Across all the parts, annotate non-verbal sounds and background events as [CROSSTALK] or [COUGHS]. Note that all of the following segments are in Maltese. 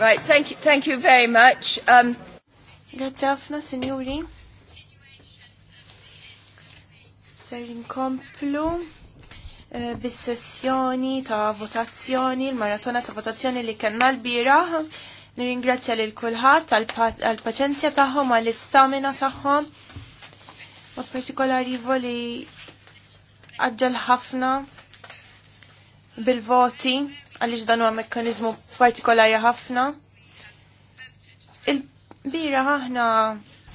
Right, thank you, thank you very much. Um, Grazie ħafna, signori. Ser inkomplu eh, bis-sessjoni ta' votazzjoni, il-maratona ta' votazzjoni li kellna l-biraħ. Nirringrazzja lil kulħadd għall-paċenzja tagħhom, għall-istamina tagħhom. Ma' partikolari voli għagġal ħafna bil-voti għaliex dan huwa mekkaniżmu partikolari ħafna. Il-bira aħna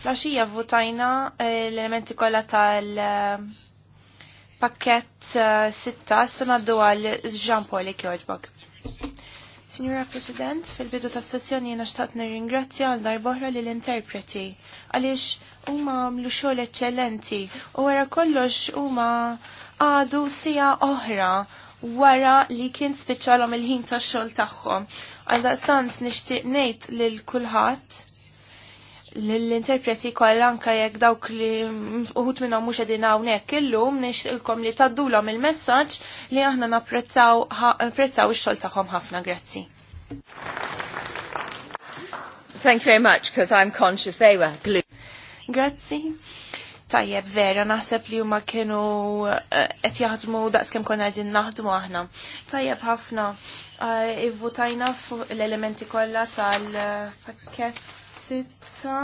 flaxija votajna eh, l-elementi kollha tal-pakket eh, eh, sitta sena għaddu għal ġan poli Kjoġbog. Signora President, fil-bidu ta' sessjoni jena xtaqt nir ingrazzja għal darbohra li l-interpreti għaliex huma mlu xogħol eċċellenti u wara kollox huma għadu sija oħra wara li kien spiċċalhom il-ħin tax-xogħol tagħhom. Għaldaqstant nixtieq ngħid lil kulħadd l-interpreti koll anka jekk dawk li uħut minnhom mhux qegħdin hawnhekk illum nixtilkom li taddulhom il-messaġġ li aħna napprezzaw ix-xogħol tagħhom ħafna grazzi. Thank you very much because I'm conscious they were glued. Grazzi tajjeb vera, naħseb li huma kienu eh, qed jaħdmu daqskemm konna qegħdin naħdmu aħna. Tajjeb ħafna eh, ivvutajna fuq l-elementi kollha tal-pakket sitta.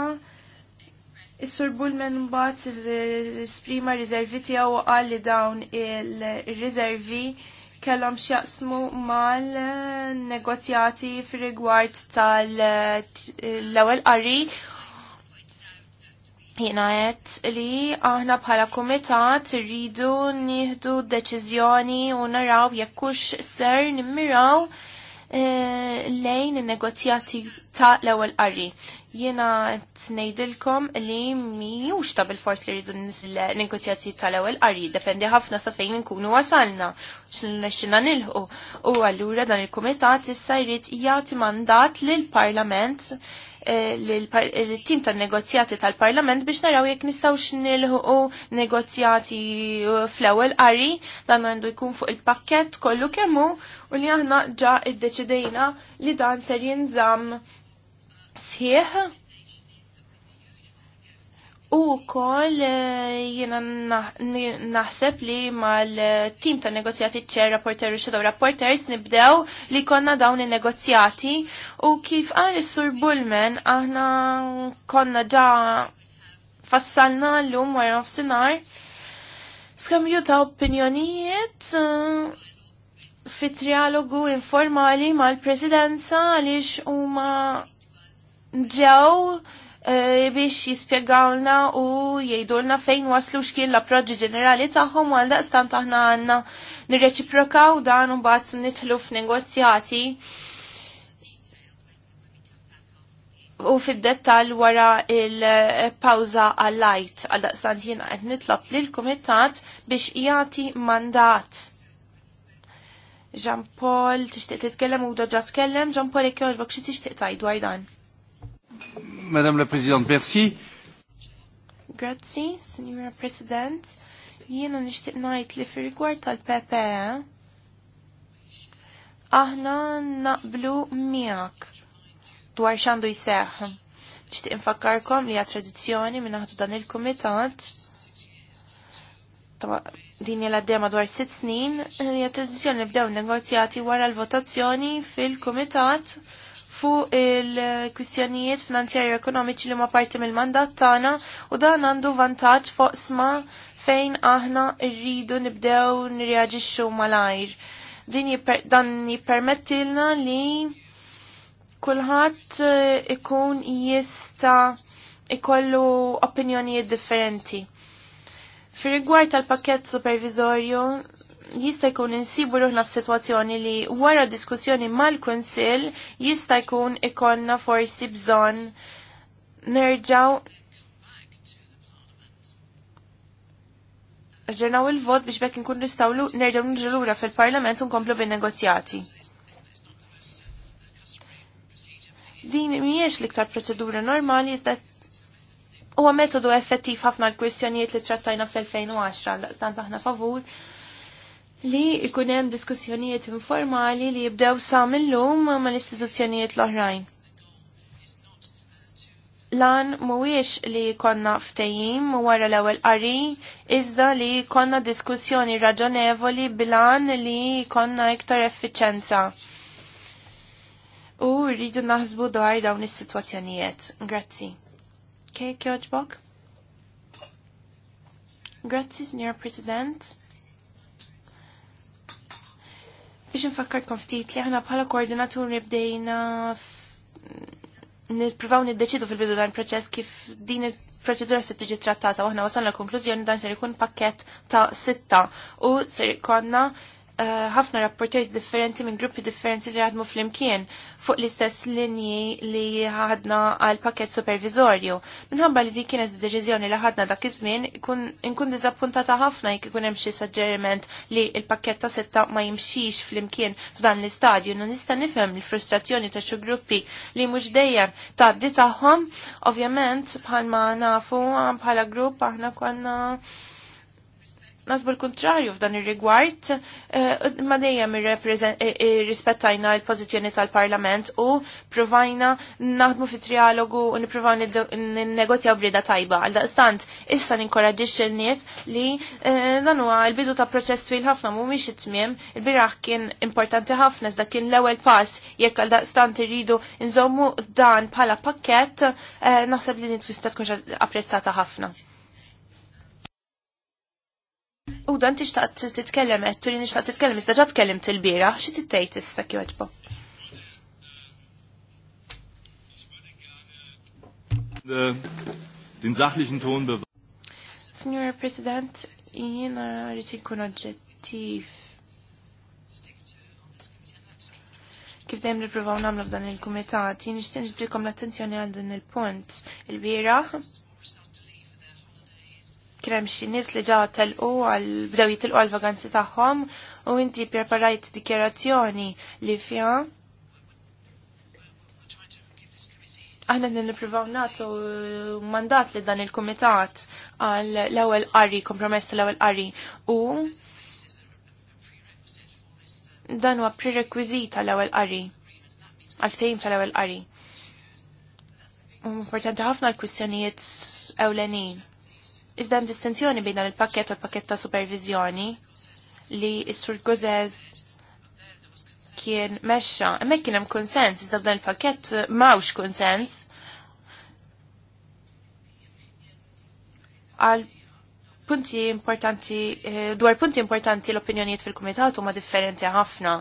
Is-Sur Bullman mbagħad isprima riservi tiegħu qal li dawn il-riservi kellhom x'jaqsmu mal-negozjati fir-rigward tal-ewwel qari Jena għet li aħna bħala komitat rridu nieħdu deċiżjoni u naraw jekkux ser nimmiraw eh, lejn negozjati ta' l-ewwel qari. Jiena qed ngħidilkom li mhijiex ta' bil forsi rridu negozjati ta' l-ewwel qarri. dependi ħafna sa fejn inkunu wasalna x'nexxina nilħu. U allura dan il-kumitat issa jrid jagħti mandat lill-Parlament Eh, eh, l-tim tal negozjati tal-Parlament biex naraw jekk nistgħux nilħu negozjati eh, fl-ewwel qari dan għandu jkun fuq il-pakkett kollu kemmu u li aħna ġa iddeċidejna li dan ser jinżamm sħiħ U kol eh, jena naħseb li mal-tim ta' negozjati ċer rapporter u xedaw rapporters nibdew li konna dawn i negozjati u kif għal sur Bullman aħna konna ġa fassalna l-lum għar nofsinar skambju ta' opinjonijiet eh, fit trialogu informali mal-presidenza għalix u ma ġew Eh, biex jispiegawna u jgħidulna fejn waslu xkien l-approċ ġenerali tagħhom għal daqstant aħna għandna nirreċiprokaw dan u mbagħad nidħlu f'negozjati u fid-dettall wara il-pawza għall-lajt għal daqstant jiena qed nitlob lill-kumitat biex jagħti mandat. Jean Paul, tixtieq titkellem u doġa tkellem, Jean Paul jekk jogħġbok xi tixtieq tgħid dwar dan. Madame la Presidente, merci. Grazzi, Signora President. Jiena nixtieq ngħid li fir-rigward tal-PPE aħna naqblu miegħek dwar x'għandu jseħħ. Nixtieq infakkarkom li hija tradizzjoni minn aħdu dan il-kumitat din hija għaddejja dwar sitt snin, hija tradizzjoni li bdew negozjati wara l-votazzjoni fil-kumitat fuq il-kwistjonijiet finanzjarji ekonomiċi li ma parti mill-mandat tagħna u dan għandu vantaġġ fuq sma fejn aħna rridu nibdew nirreaġixxu malajr. Din dan jippermettilna li kulħadd eh, ikun jista' ikollu opinjonijiet differenti. Fi rigward tal-pakket supervizorju, jista' jkun insibu ruħna f'sitwazzjoni li wara diskussjoni mal-Kunsill jista' jkun ikollna forsi bżonn nerġaw ġernaw il-vot biex bekk nkun nistgħu nerġgħu nġilura fil-Parlament u nkomplu bin-negozjati. Din mhijiex l-iktar proċedura normali iżda huwa metodu effettiv ħafna l-kwistjonijiet li trattajna fl-2010 stant aħna favur li ikunem diskussjonijiet informali li jibdew sa mill-lum ma l-istituzzjonijiet l-oħrajn. Lan mhuwiex li konna ftejim wara l-ewwel qari, iżda li konna diskussjoni raġonevoli bilan li konna iktar effiċenza. U rridu naħsbu dwar dawn is-sitwazzjonijiet. Grazzi. Kej kjoġbok? Grazzi, Signor President. biex nfakkarkom ftit li aħna bħala koordinatur nibdejna nippruvaw niddeċidu fil-bidu dan proċess kif din il-proċedura se tiġi trattata u ħana wasalna konklużjoni dan ser ikun pakket ta' sitta u ser ikonna ħafna uh, rapporters differenti minn gruppi differenti li għadmu fl-imkien fuq l-istess linji li ħadna għal pakket supervizorju. Minħabba li di kienet deċiżjoni li ħadna dak iż-żmien, nkun diżappuntata ħafna jekk ikun hemm xi saġġeriment li l-pakket ta' setta ma jimxix fl-imkien f'dan l-istadju. Nu nista' nifhem l-frustrazzjoni ta' xi gruppi li mhux dejjem tgħaddi tagħhom, ovvjament bħalma nafu bħala grupp aħna konna nasbu l-kontrarju f'dan ir-rigward, eh, ma dejjem irrispettajna l-pożizzjoni tal-Parlament u provajna naħdmu fit trialogu u nipprovaw negozjaw brida tajba. Għal daqstant, issa ninkoraġġix il-nies li eh, dan huwa l-bidu ta' proċess twil ħafna mhumiex it-tmiem, il-biraħ kien importanti ħafna iżda kien l-ewwel pass jekk għal daqstant irridu nżommu dan bħala pakkett eh, naħseb li tista' tkun apprezzata ħafna. U dan tixtaq titkellem, għettu eh, li nixtaq titkellem, iżda ġa tkellem til-bira, xie tittejt issa kjoġbo? Din sachlichen ton Signor President, jina rrit kun oġġettiv. Kif dejjem nippruvaw nagħmlu f'dan il-kumitat, jien nixtieq ġdikom l-attenzjoni għal dan il-punt. il bira krem xi nies li ġew telqu għal bdew jitilqu għal vaganzi tagħhom u inti preparajt dikjerazzjoni li fiha aħna nipprivaw nagħtu mandat li dan il-kumitat għal l-ewwel qari, kompromess tal-ewwel qari u dan huwa prerequisita l ewwel qari għal ftehim tal-ewwel qari. Importanti ħafna l-kwistjonijiet ewlenin Iżda hemm distinzjoni bejn dan il-pakket u l-pakket ta' supervizjoni li s-sur Gozez kien mexxa. Hemmhekk kien hemm konsens, iżda f'dan il-pakket mawx konsens. Għal punti importanti, eh, dwar punti importanti l-opinjonijiet fil-Kumitat huma differenti ħafna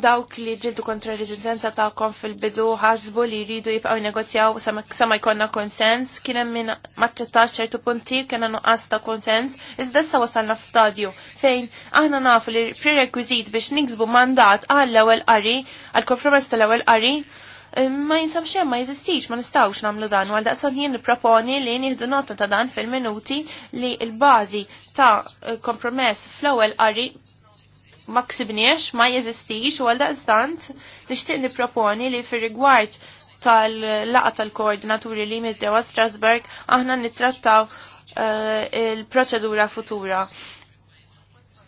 dawk li ġildu kontra rezidenza kon fil-bidu ħasbu li jridu jibqaw negozjaw ma' jkonna konsens, kienem minn maċċettax ċertu punti kiena nuqqas ta' konsens, iżda sa wasalna f'stadju fejn aħna nafu li prerequisit biex niksbu mandat għall-ewwel qari, għall-kompromess tal-ewwel qari, eh, ma jinsab xem, ma jizistix, ma nistawx namlu dan, għal daqsan jien proponi li nieħdu nota ta' dan fil-minuti li il-bazi ta' eh, kompromess fl-ewwel qari ma ksibniex, ma jeżistix u għaldaqstant nixtieq nipproponi li fir-rigward tal-laqa tal-koordinaturi li mizzewa Strasburg aħna nittrattaw uh, il-proċedura futura.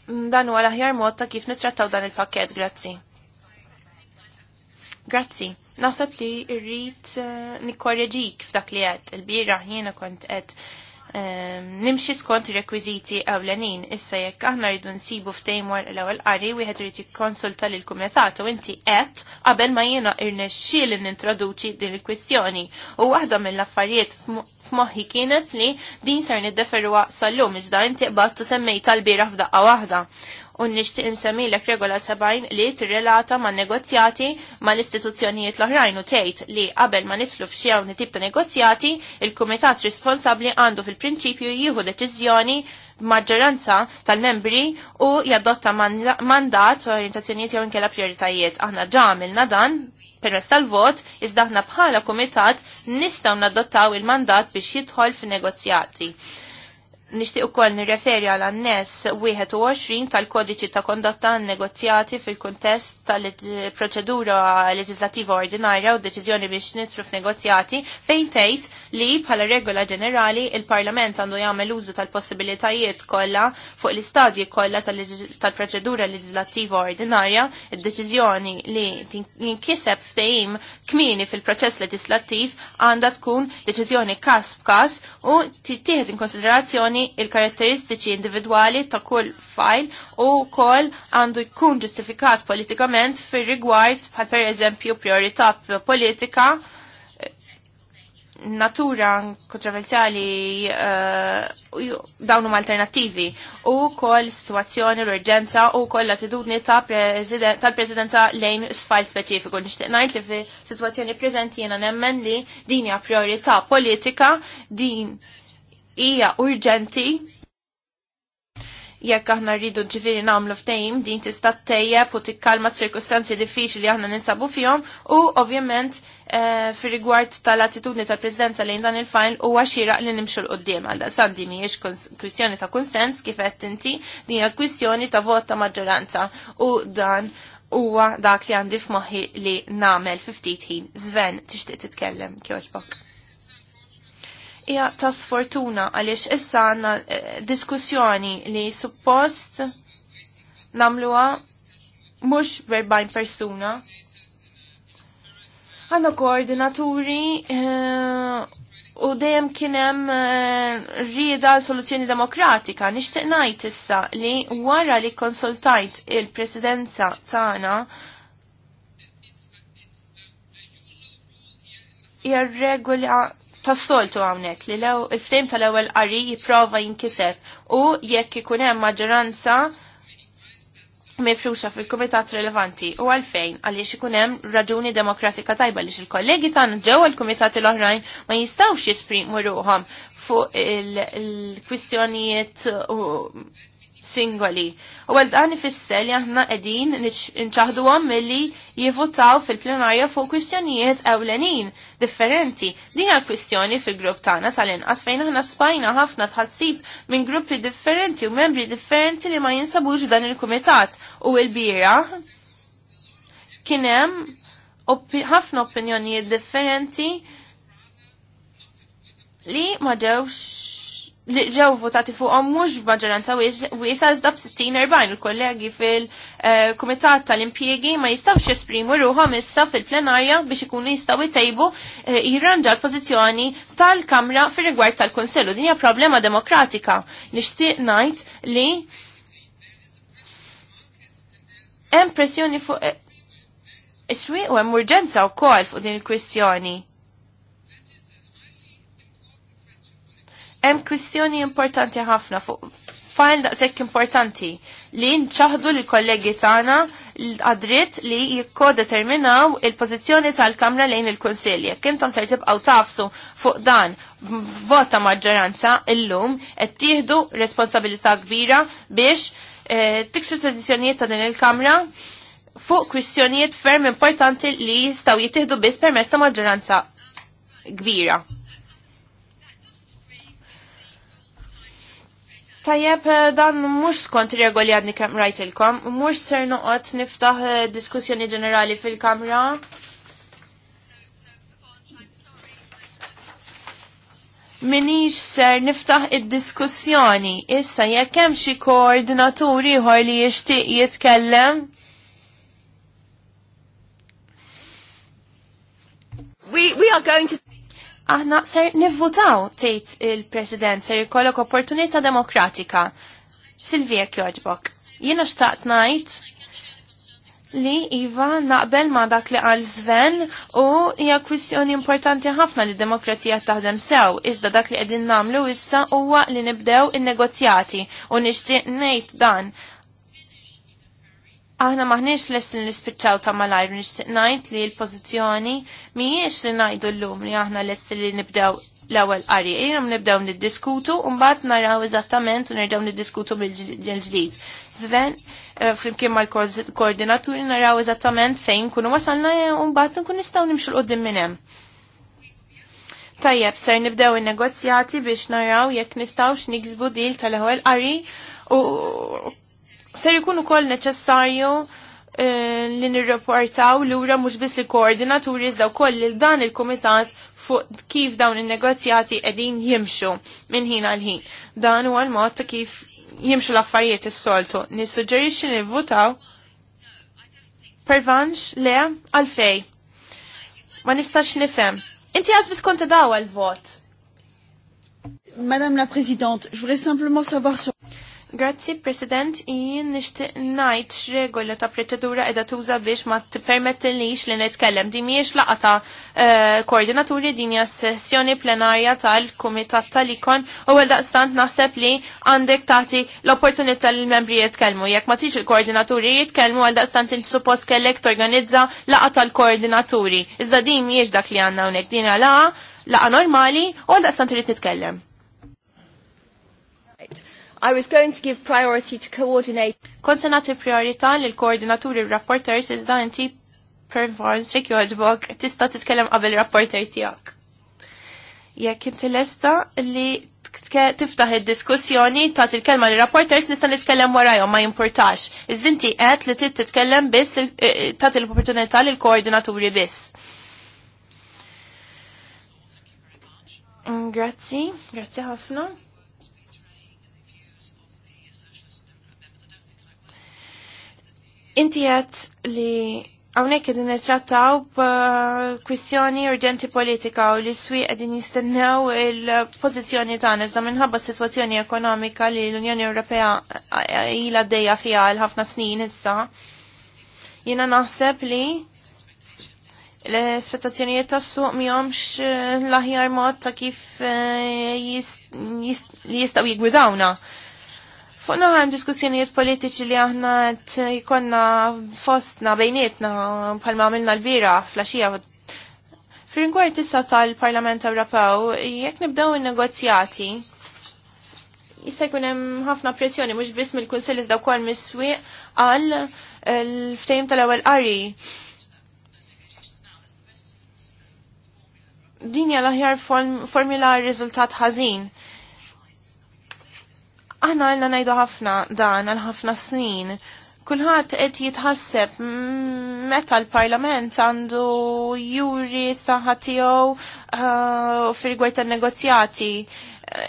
Dan huwa l-aħjar mod ta' kif nittrattaw dan il-pakket, grazzi. Grazzi. Nasab li rrit uh, eh, nikkorreġik f'dak li għed, il-bira jiena kont qed nimxi skont rekwiziti ewlenin issa jekk aħna rridu nsibu ftejmor l-ewwel qari wieħed irid jikkonsulta lil kumitat u inti qed qabel ma jiena irnexxiel nintroduċi din il-kwistjoni. U waħda mill-affarijiet f'moħħi kienet li din ser niddeferwa sal-lum iżda inti qbad semmej tal l-bieraħ f'daqqa waħda u nixtieq insemmilek regola 70 li tirrelata ma' negozjati ma' l-istituzzjonijiet l-oħrajn u tgħid li qabel ma nitlu f'xi tip ta' negozjati, il-kumitat responsabbli għandu fil-prinċipju jieħu deċiżjoni maġġoranza tal-membri u jadotta mandat u orientazzjonijiet jew inkella prioritajiet. Aħna ġamilna dan permess tal-vot, iżda aħna bħala kumitat nistgħu nadottaw il-mandat biex jidħol fin negozjati Nixtieq ukoll nirreferi għal annes 21 tal-kodiċi ta' kondotta negozjati fil-kuntest tal-proċedura leġislativa ordinarja u deċizjoni biex nitru f'negozjati fejn tgħid li bħala regola ġenerali il-Parlament għandu jagħmel użu tal-possibilitajiet kollha fuq l-istadji kollha tal-proċedura leġislattiva ordinarja, id-deċiżjoni li jinkiseb ftehim kmini fil-proċess leġislattiv għandha tkun deċiżjoni każ b'każ u tittieħed in konsiderazzjoni il-karatteristiċi individwali ta' kull file u koll għandu jkun ġustifikat politikament fir rigward bħal per eżempju priorità politika natura kontroversjali eh, uh, dawnu alternativi u kol situazzjoni l-urġenza u kol l-attitudni tal-presidenza lejn sfajl specifiku. Nishtiq najt li fi situazzjoni prezenti jena nemmen li din hija priorità politika, din hija urġenti jekk aħna rridu ġifiri namlu f'tejm, din tista' tejjeb u tikkalma ċirkustanzi diffiċli aħna ninsabu fihom u ovvjament eh, fir-rigward tal-attitudni tal-Presidenza lejn dan il-fajl huwa għaxira li nimxu l qoddim għal sandi mhijiex kwistjoni ta' konsens, kif qed inti din hija kwistjoni ta' vot ta' maġġoranza u dan huwa dak li għandi f'moħħi li nagħmel fi ftit ħin. żven tixtieq titkellem kjoġbok hija ta' sfortuna għaliex issa għandna eh, diskussjoni li suppost namluha mhux verbajn persuna. Għandna koordinaturi eh, u dejjem kien hemm uh, rieda soluzzjoni demokratika. Nixtieq ngħid issa li wara li konsultajt il-presidenza tagħna hija regola tas-soltu hawnhekk li il-frame tal-ewwel qari jipprova jinkiseb u jekk ikun hemm maġġoranza mifruxa fil-kumitat rilevanti u għalfejn għaliex ikun hemm raġuni demokratika tajba li il-kollegi tagħna ġewwa għal kumitati l-oħrajn ma jistgħux jisprimu ruħhom fuq il-kwistjonijiet singoli. U għal dan ifisser li aħna qegħdin nċaħduhom milli jivutaw fil-plenarja fuq kwistjonijiet ewlenin differenti. Din hija kwistjoni fil-grupp tagħna tal-inqas fejn aħna spajna ħafna tħassib minn gruppi differenti u membri differenti li ma jinsabux dan il-kumitat u l-bira kien hemm ħafna opinjonijiet differenti li ma ġewx li ġew votati fuqhom mhux b'maġġoranza wiesa iżda b60 erbajn il-kollegi fil-Kumitat eh, tal-Impjiegi ma jistgħux jesprimu ruħhom issa fil-plenarja biex ikunu jistgħu jtejbu eh, jirranġa l-pożizzjoni tal-Kamra fir-rigward tal-Kunsellu. Din hija problema demokratika. Nixtieq ngħid li hemm pressjoni fuq eh, iswi u hemm urġenza wkoll fuq din il-kwistjoni Hemm kwistjoni importanti ħafna fuq fajn daqshekk importanti li nċaħdu l kollegi tagħna għadritt li jikkodeterminaw il-pożizzjoni tal-Kamra lejn il-Kunsilli. Jekk intom ser tibqgħu tafsu fuq dan vota maġġoranza illum qed tieħdu responsabilità kbira biex eh, tiksu tradizzjonijiet ta' din il-Kamra fuq kwistjonijiet ferm importanti li jistgħu jittieħdu biss permezz ta' maġġoranza kbira. Tajjeb, eh, dan mux skont regoli għadni kem rajtilkom, mux ser noqot niftaħ eh, diskussjoni ġenerali fil-kamra. Minix ser niftaħ id-diskussjoni, issa jekk hemm xi koordinaturi ħor li jixtieq jitkellem. We, we are going to aħna ser nivvutaw tgħid il-President ser jkollok opportunità demokratika. Silvija Kjoġbok, jiena xtaqt ngħid li Iva naqbel ma dak li għal Sven u hija kwistjoni importanti ħafna li demokratija taħdem sew, iżda dak li qegħdin nagħmlu issa huwa li nibdew in-negozjati u nixtieq ngħid dan Aħna maħniex lessin li spiċċaw ta' malajr, nixtieq ngħid li l-pożizzjoni mhijiex li ngħidu llum li aħna lessin li nibdew l-ewwel qari. Jiena nibdew niddiskutu u mbagħad naraw eżattament u nid niddiskutu mill-ġdid. Zven, eh, flimkien mal koordinaturi naraw eżattament fejn kunu wasalna eh, u mbagħad nkun nistgħu nimxu l qoddim minn hemm. Tajjeb, ser nibdew il negozjati biex naraw jekk nistgħux niksbu dil tal-ewwel qari u ser ikun ukoll neċessarju eh, li nirreportaw lura mhux biss il-koordinaturi iżda wkoll lil dan il-kumitat fuq kif dawn in-negozjati qegħdin jimxu minn ħin għal ħin. Dan huwa l-mod ta' kif jimxu l-affarijiet is-soltu. Nissuġġerixxi nivvutaw pervanx le għalfej. Ma nistax nifhem. Inti għazbis konta daw għal-vot. Madame la Présidente, je voulais simplement savoir sur... Grazzi, President, jien nishtiq najt x'regola ta' procedura edha tuża biex ma t-permetti li nitkellem. Di miex laqa ta' eh, koordinaturi din hija sessjoni plenarja tal-Kumitat tal-Ikon u għal daqstant naħseb li għandek tagħti l-opportunità li l-membri jitkellmu. Jek ma tix il-koordinaturi jitkellmu għal daqstant inti suppost kellek torganizza laqa tal-koordinaturi. Iżda din miex dak li għandna hawnhekk din laqa laqa normali u għal daqstant irid nitkellem. I was going to give priority to coordinate. Konta nagħti priorità l koordinaturi rapporters iżda inti performance jogħġbok tista' titkellem qabel rapporter tiegħek. Jekk inti lesta li tiftaħ id-diskussjoni ta' il-kelma li rapporters nista' nitkellem warajom ma jimpurtax. Iżdinti għet li trid titkellem biss eh, ta' l-opportunità l koordinaturi biss. Grazzi, grazie ħafna. Inti għed li għawnek għedin nitrattaw kwistjoni urġenti politika u li swi għedin jistennew il-pozizjoni tagħna iżda minħabba situazzjoni ekonomika li l-Unjoni Ewropea d-deja fiha għal ħafna snin issa. Jiena naħseb li l-espettazzjonijiet tas-suq mihomx l-aħjar mod ta' kif eh, li jistgħu jigwidawna. Jist, Fuq naħan diskussjonijiet politiċi li aħna jikonna fostna bejnietna bħalma għamilna l-bira flasġija. Fir-ingwar tissa tal-Parlament Ewropew, jekk nibdew il-negozjati, jista' jkun hemm ħafna pressjoni mhux biss mill-Kunsill iżda wkoll miswieq għal eh, l-ftehim tal-ewwel qari. Din hija l-aħjar formula riżultat ħażin Aħna għalna najdu ħafna dan għal ħafna snin. Kulħadd qed jitħasseb mm, meta l-Parlament għandu juri saħħa tiegħu uh, fil-gwajt tan-negozjati.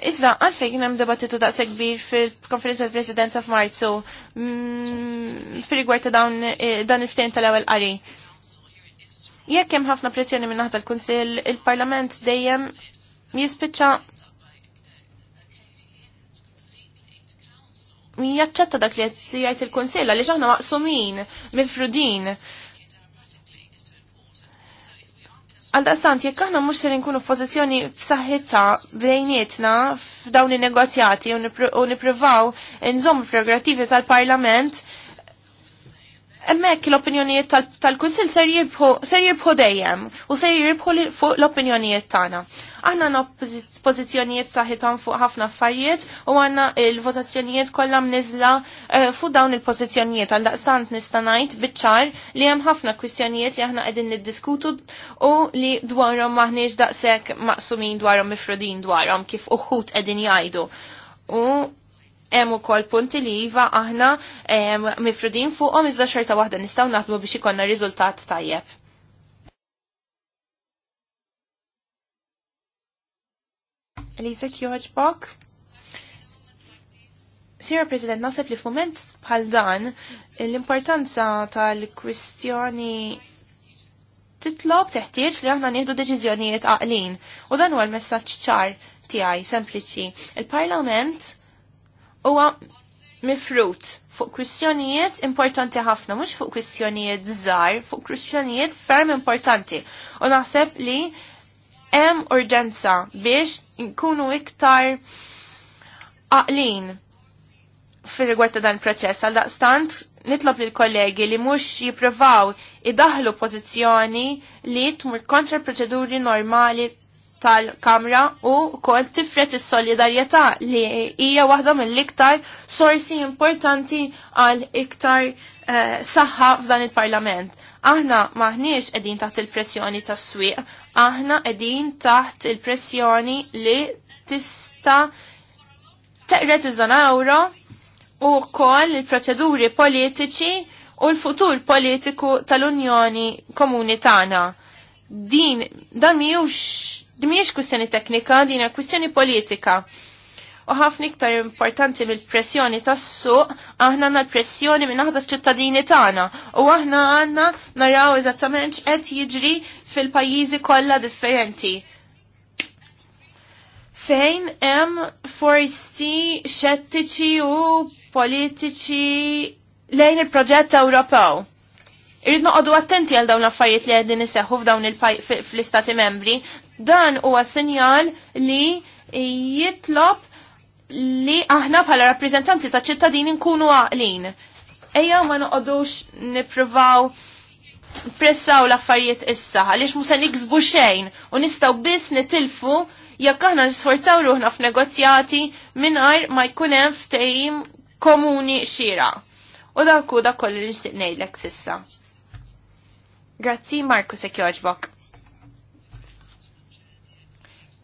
Iżda, għalfej kien hemm debattitu daqs kbir fil-konferenza tal-Presidenza f'Marzu mm, fil-rigward ta' eh, dan il-ftehim tal-ewwel qari. Jekk hemm ħafna pressjoni minn naħta l-Kunsill, il-Parlament dejjem jispiċċa jaċċetta dak li jgħajt jgħid il konsella li ġaħna maqsumin mifrudin. Għaldaqstant, jekk aħna mhux ser nkunu f'pożizzjoni f'saħħitha bejnietna f'dawn in-negozjati u nippruvaw zom progrativi tal-Parlament, Emmek l-opinjonijiet tal-Kunsil ser jibħu dejjem u ser jirbħu fuq l-opinjonijiet tagħna. Aħna għanna pożizzjonijiet saħitom fuq ħafna affarijiet u għandna il-votazzjonijiet kollha mniżla eh, fuq dawn il-pożizzjonijiet għal daqstant nista' ngħid biċ-ċar li hemm ħafna kwistjonijiet li aħna qegħdin niddiskutu u li dwarhom maħniex daqshekk maqsumin dwarhom mifrudin dwarhom kif uħud qegħdin jgħidu. U hemm ukoll punti li iva aħna mifrudin fuqhom iżda xorta waħda nistgħu naħdmu biex ikonna riżultat tajjeb. Elisa Kjoħġbok. Sir President, nasib li fument bħal dan l-importanza tal-kwistjoni titlob teħtieġ li aħna nieħdu deċiżjonijiet għaqlin. U dan huwa l-messaġġ ċar tiegħi sempliċi. Il-Parlament huwa mifrut fuq kwistjonijiet importanti ħafna, mhux fuq kwistjonijiet żgħar, fuq kwistjonijiet ferm importanti. U naħseb li hemm urġenza biex nkunu iktar aqlin fir rigward ta' dan il-proċess għal daqstant nitlob lil kollegi li mhux jippruvaw idaħlu pożizzjoni li tmur kontra proċeduri normali tal-Kamra u kol tifret is-solidarjetà li hija waħda mill-iktar sorsi importanti għal iktar eh, saħħa f'dan il-Parlament. Aħna maħniex qegħdin taħt il-pressjoni tas-swieq, aħna qegħdin taħt il-pressjoni li tista' teqret iż-żona euro u kol il-proċeduri politiċi u l-futur politiku tal-Unjoni Komuni tagħna. Din dan mhijiex Dimiex kwistjoni teknika, din hija kwistjoni politika. U ħafna iktar importanti mill-pressjoni tas-suq, aħna għandna pressjoni minn aħda ċittadini tagħna. U aħna għandna naraw eżattament x'qed jiġri fil-pajjiżi kollha differenti. Fejn hemm forsi xettiċi u politiċi lejn il-proġett Ewropew irrid noqogħdu attenti għal dawn l-affarijiet li qegħdin iseħħu f'dawn il-pajji fl-istati membri, Dan huwa sinjal li jitlob li aħna bħala rappreżentanti ta' ċittadini nkunu għaqlin. Ejja ma noqodux nippruvaw pressaw l-affarijiet issa, għaliex musa niksbu xejn u nistgħu biss nitilfu jekk aħna nisforzaw ruħna f'negozjati mingħajr ma jkun hemm ftehim komuni xira. U dak u kollu li nixtieq ngħidlek sissa. Grazzi Marku se jogħġbok.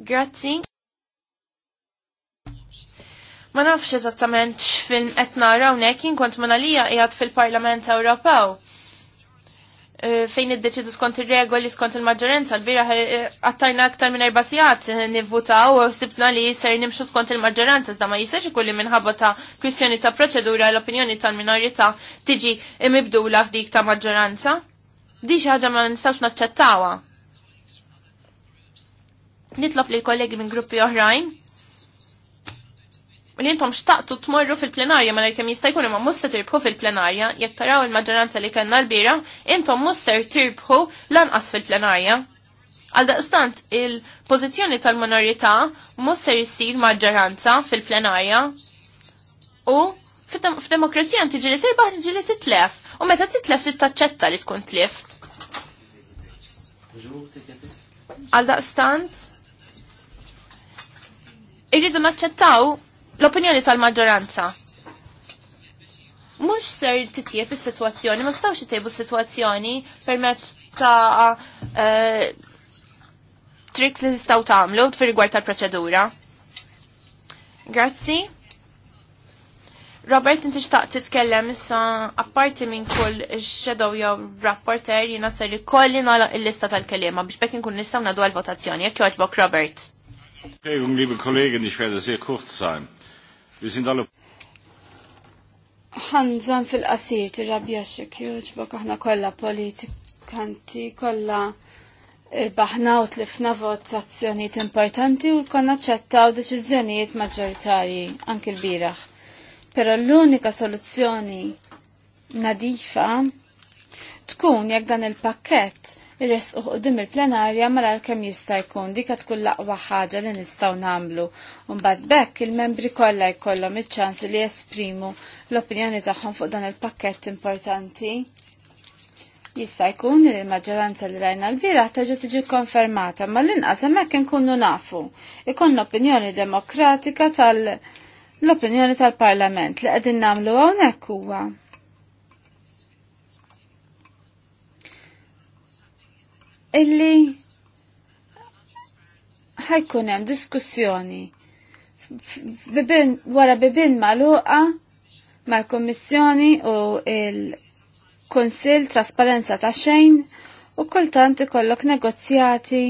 Grazzi. Ma nafx eżattament x'film qed nara hawnhekk inkont ma nalija qiegħed fil-Parlament Ewropew e, fejn iddeċidu skont ir-regoli skont il-maġġoranza l-bira e, għattajna aktar minn erba' sigħat nivvutaw u sibna li ser nimxu skont il-maġġoranza iżda ma jistax ikolli minħabba ta' kwistjoni ta' proċedura l-opinjoni tal-minorità tiġi mibdula f'dik ta' maġġoranza. Di xi ħaġa ma nistax naċċettawha nitlob li kollegi minn gruppi oħrajn li intom xtaqtu tmorru fil-plenarja ma mela l jista' jkun imma mhux se tirbħu fil-plenarja, jekk taraw il-maġġoranza li kellna l-bira, intom musser tirbħu lanqas fil-plenarja. Għal daqstant, il-pożizzjoni tal minorita mhux jissir maġġoranza fil-plenarja u f'demokrazija tiġi li tirbaħ tiġi li titlef u meta titlef tittaċċetta li tkun tlift. Għal daqstant, irridu naċċettaw l-opinjoni tal-maġġoranza. Mhux ser titjieb is-sitwazzjoni, ma stawx itejbu s-sitwazzjoni permezz ta' eh, trik li tistgħu tagħmlu fir rigward tal-proċedura. Grazzi. Robert, inti xtaqt titkellem issa apparti minn kull shadow jew rapporter jina ser kolli nagħlaq il-lista tal-kelliema biex bekk inkun nistgħu nagħdu għall votazzjoni Jekk jogħġbok Robert. Entschuldigung, liebe ich werde sehr kurz sein. Wir sind alle ħanżan fil-qasir tirrabja xekjuġ bok aħna kollha politikanti kollha irbaħna u tlifna votazzjonijiet importanti u konna ċettaw deċiżjonijiet maġġoritarji anke l-biraħ. Però l-unika soluzzjoni nadifa tkun jekk dan il-pakkett irres uħdim il-plenarja mala l jista jkun dika tkun laqwa ħaġa li nistaw namlu. mbagħad bekk il-membri kollha jkollhom iċ-ċans li jesprimu l-opinjoni tagħhom fuq dan il-pakkett importanti. Jista' jkun li l-maġġoranza li rajna l-bira teġa tiġi konfermata, ma l-inqas hemmhekk inkunu nafu. Ikun opinjoni demokratika tal- l-opinjoni tal-Parlament li qegħdin nagħmlu hawnhekk huwa illi ħajkun hemm diskussjoni wara bibin maluqa mal-Kommissjoni u il-Konsil Trasparenza ta' xejn u kultant ikollok negozjati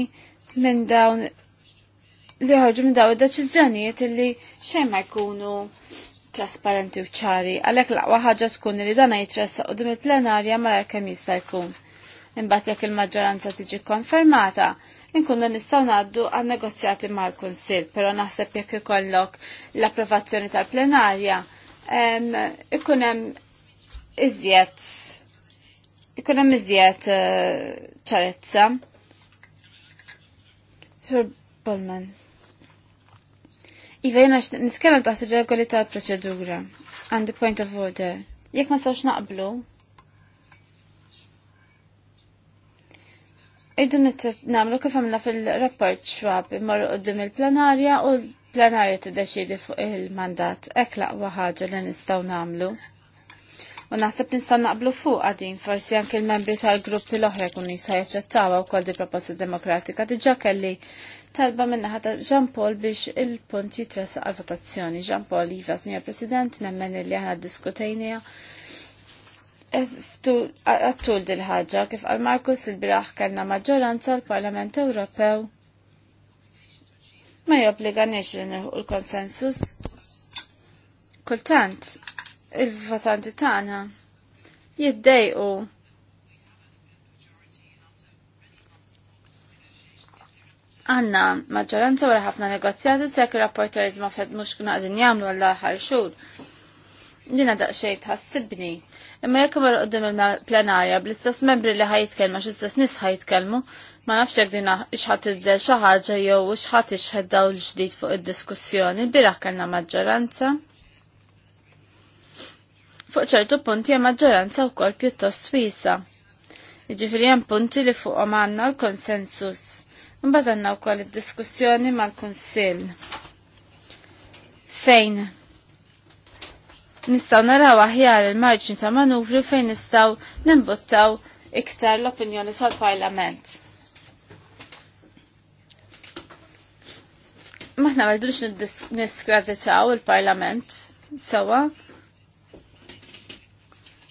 minn dawn li ħarġu minn dawn id-deċiżjonijiet illi xejn ma jkunu trasparenti u ċari, għalhekk l-aqwa ħaġa tkun li dan jitressaq qudiem il-plenarja mara kemm jista' jkun. Imbagħad jekk il-maġġoranza tiġi konfermata, inkunu nistgħu ngħaddu għan negozjati mal-Kunsill, però naħseb jekk ikollok l-approvazzjoni tal-plenarja, ikun hemm iżjed ikun hemm iżjed eh, ċarezza. Sur Bolman. Iva jena nitkellem taħt ir-regoli tal-proċedura. Għandi point of order. Jekk ma sawx naqblu, Iddu namlu kif għamna fil-rapport xwab imorru qoddim il-planarja u l-planarja t-deċidi fuq il-mandat. Ek laqwa ħaġa li nistaw namlu. U naħseb nistaw naqblu fuq għadin, forsi anke il-membri tal-gruppi l-oħra kun jistaw jaċċettawa u kol di proposta demokratika. Diġa kelli talba minna ħata Jean Paul biex il-punt jitressa għal-votazzjoni. Jean Paul Iva, Signor President, nemmen li għana diskutejnija għattul dil-ħagġa kif għal Markus il-biraħ kellna maġġoranza l-Parlament Ewropew ma jobbliga li neħu l-konsensus. Kultant, il-votanti tagħna jiddejqu għanna maġġoranza wara ħafna negozjati sekk il-rapporterizma fed mhux kuna għadin jamlu għall aħħar xhur. Dina daqxej tħassibni Imma jekk imur qudiem il-plenarja bl-istess membri li ħajtkellmu x'istess nies ħajtkellmu, ma nafx jekk din x'ħadd tibdel xi ħaġa jew x'ħadd ixħed dawl ġdid fuq id-diskussjoni. Il-bieraħ kellna maġġoranza. Fuq ċertu punti hemm maġġoranza wkoll pjuttost wiesa. Jiġifieri hemm punti li fuqhom għandna l-konsensus. Imbagħad għandna wkoll id-diskussjoni mal-Kunsill. Fejn nistaw naraw aħjar il-marġni ta' manuvru fejn nistaw nimbuttaw iktar l-opinjoni tal-Parlament. Maħna merdux niskraditaw il-Parlament sewa.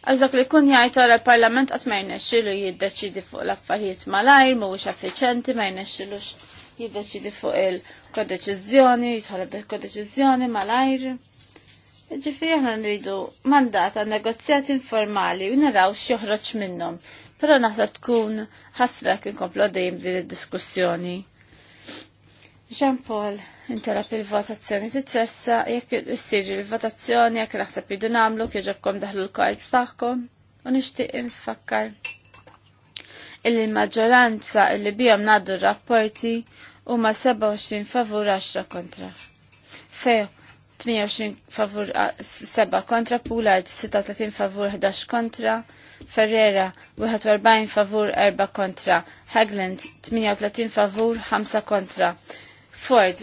Għazdok li kun jgħajt għara l-Parlament għat ma jnexxilu jiddeċidi fuq l-affarijiet malajr, mhuwiex effiċenti, ma jnexxilux jiddeċidi fuq il-kodeċiżjoni, jitħolab il kodeċizjoni malajr. Ġifiri ħna nridu mandat għal negozjat informali u naraw x'joħroġ minnhom. Però naħseb tkun ħasra kien komplo dejjem din id-diskussjoni. Jean Paul, intera il-votazzjoni titressa, jekk issir il-votazzjoni, jekk naħseb jidu namlu, kieġobkom daħlu l-kajt taħkom, u nixtieq infakkar il-maġġoranza illi bijom naddu rapporti u ma 27 favur 10 kontra. Fejo, 28 favur 7 kontra, Pulard, 36 favur 11 kontra, Ferrera 41 favur 4 kontra, Hagland 38 favur 5 kontra, Ford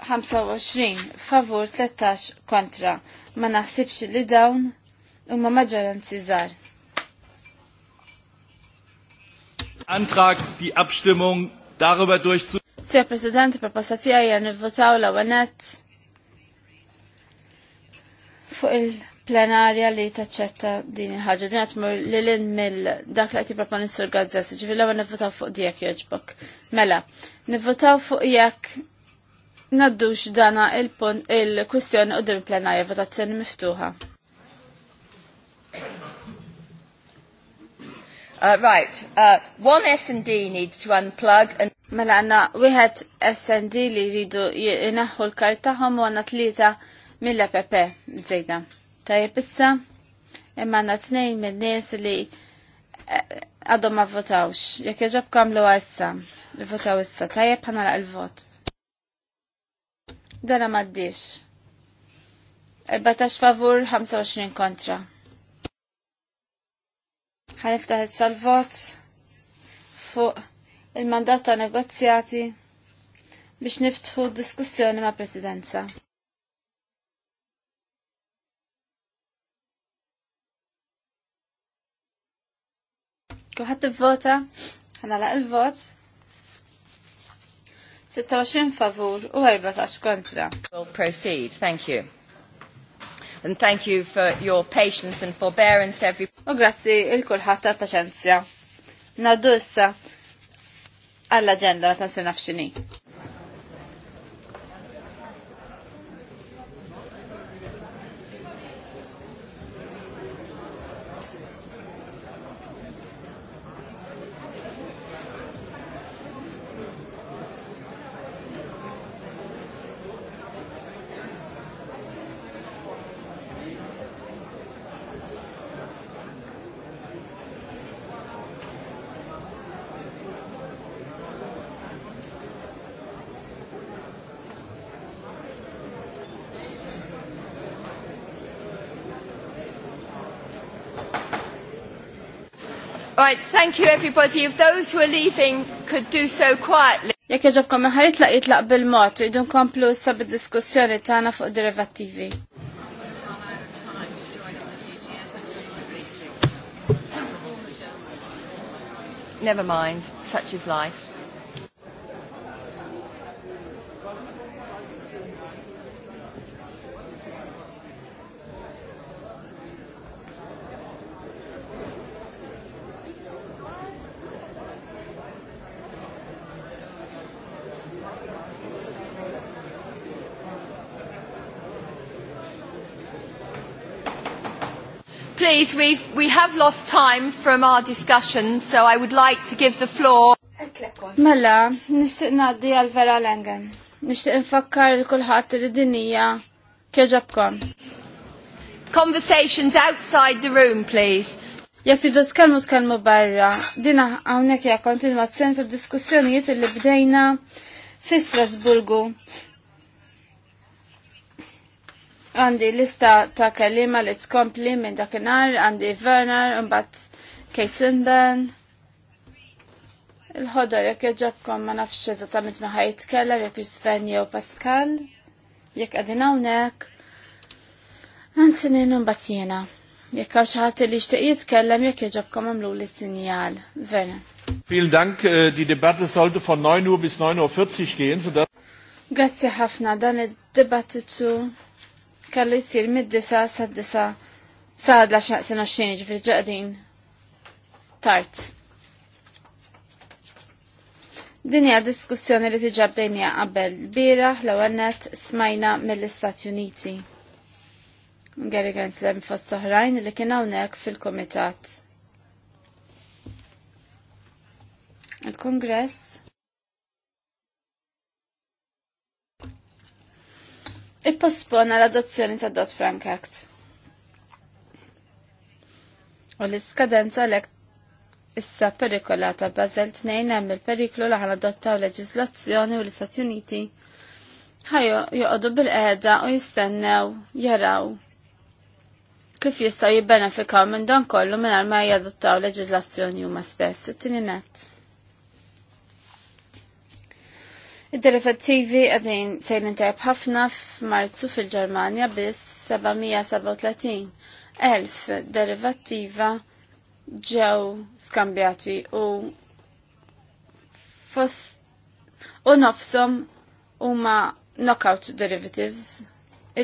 25 favur 13 kontra. Ma naħsibx li dawn huma maġġoranzi żgħar. Antrag di Abstimmung darüber durchzu. Sir President, proposta tiegħi nivvotaw l-ewwel nett fuq il-plenarja li taċċetta din il-ħagġa. Din għatmur li l-in mill-dak li għati il sur gazzess, ġivil għu nivvotaw fuq dijak joġbok. Mela, nivvotaw fuq jekk naddux dana il-kwistjoni u din plenarja votazzjoni miftuħa. Uh, right, uh, one S&D needs to unplug and... Mela għanna, wieħed S&D li jridu jinaħu l-kartaħom u għanna tlieta Milla Pepe zejda. Tajjeb issa, imma għandna tnejn minn-nies li eh, għadhom ma votawx. Jekk jaġob kamlu issa, votaw issa, tajjeb laq il-vot. Dana maddiex. 14 favur, 25 kontra. Għaniftaħ issa l-vot fuq il-mandat ta' negozjati biex niftħu diskussjoni ma' presidenza. Kuħat t-vota, għana laq il-vot. 26 favur u 14 kontra. We'll proceed, thank you. And thank you for your patience and forbearance every... U grazzi il-kulħat tal-paċenzja. Naddu issa għall-agenda ta' sinafxini. Right, thank you everybody. If those who are leaving could do so quietly. Jekk jaġobkom meħa jitlaq jitlaq bil mot idun komplu sab bid-diskussjoni tagħna fuq derivattivi. Never mind, such is life. please, we've, we have lost time from our discussion, so I would like to give the floor. Mela, nishtiq naddi għal vera lengen. Nishtiq nfakkar il-kulħat li dinija kieġabkom. Conversations outside the room, please. Jek tidu tkellmu tkellmu barra, dina għawnek hawnhekk hija kontinwazzjoni ta' diskussjonijiet li bdejna fi Strasburgu Għandi lista ta' kalima li tkompli minn dakinar, għandi Werner, mbagħad Kejsinden. Il-ħodor jek jġabkom ma nafx eżattament ma ħajtkellem jek Sven jew Pascal, jek qegħdin hawnhekk. Għantinin mbagħad jena, jek għaw xi li jixtieq jitkellem jek jġabkom għamlu li sinjal. Werner. Vielen Dank, äh, die Debatte sollte von 9 Uhr bis 9.40 Uhr gehen, sodass Grazzi ħafna dan id zu kellu jisir mid-disa sa' disa sad la xaqsin oċċini ġifri ġaqdin tart. Dinja diskussjoni li tiġab dejnija qabel bira l għannet smajna mill-Istati Uniti. Gerigan slem fost oħrajn li kien hawnhekk fil-Kumitat. Il-Kongress ippospona l-adozzjoni ta' Dot Frank Act. U l-iskadenza l issa perikolata Basel 2 hemm il-periklu li ħanadottaw leġislazzjoni u l-Istati Uniti ħajju joqogħdu bil-qiegħda u jistennew jaraw kif jistgħu jibbenefikaw minn dan kollu mingħajr ma jadottaw leġislazzjoni huma stess. It-tieni nett. Id-derivattivi għadin sejn tajb ħafna f'Marzu fil-Ġermanja biss 737 elf derivattiva ġew skambjati u fos u nofsom huma knockout derivatives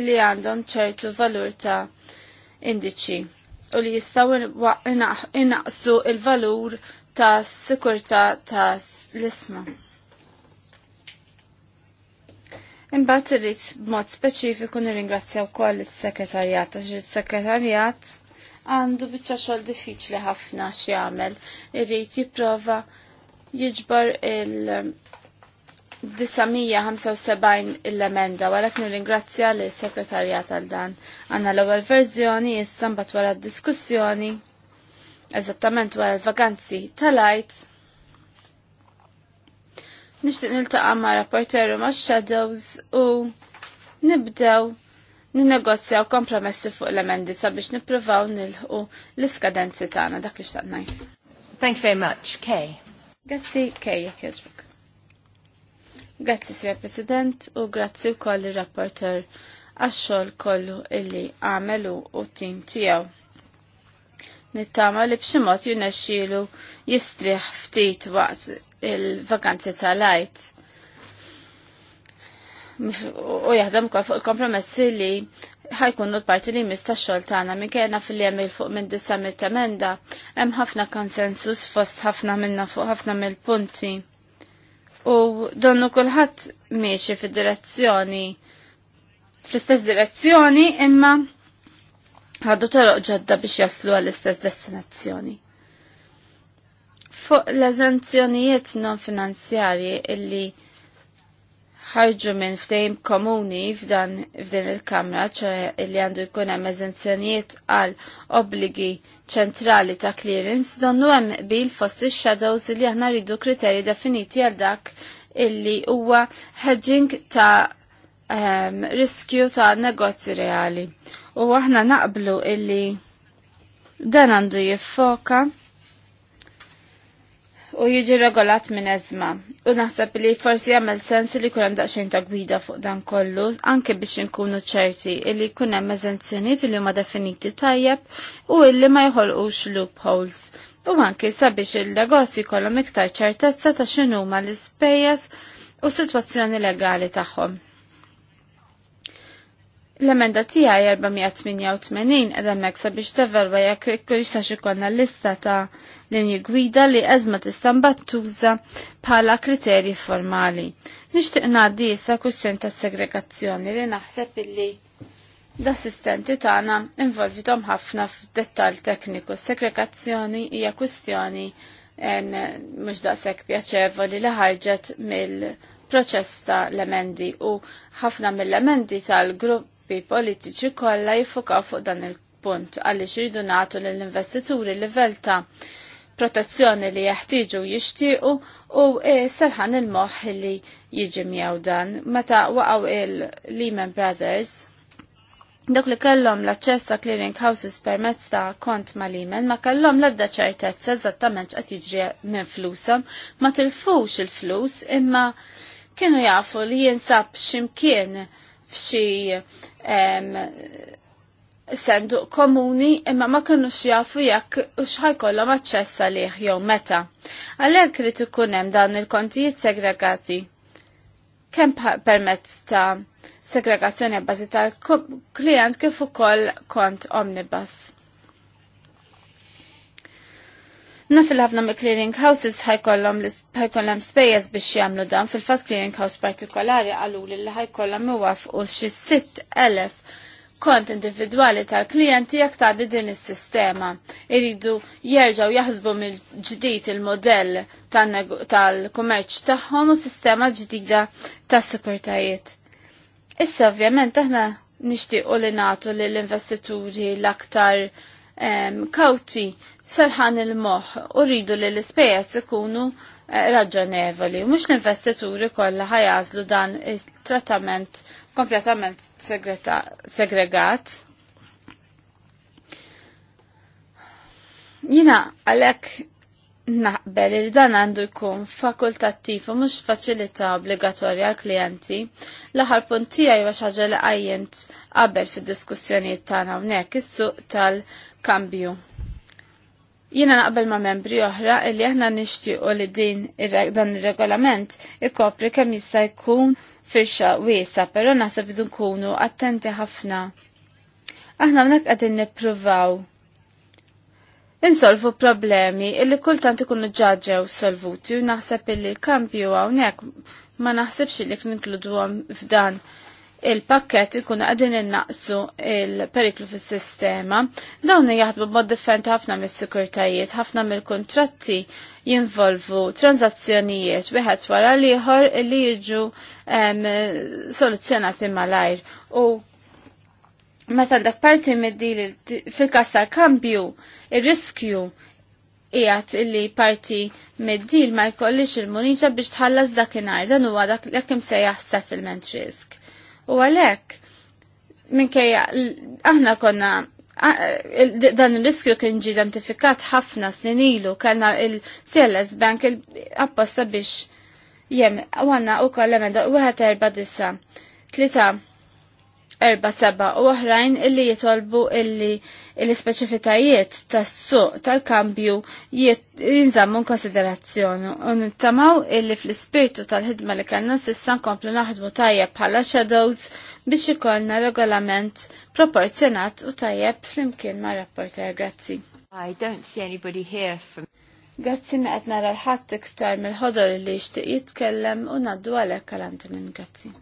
illi għandhom ċertu valur ta' indiċi u li jistaw inaqsu il-valur ta' sikurta ta' l-isma. Imbagħad irrid b'mod speċifiku nirringrazzja wkoll is-sekretarjat għax is-sekretarjat għandu biċċa xogħol diffiċli ħafna x'jagħmel. Irrid jipprova jiġbar il- 975 il-emenda, għalek nir-ingrazzja li sekretarjat għal dan. Għanna l-ewel verżjoni jissambat wara diskussjoni, eżattament wara l-vaganzi tal-ajt, nixtieq niltaqa' ma' rapporteru ma' shadows u nibdew ninnegozjaw kompromessi fuq l-emendi sabiex nippruvaw nilħu l-iskadenzi tagħna dak li xtaqt ngħid. Thank you very much, Kay. Grazzi, Kay, jekk jogħġbok. Grazzi, Sra. President, u grazzi wkoll ir-rapporter għax-xogħol kollu illi għamelu u tim tiegħu nittama li b'ximot junaxxilu jistriħ ftit waqt il-vakanzi ta' lajt. U jaħdem kol fuq il-kompromessi li ħajkunu l-parti li mista xol tana minn kena fil-li fuq minn disa mit-temenda, hemm ħafna konsensus fost ħafna minna fuq ħafna mill-punti. U donnu kullħat miexi fil-direzzjoni, fl-istess direzzjoni imma ħaddu toroq ġodda biex jaslu għall-istess destinazzjoni fuq l-eżenzjonijiet non finanzjarji illi ħarġu minn ftejm komuni f'dan f'din il-kamra, ċoħe illi għandu jkun hemm eżenzjonijiet għal obbligi ċentrali ta' clearance, donnu hemm bil fost ix-shadows illi aħna rridu kriterji definiti għal dak illi huwa hedging ta' um, riskju ta' negozji reali. U aħna naqblu illi dan għandu jiffoka u jiġi regolat minn ezma. U naħseb li forsi jagħmel sens li kunem daqsxejn ta' gwida fuq dan kollu, anke biex inkunu ċerti li kunem eżenzjonijiet li huma definiti tajjeb u illi ma jħolqux loopholes. U anke sabiex il-negozji kollhom iktar ċertezza ta' x'inhuma l-ispejjeż u situazzjoni legali tagħhom. L-emenda tiegħi 488 qiegħda hemmhekk sabiex tevalwa jekk ikkolix l lista ta' linji gwida li eżma tista' mbattuża bħala kriterji formali. Nixtieq ngħaddi issa kwistjoni ta' segregazzjoni li naħseb illi l-assistenti tagħna involvitom ħafna f'dettall tekniku. Segregazzjoni hija kwistjoni mhux daqshekk pjaċevoli li ħarġet mill proċess ta' l-emendi u ħafna mill-emendi tal-grupp il politiċi kollha jiffokaw fuq dan il-punt għaliex iridu nagħtu lill-investituri livell ta' protezzjoni li jeħtieġu jixtiequ u e, serħan il-moħħ li jiġi miegħu dan. Meta waqgħu il-Lehman Brothers, dak li kellhom l-aċċess ta' clearing houses permezz ta' kont ma' Lehman ma kellhom l-ebda ċertezza eżattament qed jiġri minn flusom, ma tilfux il-flus imma kienu jafu li jinsab ximkien f'xi sendu komuni imma ma kinux jafu jekk u xħajkollhom aċċessa liħ jew meta. Għalhekk rid ikun hemm dawn il-kontijiet segregati. Kemm permezz ta' segregazzjoni bbażi ta' klient kif ukoll kont omnibus. Naf il-ħafna me clearing houses ħajkollhom spejjeż biex jagħmlu dan fil-fatt clearing house partikolari qalu li li ħajkollhom iwafqu xi elef kont individwali tal-klijenti jekk tgħaddi din is-sistema. Iridu jerġgħu jaħsbu mill-ġdid il-modell tal-kummerċ tagħhom u sistema ġdida tas-sikurtajiet. Issa ovvjament aħna nixtiequ li nagħtu lill investituri l-aktar kawti sarħan il-moħ u rridu li l-ispejjeż ikunu eh, raġonevoli, mux l-investituri kolla ħajazlu dan il-trattament kompletament segregat. Jina għalek naqbel li dan għandu jkun fakultattiv u mux faċilita obbligatorja għal klienti. L-aħar puntija jwa xaġa li għajjent qabel fid diskussjonijiet tagħna hawnhekk is-suq tal-kambju Jiena naqbel ma' membri oħra illi aħna nixtiequ li din dan ir-regolament ikopri kemm jista' jkun firxa wiesa, però naħseb idu nkunu attenti ħafna. Aħna m'nek qegħdin nippruvaw Insolvu problemi illi kultant ikunu ġaġew solvuti u naħseb illi kampju hawnhekk ma naħsibx li ninkludu f'dan il-pakket ikun għadin innaqsu il-periklu fis sistema dawn jgħadbu b'mod differenti ħafna mis-sikurtajiet, ħafna mill-kontratti jinvolvu tranzazzjonijiet wieħed wara l-ieħor li jiġu soluzzjonati malajr. U meta dak parti mid fil-kas tal-kambju, ir-riskju ijat illi parti mid-dil ma jkollix il-munita biex tħallas dakinhar dan huwa dak l-ekim settlement risk U għalek, minkejja, aħna konna dan il-riskju kien ġi identifikat ħafna snin ilu, kellna il-CLS Bank il-apposta biex jem, għanna u koll emenda u għet erba dissa. Tlita, erba' seba' u oħrajn illi jitolbu illi l-ispeċifitajiet tas-suq tal-kambju jinżammu konsiderazzjonu u nittamaw illi fl-ispirtu tal-ħidma li kellna s'issa nkomplu naħdmu tajjeb bħala shadows biex ikollna regolament proporzjonat u tajjeb flimkien ma' rapporter grazzi. I don't see anybody here from Grazzi ma qed nara l-ħadd iktar mill-ħodor li jixtieq jitkellem u ngħaddu għalhekk għal Antonin grazzi.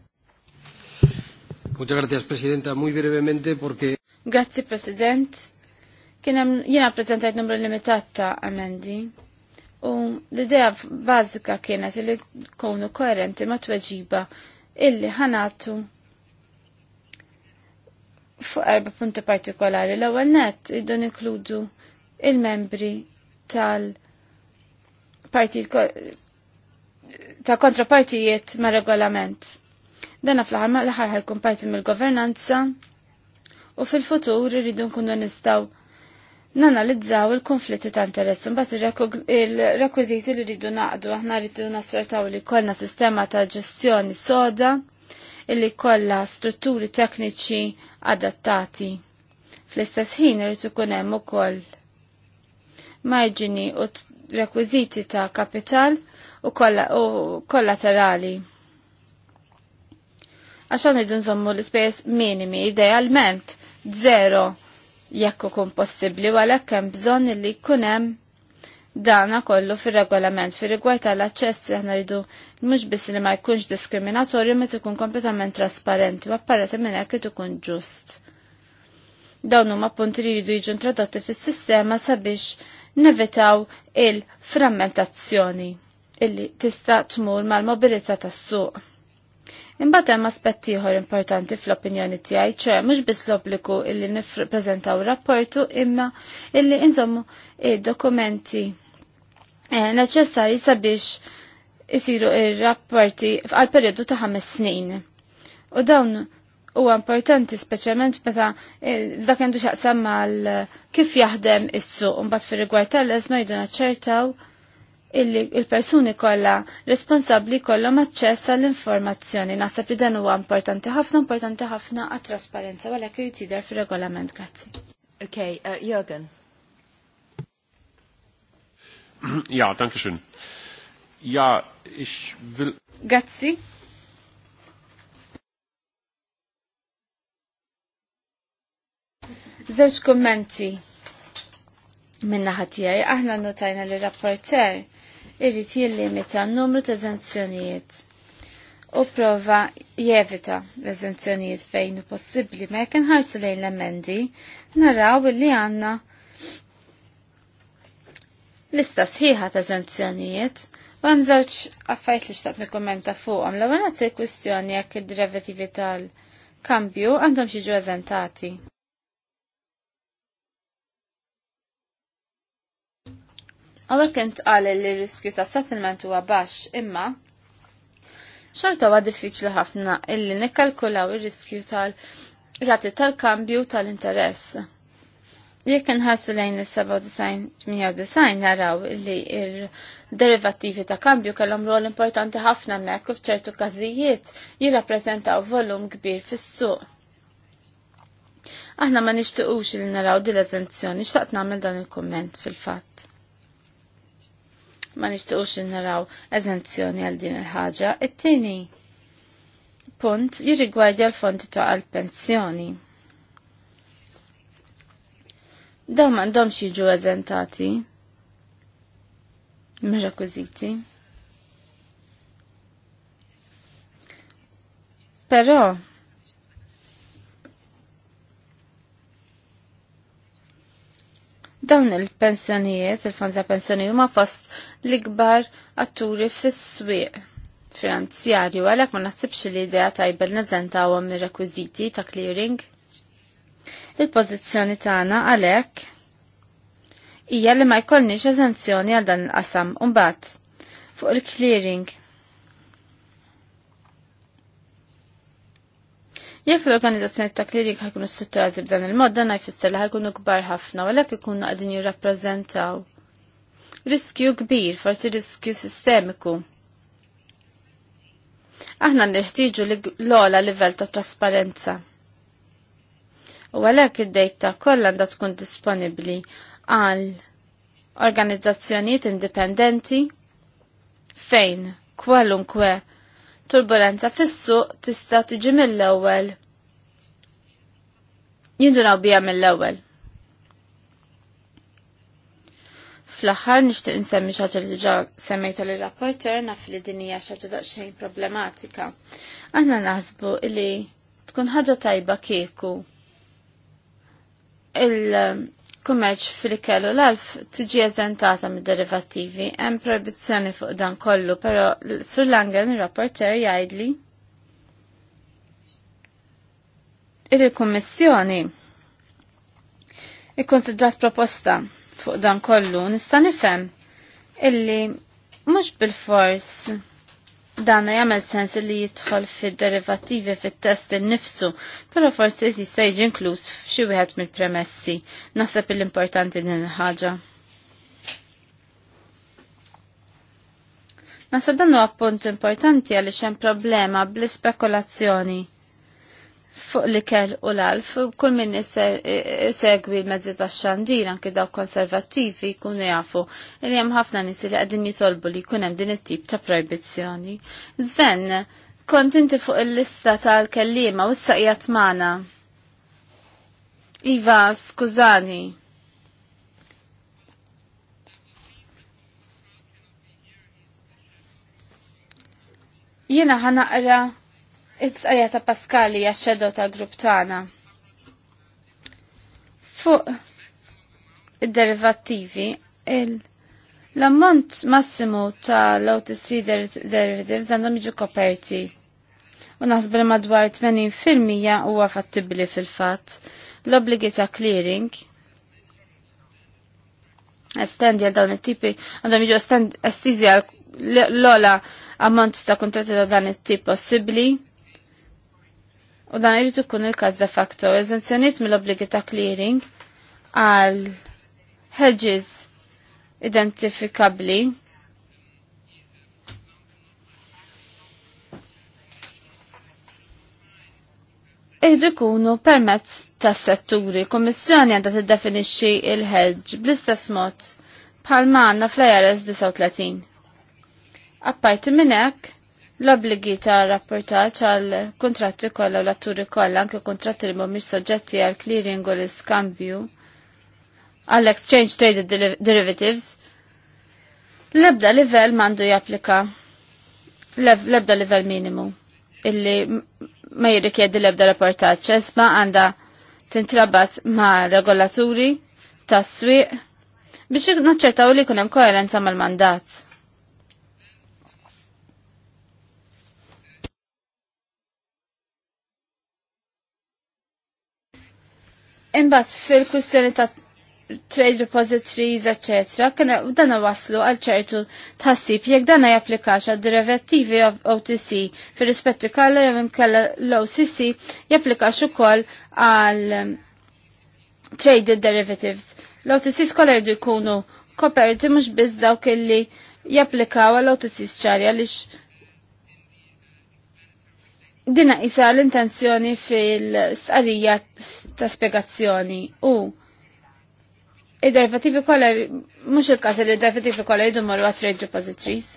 Muchas gracias, Presidenta. Muy brevemente, porque... Grazie, President. Kienem, jena prezentajt numru limitat ta' amendi. U l-idea bazika kienet li kunu koerenti ma' tweġiba illi ħanatu fuq erba punti partikolari. L-ewwel net idun inkludu il-membri tal-partit ta' kontrapartijiet ma' regolament Dana fl-ħar l-ħar ħajkun parti mill-governanza u fil-futur irridu nkunu nistaw nanalizzaw il-konflitti ta' interess imbagħad il-rekwiżiti li rridu naqdu aħna rridu nassertaw li kollna sistema ta' ġestjoni soda illi kollha strutturi tekniċi adattati. Fl-istess ħin irid ikun hemm ukoll marġini u rekwiżiti ta' kapital u kollaterali għaxan id nżommu l-ispejjeż minimi idealment zero jekk ikun possibbli u għalhekk hemm bżonn li jkun hemm dana kollu fir-regolament fir-rigward tal-aċċess aħna rridu mhux biss li ma jkunx diskriminatorju ma ikun kompletament trasparenti u apparati minn hekk ikun ġust. Dawn huma punti li jridu jiġu introdotti fis-sistema sabiex nevitaw il-frammentazzjoni illi tista' tmur mal-mobilità tas-suq. Imbagħad hemm aspett ieħor importanti fl-opinjoni tiegħi, ċe mhux biss l-obbligu illi nippreżentaw rapportu imma illi inżommu id-dokumenti eh, neċessari sabiex isiru ir-rapporti għal perjodu ta' ħames snin. U dawn huwa importanti speċjalment meta eh, dak għandu xaqsam mal kif jaħdem is-suq mbagħad fir-rigward tal-eżma jdu naċċertaw il-persuni kollha responsabbli kollhom aċċess għall-informazzjoni. Nasab li dan huwa importanti ħafna, importanti ħafna għat-trasparenza għalhekk irid jidher fir-regolament. Grazzi. Ok, uh, Jürgen. ja, danke schön. Ja, ich will... Grazzi. Zewġ kommenti minna ħatijaj, aħna notajna li rapporter irrid jillimita n-numru ta' eżenzjonijiet u prova jevita l-eżenzjonijiet fejn u possibbli ma jekk inħarsu lejn l-emendi naraw li għandna lista sħiħa ta' eżenzjonijiet u hemm żewġ affarijiet li xtaqt nikkummenta fuqhom l-ewwel kwistjoni jekk id drevetivi tal- kambju għandhom xieġu eżentati. Għawek kent għale li riskju ta' settlement huwa baxx imma xorta huwa diffiċli ħafna illi nikkalkulaw ir-riskju tal-rati tal-kambju tal-interess. Jekk inħarsu lejn is-97 naraw li il-derivattivi ta' kambju kellhom rol importanti ħafna mek u f'ċertu każijiet jirrappreżentaw volum kbir fis-suq. Aħna ma nixtiequx li naraw dil eżenzjoni xtaqt nagħmel dan il-kumment fil-fatt ma nixtiqux naraw eżenzjoni għal din il-ħaġa. It-tieni punt jirrigwardja l-fondi ta' għal-pensjoni. Dawn m'għandhomx jiġu eżentati mir-rekwiżiti. Però Dawn il-pensjonijiet, il-fond ta' pensjoni huma fost l-ikbar atturi fis-swieq finanzjarju għalhekk ma naħsibx li idea tajba neżentawhom ir-rekwiżiti ta' clearing. Il-pożizzjoni tagħna għalhekk hija li ma jkollniex eżenzjoni għal dan il-qasam un mbagħad fuq il-clearing Jekk l-organizzazzjoni ta' klirik ħajkun strutturati b'dan il-mod, dan jfisser li ħajkunu kbar ħafna, u għalhekk ikunu għadin jirrappreżentaw riskju kbir, forsi riskju sistemiku. Aħna li l-ola livell ta' trasparenza. U għalhekk id-dejta kollha għandha tkun disponibbli għal organizzazzjonijiet indipendenti fejn kwalunkwe turbulenza fis-suq tista' tiġi mill-ewwel. Jindunaw bija mill-ewwel. Fl-aħħar nixtieq insemmi xi ħaġa li diġà semmejta lir rapporter naf li din hija xi ħaġa daqsxejn problematika. Aħna naħsbu li tkun ħaġa tajba kieku il- kummerċ fil-kellu l-alf tiġi eżentata mid derivattivi hemm proibizzjoni fuq dan kollu, però sur Langen il-rapporter jgħidli il-Kummissjoni ikkonsidrat proposta fuq dan kollu nista' nifhem illi mhux bil-fors Danna jagħmel sens li jidħol fid-derivativi fit-test innifsu, però forsi jista' jiġi inkluż f'xi wieħed mill-premessi. Naħseb l-importanti din il-ħaġa. Naħseb dan huwa punt importanti għaliex hemm problema bl-ispekulazzjoni fuq l-ikel u l-alf, kull minn segwi l-mezzi ta' xandir anke daw konservativi kunu jafu li hemm ħafna nies li qegħdin jitolbu li jkun hemm din it-tip ta' proibizzjoni. Zven, kont inti fuq il-lista tal-kellima u s-saqijat magħna. Iva, skużani. Jiena ħanaqra Is-qalja ta' Paskali hija xedow ta' grupp tagħna. Fuq id-derivattivi, l-ammont massimu ta' l-OTC derivatives għandhom jiġu koperti. U naħsbu li madwar 80% huwa fattibbli fil-fatt. L-obbligi ta' clearing estendi għal dawn it-tipi għandhom jiġu estizi għal l-ola ammont ta' kontratti ta' dan it-tip possibbli u dan irritu ikun il-każ de facto. Eżenzjoniet mill-obbligi ta' clearing għal hedges identifikabli irridu jkunu permezz tas setturi. Kommissjoni għandha tiddefinixxi il-hedge bl-istess mod bħal ma għandna fl-IRS 39. Apparti minn hekk, l-obligi ta' rapportaċ għal kontratti kollha u l-atturi kollha anke kontratti li mhumiex soġġetti għal clearing u l-iskambju għal exchange traded derivatives l-ebda livell mandu japplika l-ebda livell minimu illi ma jirrikjedi l-ebda rapportaċ esma għanda tintrabat ma' regolaturi tas-swieq biex naċċertaw li kunem koerenza mal-mandat. Imbagħad fil-kwistjoni ta' trade repositories, etc. Kena dana waslu għal ċertu tħassib jekk dana japplikax għad derivativi of OTC fir rispetti kalla jew kalla l-OCC japplikax ukoll għal um, trade derivatives. L-OTC skola jdu jkunu koperti mhux biss dawk illi japplikaw għal OTC ċari għaliex dina isa l-intenzjoni fil starija ta' spiegazzjoni u id-derivativi kollha mhux il-każ li d-derivativi kollha jdu marru trade repositories.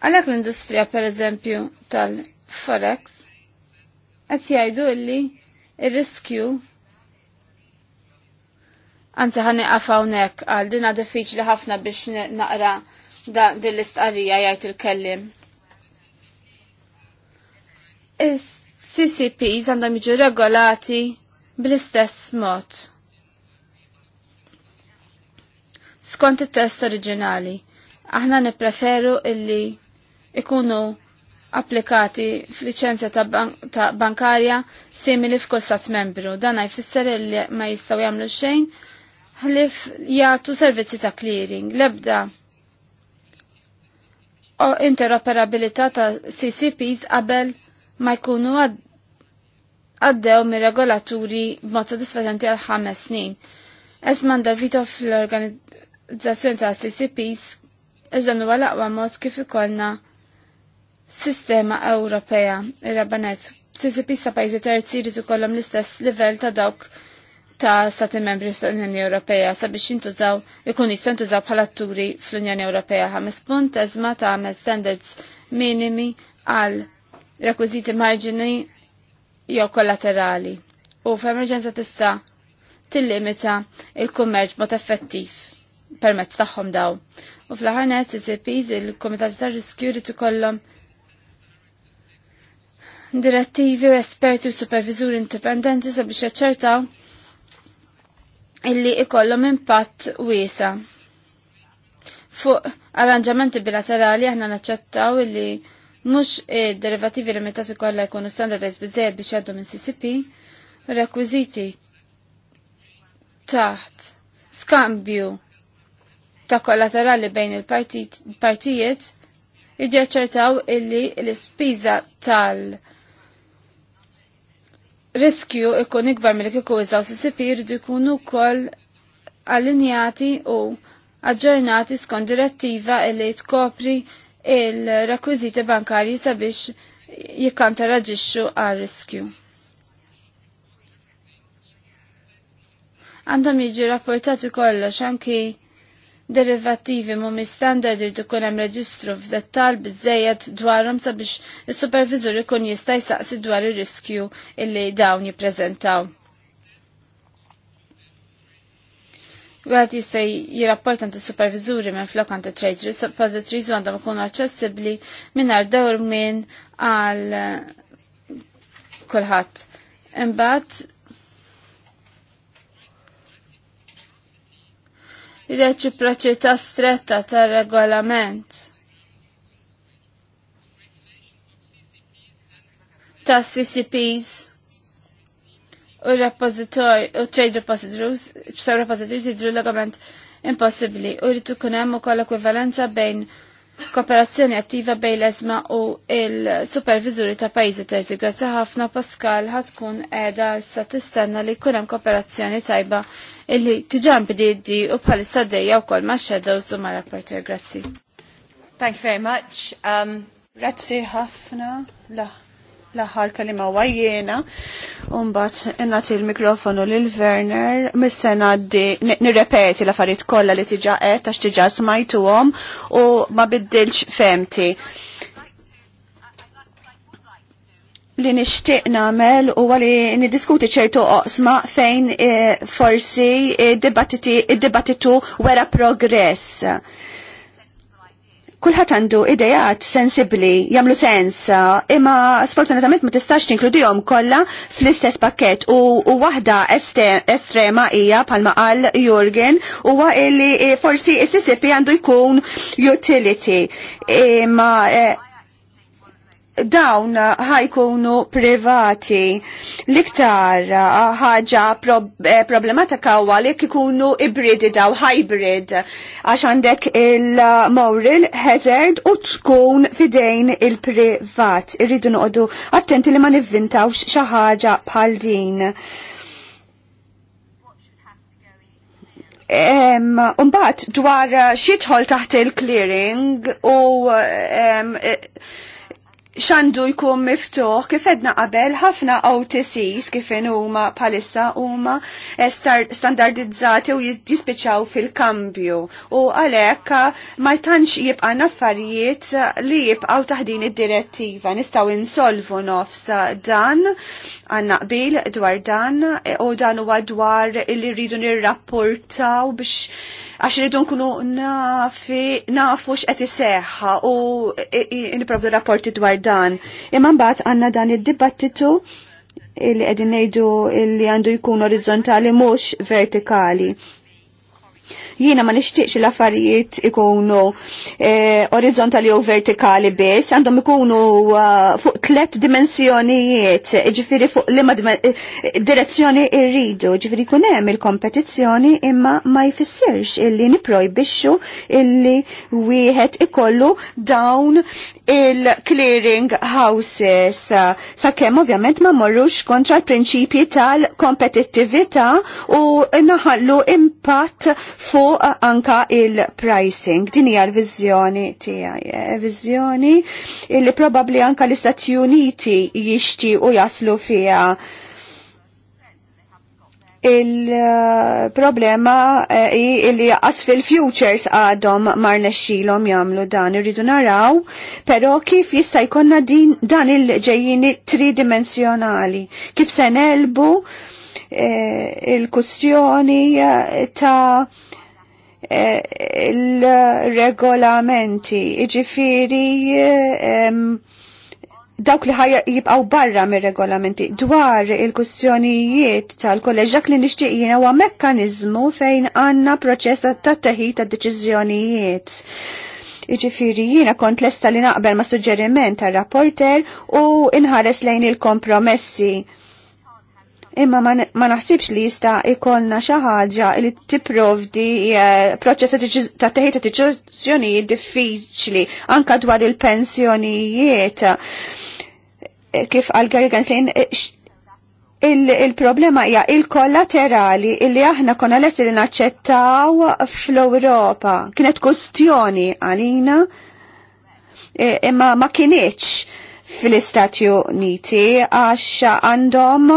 Għalhekk l-industrija pereżempju tal-forex qed jajdu illi il riskju għanzi għani għafawnek għal dina diffiċli ħafna biex naqra da din l istqarija jgħid il-kellim. CCPs għandhom jiġu regolati bl-istess mod. Skont it-test oriġinali, aħna nippreferu illi ikunu applikati f'liċenzja ta', ban ta bankarja simili f'kull stat membru. Dan jfisser li ma jistgħu jagħmlu xejn ħlif jagħtu servizzi ta' clearing. Lebda interoperabilità ta' CCPs qabel ma jkunu għaddew mir regolaturi b'mod sodisfaċenti għal ħames snin. Esman Davito fl-organizzazzjoni ta' CCPs iġdan huwa l-aqwa mod kif ikollna sistema Ewropea il-Rabbanet. CCPs ta' pajjiżi terzi jrid ikollhom l-istess livell ta' dawk ta' stati membri tal-Unjoni Ewropea sabiex jintużaw, ikun jistgħu jintużaw bħala atturi fl-Unjoni Ewropea ħames punt eżma ta' standards minimi għal rekwiziti marġini jew kollaterali u f'emerġenza tista' tillimita il-kummerċ mod effettiv permezz tagħhom daw. U fl-aħħar net CCPs il-Kumitat tar-Riskju rid ikollhom direttivi u esperti u supervizuri indipendenti sabiex jaċċertaw illi ikollhom impatt wiesa. Fuq arranġamenti bilaterali aħna naċċettaw illi mux eh, derivativi limitati kolla jkunu standardized bizzej biex jaddu minn CCP, rekwiziti taħt skambju ta' kollaterali bejn il-partijiet ċertaw illi l-spiża tal- riskju ikun ikbar mill kieku iżaw CCP jridu jkunu wkoll allinjati u aġġornati skont direttiva illi tkopri il rekwiżiti bankarji sabiex jikkantaraġixxu għal riskju. Għandhom jiġi rapportati kollox anki derivattivi mumi standard irdu kun hemm reġistru f'dettal biżejjed dwarhom sabiex is-supervisur ikun jista' jsaqsi dwar ir-riskju illi dawn jippreżentaw. Għad jista jirrapporta għant supervizuri minn flok għant trade repositories u għandhom ikunu accessibli minn għal dawr minn għal kolħat. Imbat, reċiproċità stretta tar regolament ta' CCPs u repository, u trade repositories, b'saw repositories jidru l-logament impossibli u rritu kunem u koll ekwivalenza bejn kooperazzjoni attiva bejn l-ezma u il-supervizuri ta' pajizi terzi. Grazzi ħafna Pascal ħatkun edha issa tistenna li kunem kooperazzjoni tajba illi tiġan bididdi u bħalissa dejja u koll ma' shadows u ma' rapporter. Grazzi. Thank you very much. Um... Grazzi ħafna. La l-aħħar kalima wajjena, unbat nagħti l-mikrofonu lil Werner, mis-sena di nirrepeti l-affarijiet kollha li tiġa qed għax tiġa smajtuhom u ma biddilx femti. li nixtieq nagħmel huwa li niddiskuti ċertu oqsma fejn eh, forsi eh, id-dibattitu wera progress Kulħadd għandu idejat sensibbli jagħmlu sens, eh, imma sfortunatament ma tistax tinkludihom kollha fl-istess pakkett u, u waħda estrema hija palma qal Jurgen huwa li eh, forsi s-sisipi għandu jkun utility. Imma eh, dawn ħajkunu privati. L-iktar eh, ħaġa prob eh, problematika u għalek ikunu ibridi daw hybrid għax għandek il-moral hazard u tkun fidejn il-privat. Irridu noqogħdu attenti li ma nivvintawx xi ħaġa bħal din. Umbat dwar xitħol taħt il-clearing u um, xandu jkun miftuħ kif edna qabel ħafna OTCs kif huma palissa huma eh, standardizzati u jispiċċaw fil-kambju u għalhekk eh, ma tantx jibqa' affarijiet eh, li jibqgħu taħdin id-direttiva nistgħu insolvu nofs dan għandna qbil dwar dan u dan huwa dwar li rridu nirrapportaw biex għax rridu nkunu nafu x'qed iseħħa u niprovdu rapporti dwar dan. Imma mbagħad għandna dan id-dibattitu li qegħdin ngħidu li għandu jkun orizzontali mhux vertikali. Jiena ma nixtieqx l-affarijiet ikunu eh, orizzontali u vertikali biss, għandhom ikunu uh, fuq tlet dimensjonijiet, ġifiri fuq li ma eh, direzzjoni irridu, ġifiri kun hemm il-kompetizzjoni imma ma jfissirx illi niprojbixxu illi wieħed ikollu dawn il-clearing houses sakemm ovvjament ma morrux kontra l-prinċipji tal-kompetittività u naħallu impatt fuq fuq anka il-pricing. Din hija l-viżjoni tiegħi, eh, viżjoni li probabbli anka l-Istati Uniti jixtiequ jaslu fiha il-problema eh, li jaqas fil-futures għadhom mar nexxilhom jagħmlu dan irridu naraw, però kif jista' jkollna din dan il-ġejjini tridimensjonali, kif se nelbu eh, il-kustjoni ta' il-regolamenti, iġifiri dawk li ħajja jibqaw barra mir regolamenti dwar il-kussjonijiet tal-kolleġ dak li nixtieq jiena huwa mekkaniżmu fejn għandna proċess ta' teħid ta' deċiżjonijiet. Iġifieri jiena kont lesta li naqbel ma' suġġeriment tar-rapporter u inħares lejn il-kompromessi imma ma naħsibx li jista' ikollna xi ħaġa li tipprovdi eh, proċess ta' teħid ta' deċiżjonijiet diffiċli anka dwar il-pensjonijiet. Eh, kif għal Gary Genslin, eh, il-problema hija il-kollaterali illi aħna konna lessi li naċċettaw fl-Ewropa. Kienet kustjoni għalina imma ma kienieċ fil-Istati Uniti għax għandhom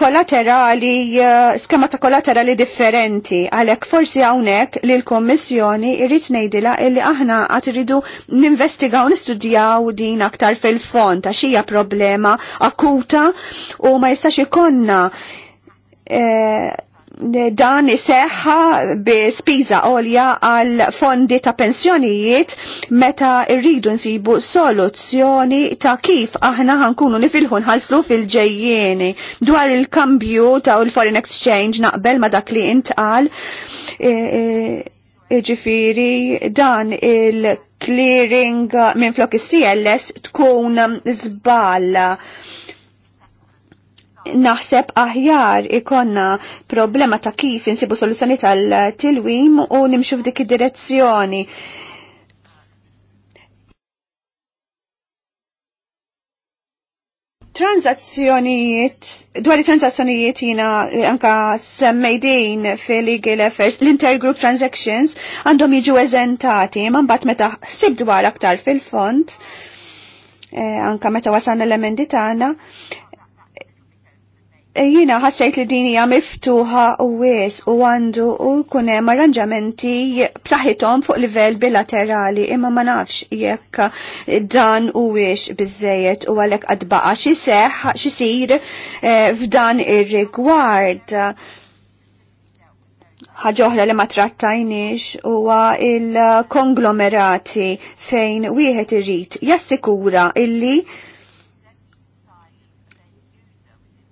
kollaterali, eh, skema ta' kollaterali differenti. Għalek forsi għawnek li l-Kommissjoni irrit nejdila illi aħna għat ninvestigaw nistudjaw din aktar fil-fond ta' xija problema akuta u ma jistax ikonna eh, dan seħħa bi spiża għolja għal fondi ta' pensjonijiet meta rridu nsibu soluzzjoni ta' kif aħna ħankunu nifilħu nħaslu fil-ġejjieni dwar il-kambju ta' il-foreign exchange naqbel ma dak li intqal e, e, ġifiri dan il-clearing minn flok is-CLS tkun zballa naħseb aħjar ikonna problema ta' kif insibu soluzzjoni tal-tilwim u nimxu f'dik id-direzzjoni. transazzjonijiet, dwar transazzjonijiet jina eh, anka semmejdin fil-legal affairs, l-intergroup transactions għandhom jiġu eżentati, man bat meta sib dwar aktar fil-font, eh, anka meta wasan l-emendi tagħna, Eh, jina ħassajt li dinija miftuħa u wis u għandu u kunem arranġamenti b'saħħithom fuq livell bilaterali imma ma nafx jekk dan u wix bizzejet u għalek għadbaqa xiseħ xisir eh, f'dan ir-rigward. ħagħoħra li ma trattajniex huwa il-konglomerati fejn wieħed irrid jassikura illi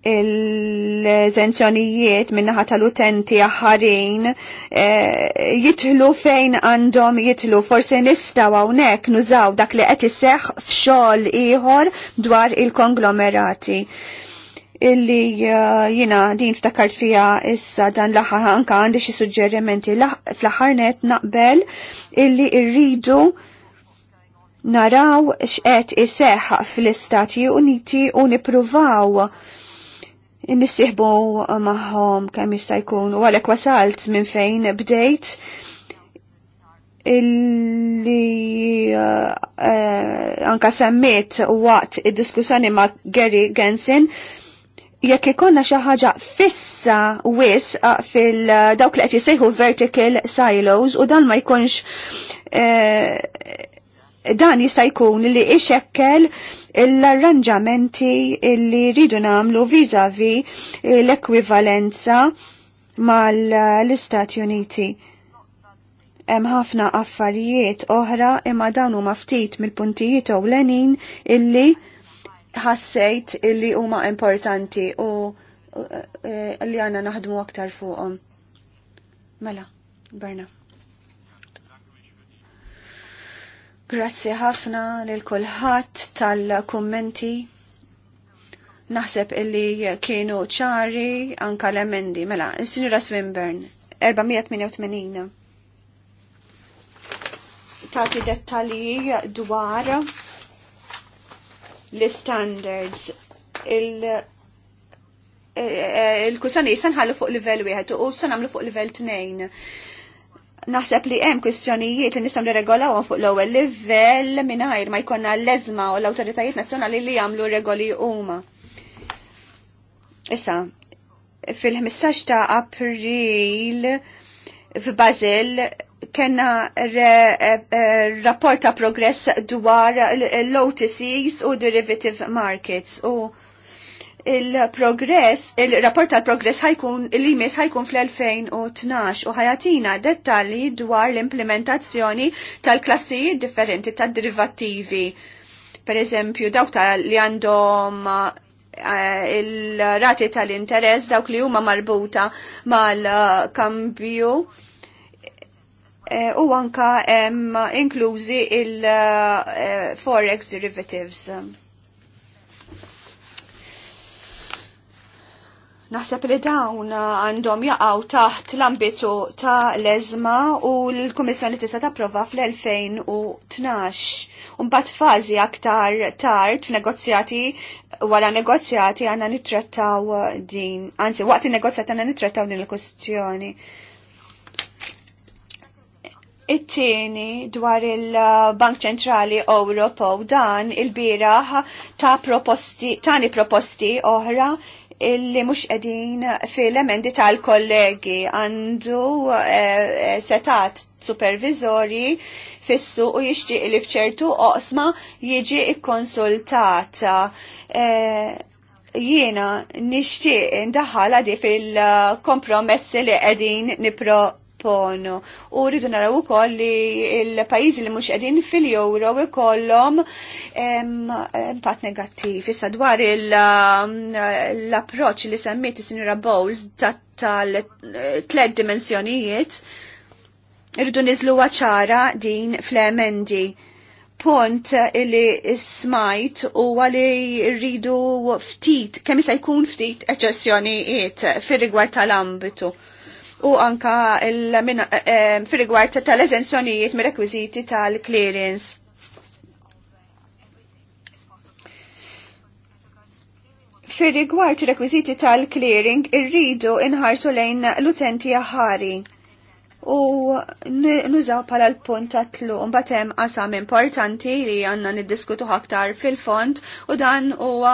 il-eżenzjonijiet minnaħat tal-utenti aħħarin eh, jitlu fejn għandhom jitlu. Forse nistaw hawnhekk nużaw dak li qed iseħħ f'xogħol ieħor dwar il-konglomerati illi uh, jina din ftakart fija issa dan l-aħħar anka għandi xi suġġerimenti fl-aħħar net naqbel illi rridu naraw x'qed iseħħ fl-Istati Uniti u nippruvaw nissiħbu maħħom kemm jista' jkun u għalek wasalt minn fejn bdejt illi eh, eh, anka semmiet waqt id-diskussjoni ma' Gary Gensin jekk ikonna xi ħaġa fissa wis eh, fil dawk li qed jisejħu vertical silos u dan ma jkunx dan jista' jkun li ixekkel l-arranġamenti li rridu nagħmlu viżavi l-ekwivalenza mal-Istati Uniti. Hemm ħafna affarijiet oħra imma dawn huma ftit mill-puntijiet ewlenin illi ħassejt illi huma importanti u eh, li għandna naħdmu aktar fuqhom. Mela, Berna. Grazzi ħafna lil kulħadd tal-kummenti. Naħseb illi kienu ċari anka l-emendi. Mela, Sinjura Swinburne, 488. Tati dettalji dwar l-standards il- il jisan ħallu fuq livell wieħed u sanamlu fuq livell tnejn naħseb li hemm kwistjonijiet li nistgħu nirregolawhom fuq l-ewwel livell mingħajr ma jkollna l-leżma u l-awtoritajiet nazzjonali li jagħmlu regoli huma. Issa, fil-15 ta' April f'Bażil kena e, e, rapport ta' progress dwar l-OTCs u derivative markets u il-progress, il-rapport tal-progress ħajkun, il-limis ħajkun fl-2012 u ħajatina dettalji dwar l-implementazzjoni tal-klassijiet differenti tad-derivativi. Per eżempju, dawk tal li għandhom eh, il-rati tal-interess, dawk li huma marbuta mal-kambju eh, u anka inklużi il-forex eh, derivatives. Naħseb li dawn għandhom jaqgħu taħt l-ambitu ta' leżma u l-Kummissjoni tista' tapprova fl-2012. Mbagħad fażi aktar tard f'negozjati wara negozjati għandna nittrattaw din, anzi waqt in-negozjati għandna nittrattaw din il-kwestjoni it-tieni dwar il-Bank Ċentrali Ewropew dan il-bieraħ ta' proposti, tani proposti oħra illi mux edin fil-emendi tal-kollegi għandu eh, eh, setat supervizori fissu u jixtieq li fċertu oqsma jiġi ikkonsultata. Eh, jiena nixtieq ndaħala di fil-kompromessi li qegħdin nipro nipponu. U rridu naraw ukoll li l-pajjiżi li mhux qegħdin fil-euro ikollhom impatt negattiv. Issa dwar l-approċċ li semmiet is-Sinjura Bowles tal-tlet dimensjonijiet irridu niżlu ċara din fl-emendi punt li smajt u għali rridu ftit, kemm se jkun ftit eċessjonijiet fir rigward tal-ambitu u anka eh, fil-rigward tal-eżenzjonijiet mir-rekwiziti tal-clearance. Fir rigward rekwiziti tal-clearing irridu inħarsu lejn l-utenti aħari u nużaw pala l-punt ta' tlu. Mbagħad hemm qasam importanti li għandna niddiskutu aktar fil-fond u dan huwa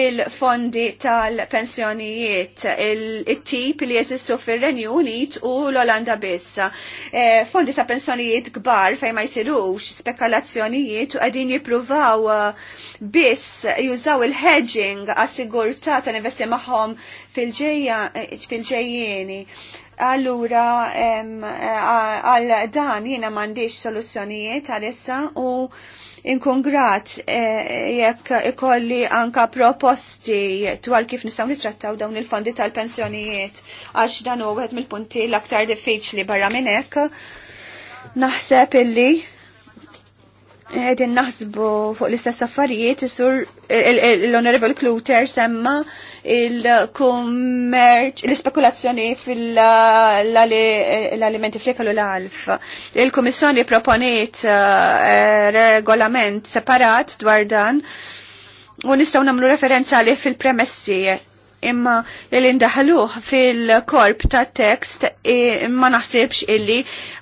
il-fondi tal-pensjonijiet il-tip li jeżistu fir-Renju Unit u l-Olanda biss. E, fondi ta' pensjonijiet kbar fejn ma jsirux spekulazzjonijiet u qegħdin jippruvaw e, biss jużaw il-hedging għas sigurta tal-investi maħom Fil Allura għal dan jiena m'għandix soluzzjonijiet għalissa u inkun grat eh, jekk ikolli anka proposti dwar kif nistgħu nittrattaw dawn il-fondi tal-pensjonijiet għax dan huwa wieħed mill-punti l-aktar diffiċli barra minn hekk. Naħseb illi għedin naħsbu fuq l-istess affarijiet, sur l-Honorable Cluter semma il-kummerċ, l-spekulazzjoni fil-alimenti fl l-alf. Il-Komissjoni proponiet eh, regolament separat dwar dan u nistaw namlu referenza li fil-premessi imma l ndaħluħ fil-korp ta' tekst ma naħsibx illi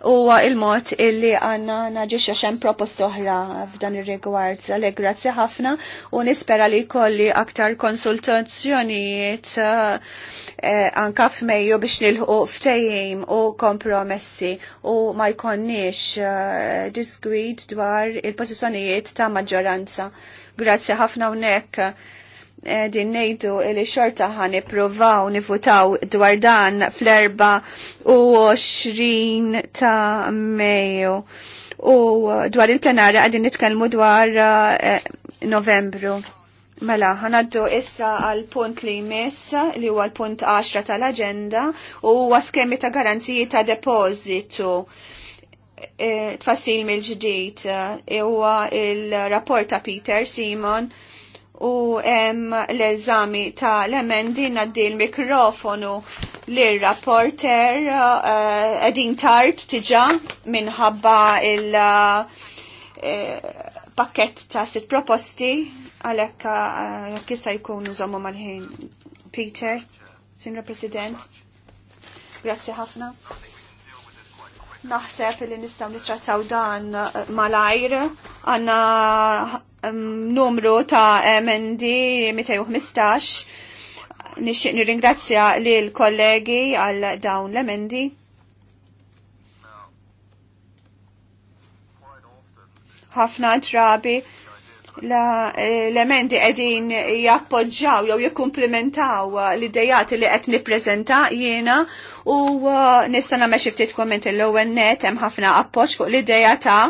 huwa il-mod illi għanna naġiċa xem propost oħra f'dan ir-rigward. Għalek grazzi ħafna u nispera li kolli aktar konsultazzjonijiet eh, eh, anka f'mejju biex nilħu ftejjim u kompromessi u ma jkonniex eh, disgwid dwar il posizjonijiet ta' maġġoranza. Grazzi ħafna unnek din nejdu li xorta ħan ipruvaw nifutaw dwar dan fl 24 ta' Mejju. U dwar il-plenarja għadin nitkellmu dwar eh, Novembru. Mela, ħanaddu issa għal punt li jmiss li huwa l-punt 10 tal aġenda u huwa skemi ta' garanziji ta' depożitu eh, tfassil mill-ġdid eh, huwa il-rapport ta' Peter Simon u em l-eżami ta' l-emendi naddi l-mikrofonu l-rapporter uh, edin tart tiġa minħabba il-pakket eh, uh, ta' sit proposti għalek uh, jista jkunu zommu mal-ħin. Peter, Sinra President, grazie ħafna. Naħseb li nistaw niċċattaw dan malajr għanna Um, numru ta' emendi 215. Nixtieq nirringrazzja l kollegi għal dawn l-emendi. ħafna drabi eh, l-emendi edin jappoġġaw jew jikkumplimentaw l-idejat li qed niprezenta jiena u eh, nista' nagħmel xi ftit komment l-ewwel net hemm ħafna appoġġ fuq l-idea ta'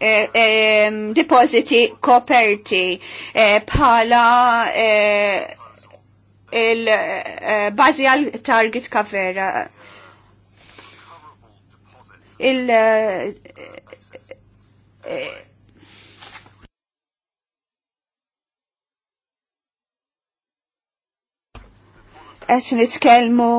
Eh eh, eh, eh, eh, depositi koperti bħala il-bazi għal target kavera il- qed nitkellmu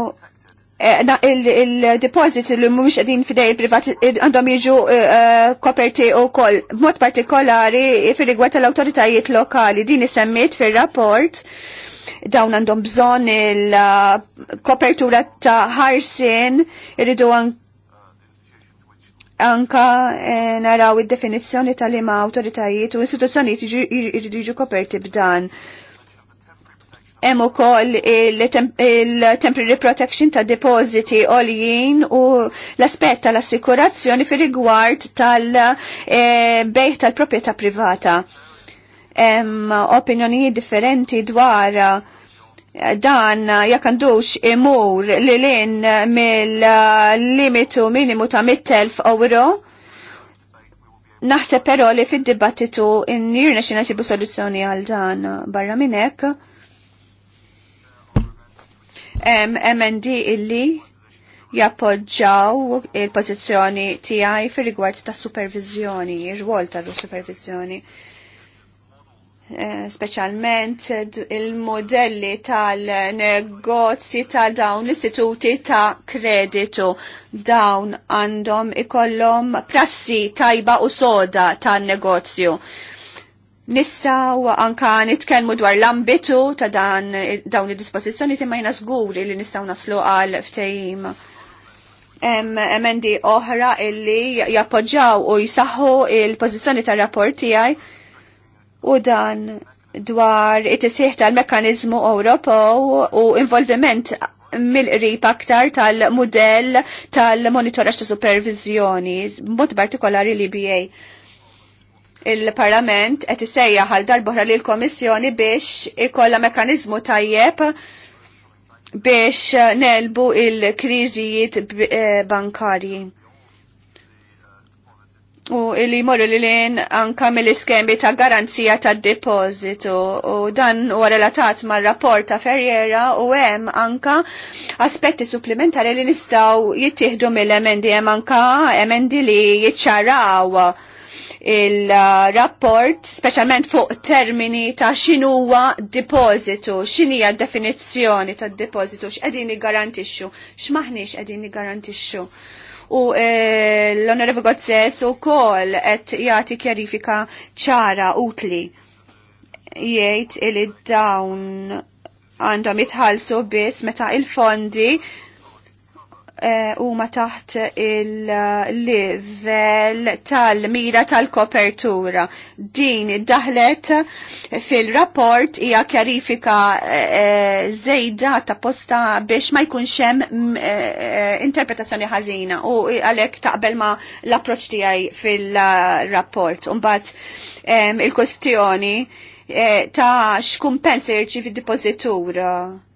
Eh, il-deposit li mhumiex qegħdin fidej privat għandhom jiġu eh, eh, koperti wkoll. B'mod partikolari fir-rigward tal-awtoritajiet lokali din isemmit fir-rapport dawn għandhom bżonn il-kopertura ta' ħarsin irridu anka naraw id-definizzjoni tal-ima awtoritajiet u istituzzjonijiet jiġu koperti b'dan. Hemm ukoll il-temporary protection ta' depositi oljin u l-aspett tal-assikurazzjoni fir-rigward tal-bejħ eh, tal-proprjetà privata. Hemm opinjonijiet differenti dwar eh, dan jekk għandux imur li lin mill-limitu minimu ta' 100,000 euro. Naħseb però li fid-dibattitu in-nirna xi nasibu soluzzjoni għal dan barra minn hekk MND illi jappoġġaw il-pozizjoni tiegħi fir-rigward ta' supervizjoni, ir-rwol ta' supervizjoni. Eh, speċjalment specialment il-modelli tal-negozji ta' dawn l-istituti ta' kreditu. Dawn għandhom ikollhom prassi tajba u soda tan negozju u anka nitkellmu dwar l-ambitu ta' dan dawn id-dispożizzjoni imma jina żguri li nistaw naslu għal ftejim emendi oħra illi jappoġġaw u jisaħħu il-pożizzjoni tar-rapport tiegħi u dan dwar it-tisħiħ tal mekanizmu Ewropew u involviment mill-qrib aktar tal-modell tal-monitoraġġ ta' supervizjoni, mod partikolari li bijaj il-Parlament qed isejja għal darbohra li l-Komissjoni biex ikolla mekanizmu tajjeb biex nelbu il-kriżijiet eh, bankarji. U li morru li lin anka mill-iskemi ta' garanzija ta' depozitu u dan u relatat ma' rapport ta' Ferriera u hemm anka aspetti supplementari li nistaw jittieħdu mill-emendi hemm anka emendi li jiċċaraw il-rapport, specialment fuq termini ta' xinuwa depositu, xinija definizzjoni ta' depositu, x'qegħdin garantixxu, x'maħniex qegħdin garantixxu. U e, l-Onorevo Gozzes u kol et jati kjarifika ċara utli jgħid li dawn għandhom jitħallsu biss meta il-fondi Eh, huma taħt il-level tal-mira tal-kopertura. Din id-daħlet fil-rapport hija kjarifika eh, zejda ta' posta biex ma jkunx hemm eh, interpretazzjoni ħażina u għalhekk taqbel ma l-approċċ tiegħi fil-rapport. Imbagħad il-kwestjoni ta' x'kumpens irċi depozitura depożitura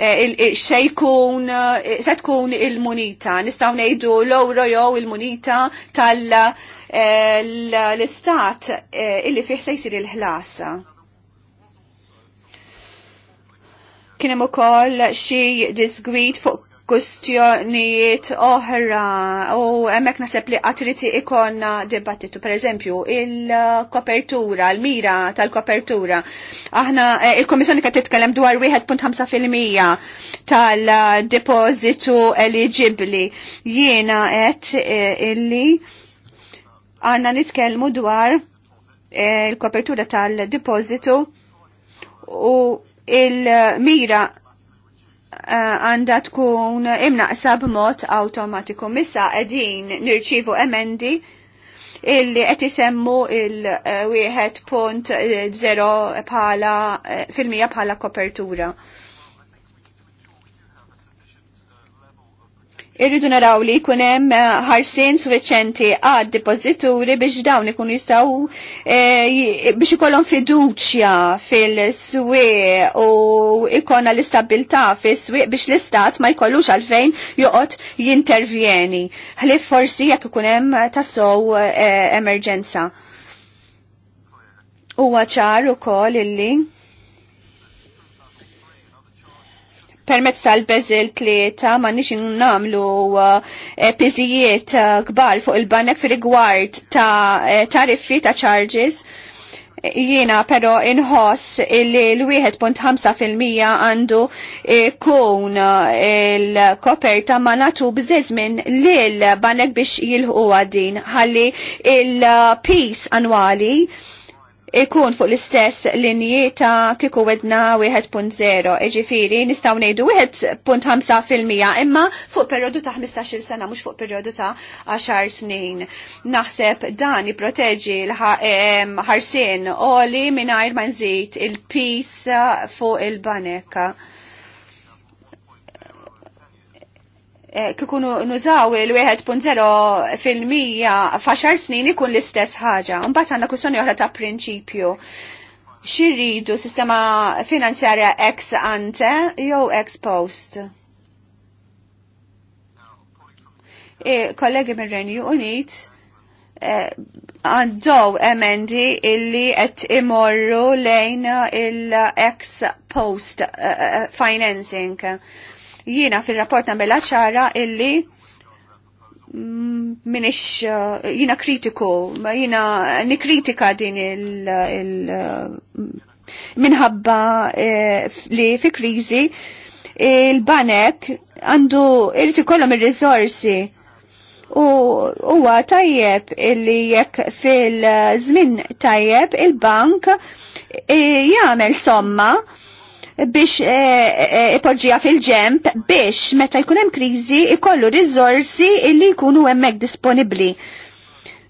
Eh, xejkun, eh, se tkun il-munita, nistaw nejdu l-euro jew il-munita tal-istat eh, illi fih se jisir il-ħlas. Kienem ukoll xi disgwit fuq kustjonijiet oħra u emmek naseb li għatriti ikonna dibattitu, per eżempju, il-kopertura, l mira tal-kopertura. Aħna, eh, il-Komissjoni kad titkellem dwar 1.5% tal-depozitu eligibli. Jiena għet eh, illi għanna nitkellmu dwar eh, il-kopertura tal-depozitu u il-mira Eh, għanda uh, tkun imnaqsa b'mod automatiku. Missa qegħdin nirċivu emendi illi qed isemmu il-1.0 eh, eh, bħala fil-mija bħala kopertura. irridu naraw li jkun hemm eh, ħarsien għad depozituri biex dawn ikun jistgħu eh, biex ikollhom fiduċja fil-swieq u ikona l istabilta fis-swieq biex l-istat ma jkollux għalfejn joqgħod jintervjeni. Ħlif forsi jekk ikun hemm tassow U eh, emerġenza. Huwa ċar ukoll illi permezz tal bezil tlieta ma nix namlu uh, piżijiet uh, kbar fuq il-banek fil gward ta' eh, tariffi ta' charges jiena pero inħoss li l-1.5% għandu kun eh, il-koperta ma natu bżizmin lil banek biex jilħu għadin ħalli il-peace eh, annwali ikun fuq l-istess linji ta' kiku wedna 1.0, iġifiri nistaw nejdu 1.5% imma fuq periodu ta' 15 sena, mux fuq periodu ta' 10 snin. Naħseb dan proteġi l-ħarsin oli minajr ma' nżid il-pis fuq il-banek. Eh, kikunu nużaw il-1.0 fil-mija faċar snin ikun l-istess ħaġa. Mbagħad għandna kwistjoni oħra ta' prinċipju. Xirridu sistema finanzjarja ex ante jew ex post? E, kollegi minn Renju Unit e, għandow emendi illi qed imorru lejn il-ex post uh, financing Jiena fil-rapport Mela ċara illi mm, minix uh, jina kritiku, ma jina nikritika din il, il uh, minħabba eh, li fi krizi il-banek għandu irrit ikollhom il-rizorsi u huwa tajjeb illi jekk fil-żmien tajjeb il-bank eh, jagħmel somma biex eh, eh, ipoġġija fil-ġemp biex meta jkun hemm kriżi ikollu rizorsi li jkunu hemmhekk disponibbli.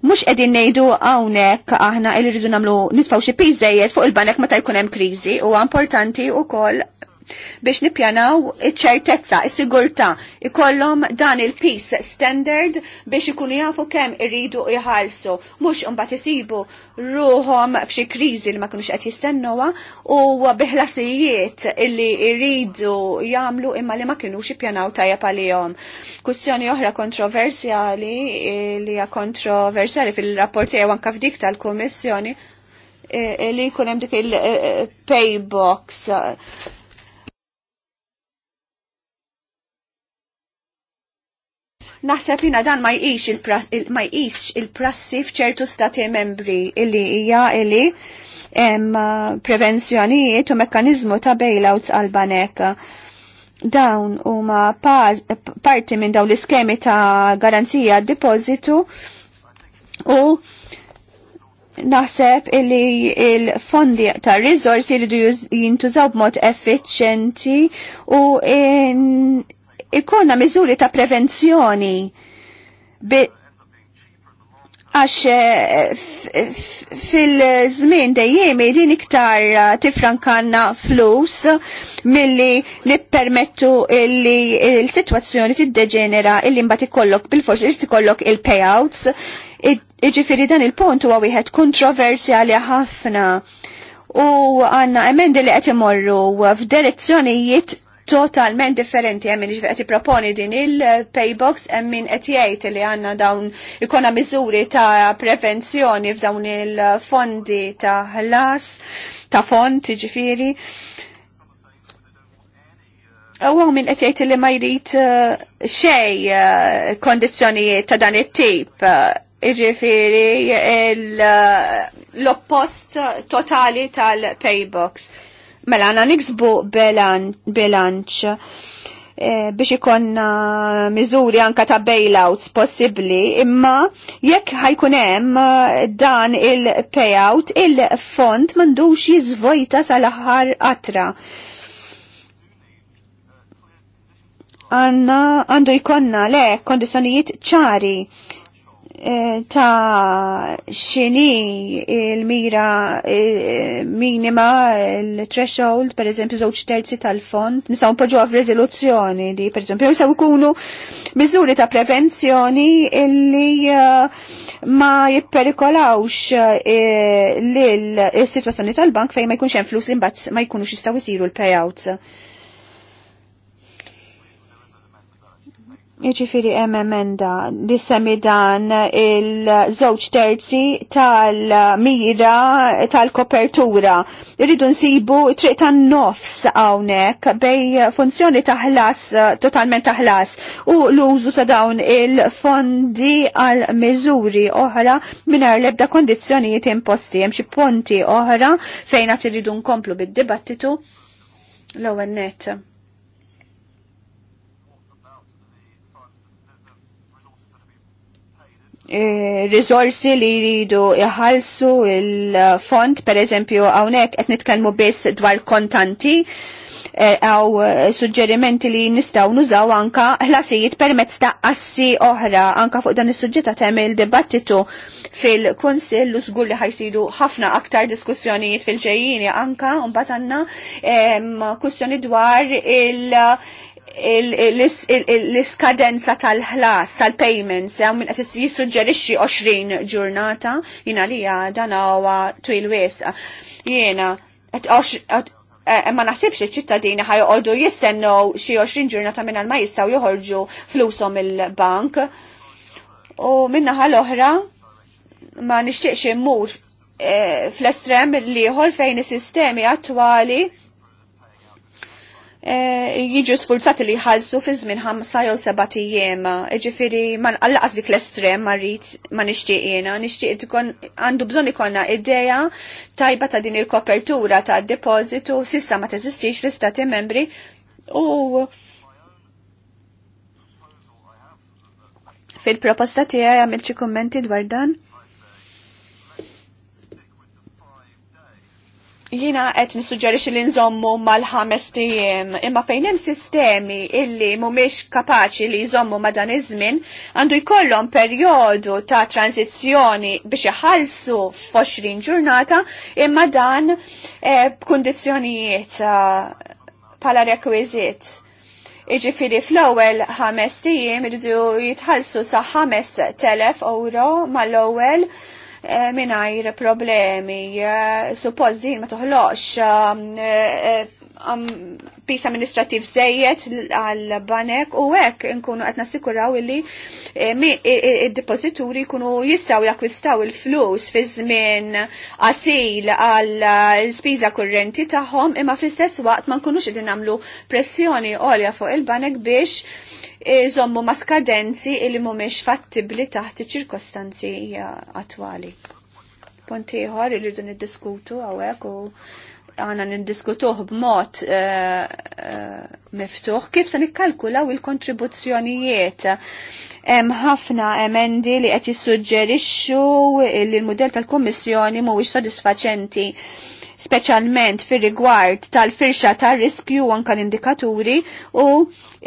Mhux qegħdin ngħidu hawnhekk aħna li rridu nagħmlu nitfgħu xi piżejjed fuq il-banek meta jkun hemm kriżi huwa importanti wkoll biex nippjanaw iċ-ċertezza, is-sigurtà, ikollhom dan il-peace standard biex ikunu jafu kemm iridu jħallsu, mhux imbagħad isibu ruhom f'xi kriżi li ma kinux qed jistennuha u biħlasijiet illi jridu jagħmlu imma li ma kinux ippjanaw tajjeb għalihom. Kwistjoni oħra kontroversjali eh, li hija kontroversjali fil-rapport tiegħu anke f'dik tal-Kummissjoni eh, li jkun hemm dik il-paybox eh, Naħseb jina dan ma jqix il-prassi f'ċertu stati membri illi hija illi hemm uh, prevenzjonijiet u mekkaniżmu ta' bailouts għal banek. Dawn huma parti minn dawn l-iskemi ta' garanzija depozitu u naħseb illi il-fondi ta' rizorsi li jintużaw b'mod effiċenti u ikonna miżuri ta' prevenzjoni għax eh, fil-żmien dejjem din iktar eh, tifrankanna flus milli nippermettu illi il sitwazzjoni tiddeġenera illi mbagħad ikollok bil-forsi irid ikollok il-payouts. Iġifieri dan il-punt huwa wieħed kontroversjali ħafna u għanna emendi li qed imorru f'direzzjonijiet totalment differenti hemm min qed proponi din il-paybox hemm min qed jgħid li għandna dawn ikona miżuri ta' prevenzjoni f'dawn il-fondi ta' ħlas ta' fond ġifieri. U għu qed jgħid li ma jrid eh, xej eh, kondizzjonijiet ta' dan it-tip iġifiri eh, l-oppost totali tal-paybox mela għana niksbu bilanċ eh, biex ikonna miżuri anka ta' bailouts possibli, imma jekk ħajkunem eh, dan il-payout, il-font mandux jizvojta sal-aħħar qatra. Għanna għandu jkonna le kondizjonijiet ċari ta' xini il-mira eh, minima il-threshold, per eżempju, zoċ terzi tal-fond, nisaw poġu għaf rezoluzzjoni li, per eżempju, jisaw ikunu miżuri ta' prevenzjoni li eh, ma jipperikolawx eh, l-situazzjoni tal-bank fej ma jkunx hemm flus li ma jkunux jistgħu jisiru l-payouts. Jiġifieri hemm emenda li semmi dan il-żewġ terzi tal-mira tal-kopertura. Irridu nsibu triq tan-nofs hawnhekk bej funzjoni taħlas totalment taħlas u l-użu ta' dawn il-fondi għal miżuri oħra mingħajr l-ebda kondizzjonijiet imposti hemm xi ponti oħra fejn t irridu nkomplu bid-dibattitu l-ewwel nett Eh, risorsi li jridu iħalsu il-font, per eżempju, għawnek qed nitkellmu biss dwar kontanti, eh, għaw eh, suġġerimenti li nistaw nużaw anka ħlasijiet permezz ta' assi oħra anka fuq dan is-suġġetta temm il-dibattitu fil-Kunsill u żgur li ħajsiru ħafna aktar diskussjonijiet fil-ġejjini anka mbagħad għandna kussjoni dwar il- l-iskadenza tal-ħlas, tal-payments, għaw minn għatis jissuġġerixi 20 ġurnata, jina li dan għawa twil wis. Jena, e, e, ma naħsibx iċ-ċittadini ħaj għoddu jistennew xi 20 ġurnata minn ma jistgħu joħorġu flushom il-bank. U minna l-oħra ma nixtieqx immur e, fl-estrem liħor fejn is-sistemi attwali Eh, jiġu sfurzati li jħallsu fi żmien ħamsa jew seba' ijiem. Iġifieri ma nqallaqas dik l-estrem ma rrid ma nixtieq jiena, nixtieq tkun għandu bżonn ikollna idea tajba ta' din il-kopertura ta' depożitu sissa ma teżistix l-istati membri u fil-proposta tiegħi għamilt xi kummenti dwar dan. jina qed nissuġġerixi li nżommu mal-ħames tijem, imma fejn hemm sistemi illi mhumiex kapaċi li jżommu ma' dan iż-żmien, għandu jkollhom perjodu ta' tranzizzjoni biex iħallsu f'20 ġurnata, imma dan eh, b'kundizzjonijiet eh, bħala rekwiżit. Iġifiri fl-ewwel ħames tiem iridu jitħallsu sa' ħames telef euro mal-ewwel Eh, minajr problemi. Eh, suppost din ma toħloqx um, eh, um, pis amministrativ zejjed għal banek u hekk nkunu qed nassikuraw illi il depożituri jkunu jistgħu jakkwistaw il-flus fi żmien qasil għal l-spiża kurrenti tagħhom imma fl-istess waqt ma nkunux qegħdin nagħmlu pressjoni għolja fuq il-banek biex iżommu ma' skadenzi li mhumiex fattibli taħt iċ-ċirkostanzi attwali. Punt ieħor irridu niddiskutu hawnhekk u għana nindiskutuh b'mod uh, miftuħ kif se nikkalkulaw il-kontribuzzjonijiet. Hemm ħafna emendi li qed jissuġġerixxu li l-mudell tal-Kummissjoni mhuwiex sodisfaċenti speċjalment fir rigward tal-firxa tar-riskju anke l-indikaturi u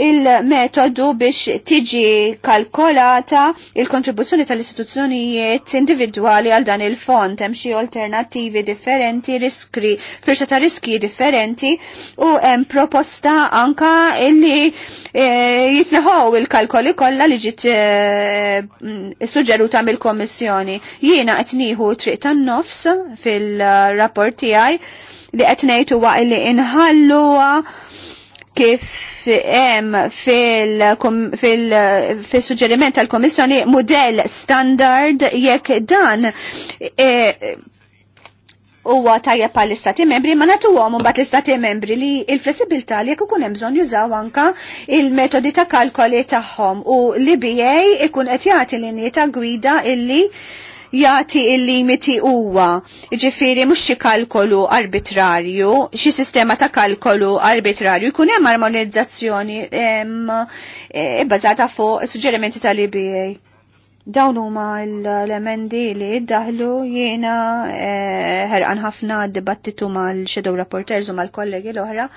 il-metodu biex tiġi kalkolata il-kontribuzzjoni tal-istituzzjonijiet individwali għal dan il-fond, hemm xi alternattivi differenti, riskri, firxa ta' riski differenti u hemm proposta anka illi e, eh, jitneħow il-kalkoli kollha li ġiet e, suġġeruta mill-Kommissjoni. Jiena qed nieħu triq tan-nofs fil-rapport tiegħi li qed ngħidu waqt li inħalluha kif hemm fil-suġġeriment tal-Komissjoni mudell standard jekk dan e, huwa tajjeb għall istati membri, ma nagħtuhom għom l-istati membri li il-flessibilità li jekk ikun hemm bżonn jużaw anka il-metodi ta' kalkoli tagħhom u l-IBA ikun qed jagħti linji ta' gwida illi jati il-limiti huwa. Ġifiri mhux xi kalkolu arbitrarju, xi sistema ta' kalkolu arbitrarju jkun hemm armonizzazzjoni e, bbażata fuq suġġerimenti tal-IBA. Dawn huma l-emendi li ddaħlu jiena e, ħerqan ħafna dibattitu mal xedow rapporters u mal-kollegi l-oħra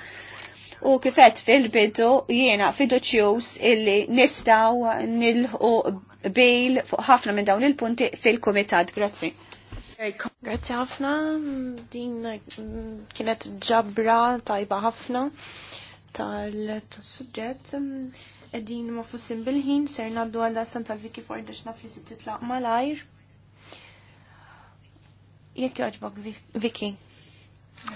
U kifet fil-bidu jiena fiduċjus illi nistaw nilħu bejl fuq ħafna minn dawn il-punti fil-komitat. Grazzi. Grazzi ħafna, din kienet ġabra tajba ħafna tal-sujġet. Edin ma fussin bil-ħin, ser naddu għalla Santa Viki for daċna fizit titlaq malajr. Jekk joġbok Viki.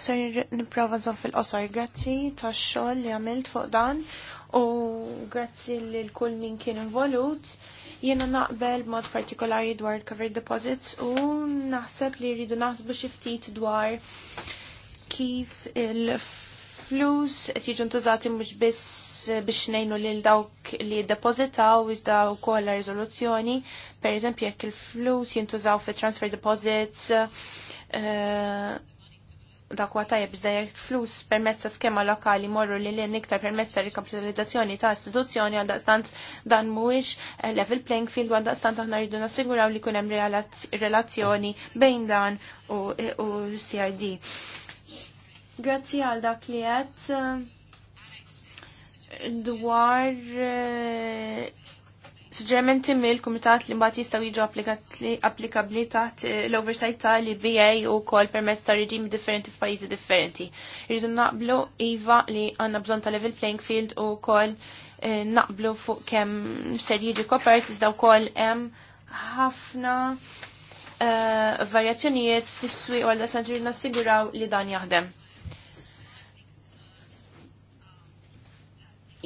Ser niprofa nżom fil-qosor, grazzi tax xogħol li għamilt fuq dan u grazzi li l-kull min kien involut. Jiena naqbel mod partikolari dwar covered deposits u naħseb li rridu naħsbu xi ftit dwar kif il-flus qed jiġu ntużati mhux biss biex ngħinu lil dawk li depositaw iżda wkoll la riżoluzzjoni, pereżempju jekk il-flus jintużaw fit transfer deposits uh, Dakwa huwa tajjeb iżda jekk flus permezz ta' skema lokali morru li lin iktar permezz ta' rikapitalizzazzjoni ta' istituzzjoni għal daqstant dan mhuwiex eh, level playing field għal daqstant aħna rridu nassiguraw li kunem hemm relazzjoni bejn dan u, u CID. Grazzi għal dak li qed eh, dwar eh, timmi mill-Kumitat li mbagħad jistgħu jiġu applikabbli taħt eh, l-oversight ta' li BA u kol permezz ta' reġimi differenti f'pajjiżi differenti. Irridu naqblu iva li għandna bżonn ta' level playing field u kol eh, naqblu fuq kemm ser jiġi kopert iżda wkoll hemm ħafna eh, varjazzjonijiet fis-swieq għal sanġir nassiguraw li dan jaħdem.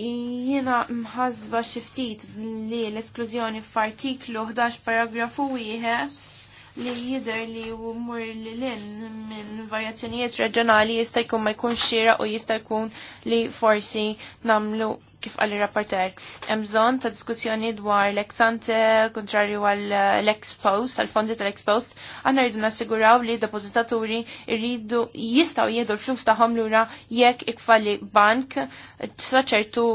jiena mħazba xiftit li l-esklużjoni f'artiklu 11 paragrafu wieħed li jider li mur li l-in minn varjazzjonijiet reġjonali jista' jkun ma jkunx xira u jista' jkun li forsi namlu kif għal rapporter hemm bżonn ta' diskussjoni dwar l-ex-ante kontrarju għal eh, l-ex-post, għal fondi tal-ex-post, għanna rridu nassiguraw li depozitaturi rridu jistaw jiedu l-flus tagħhom lura jekk ikfalli bank ċertu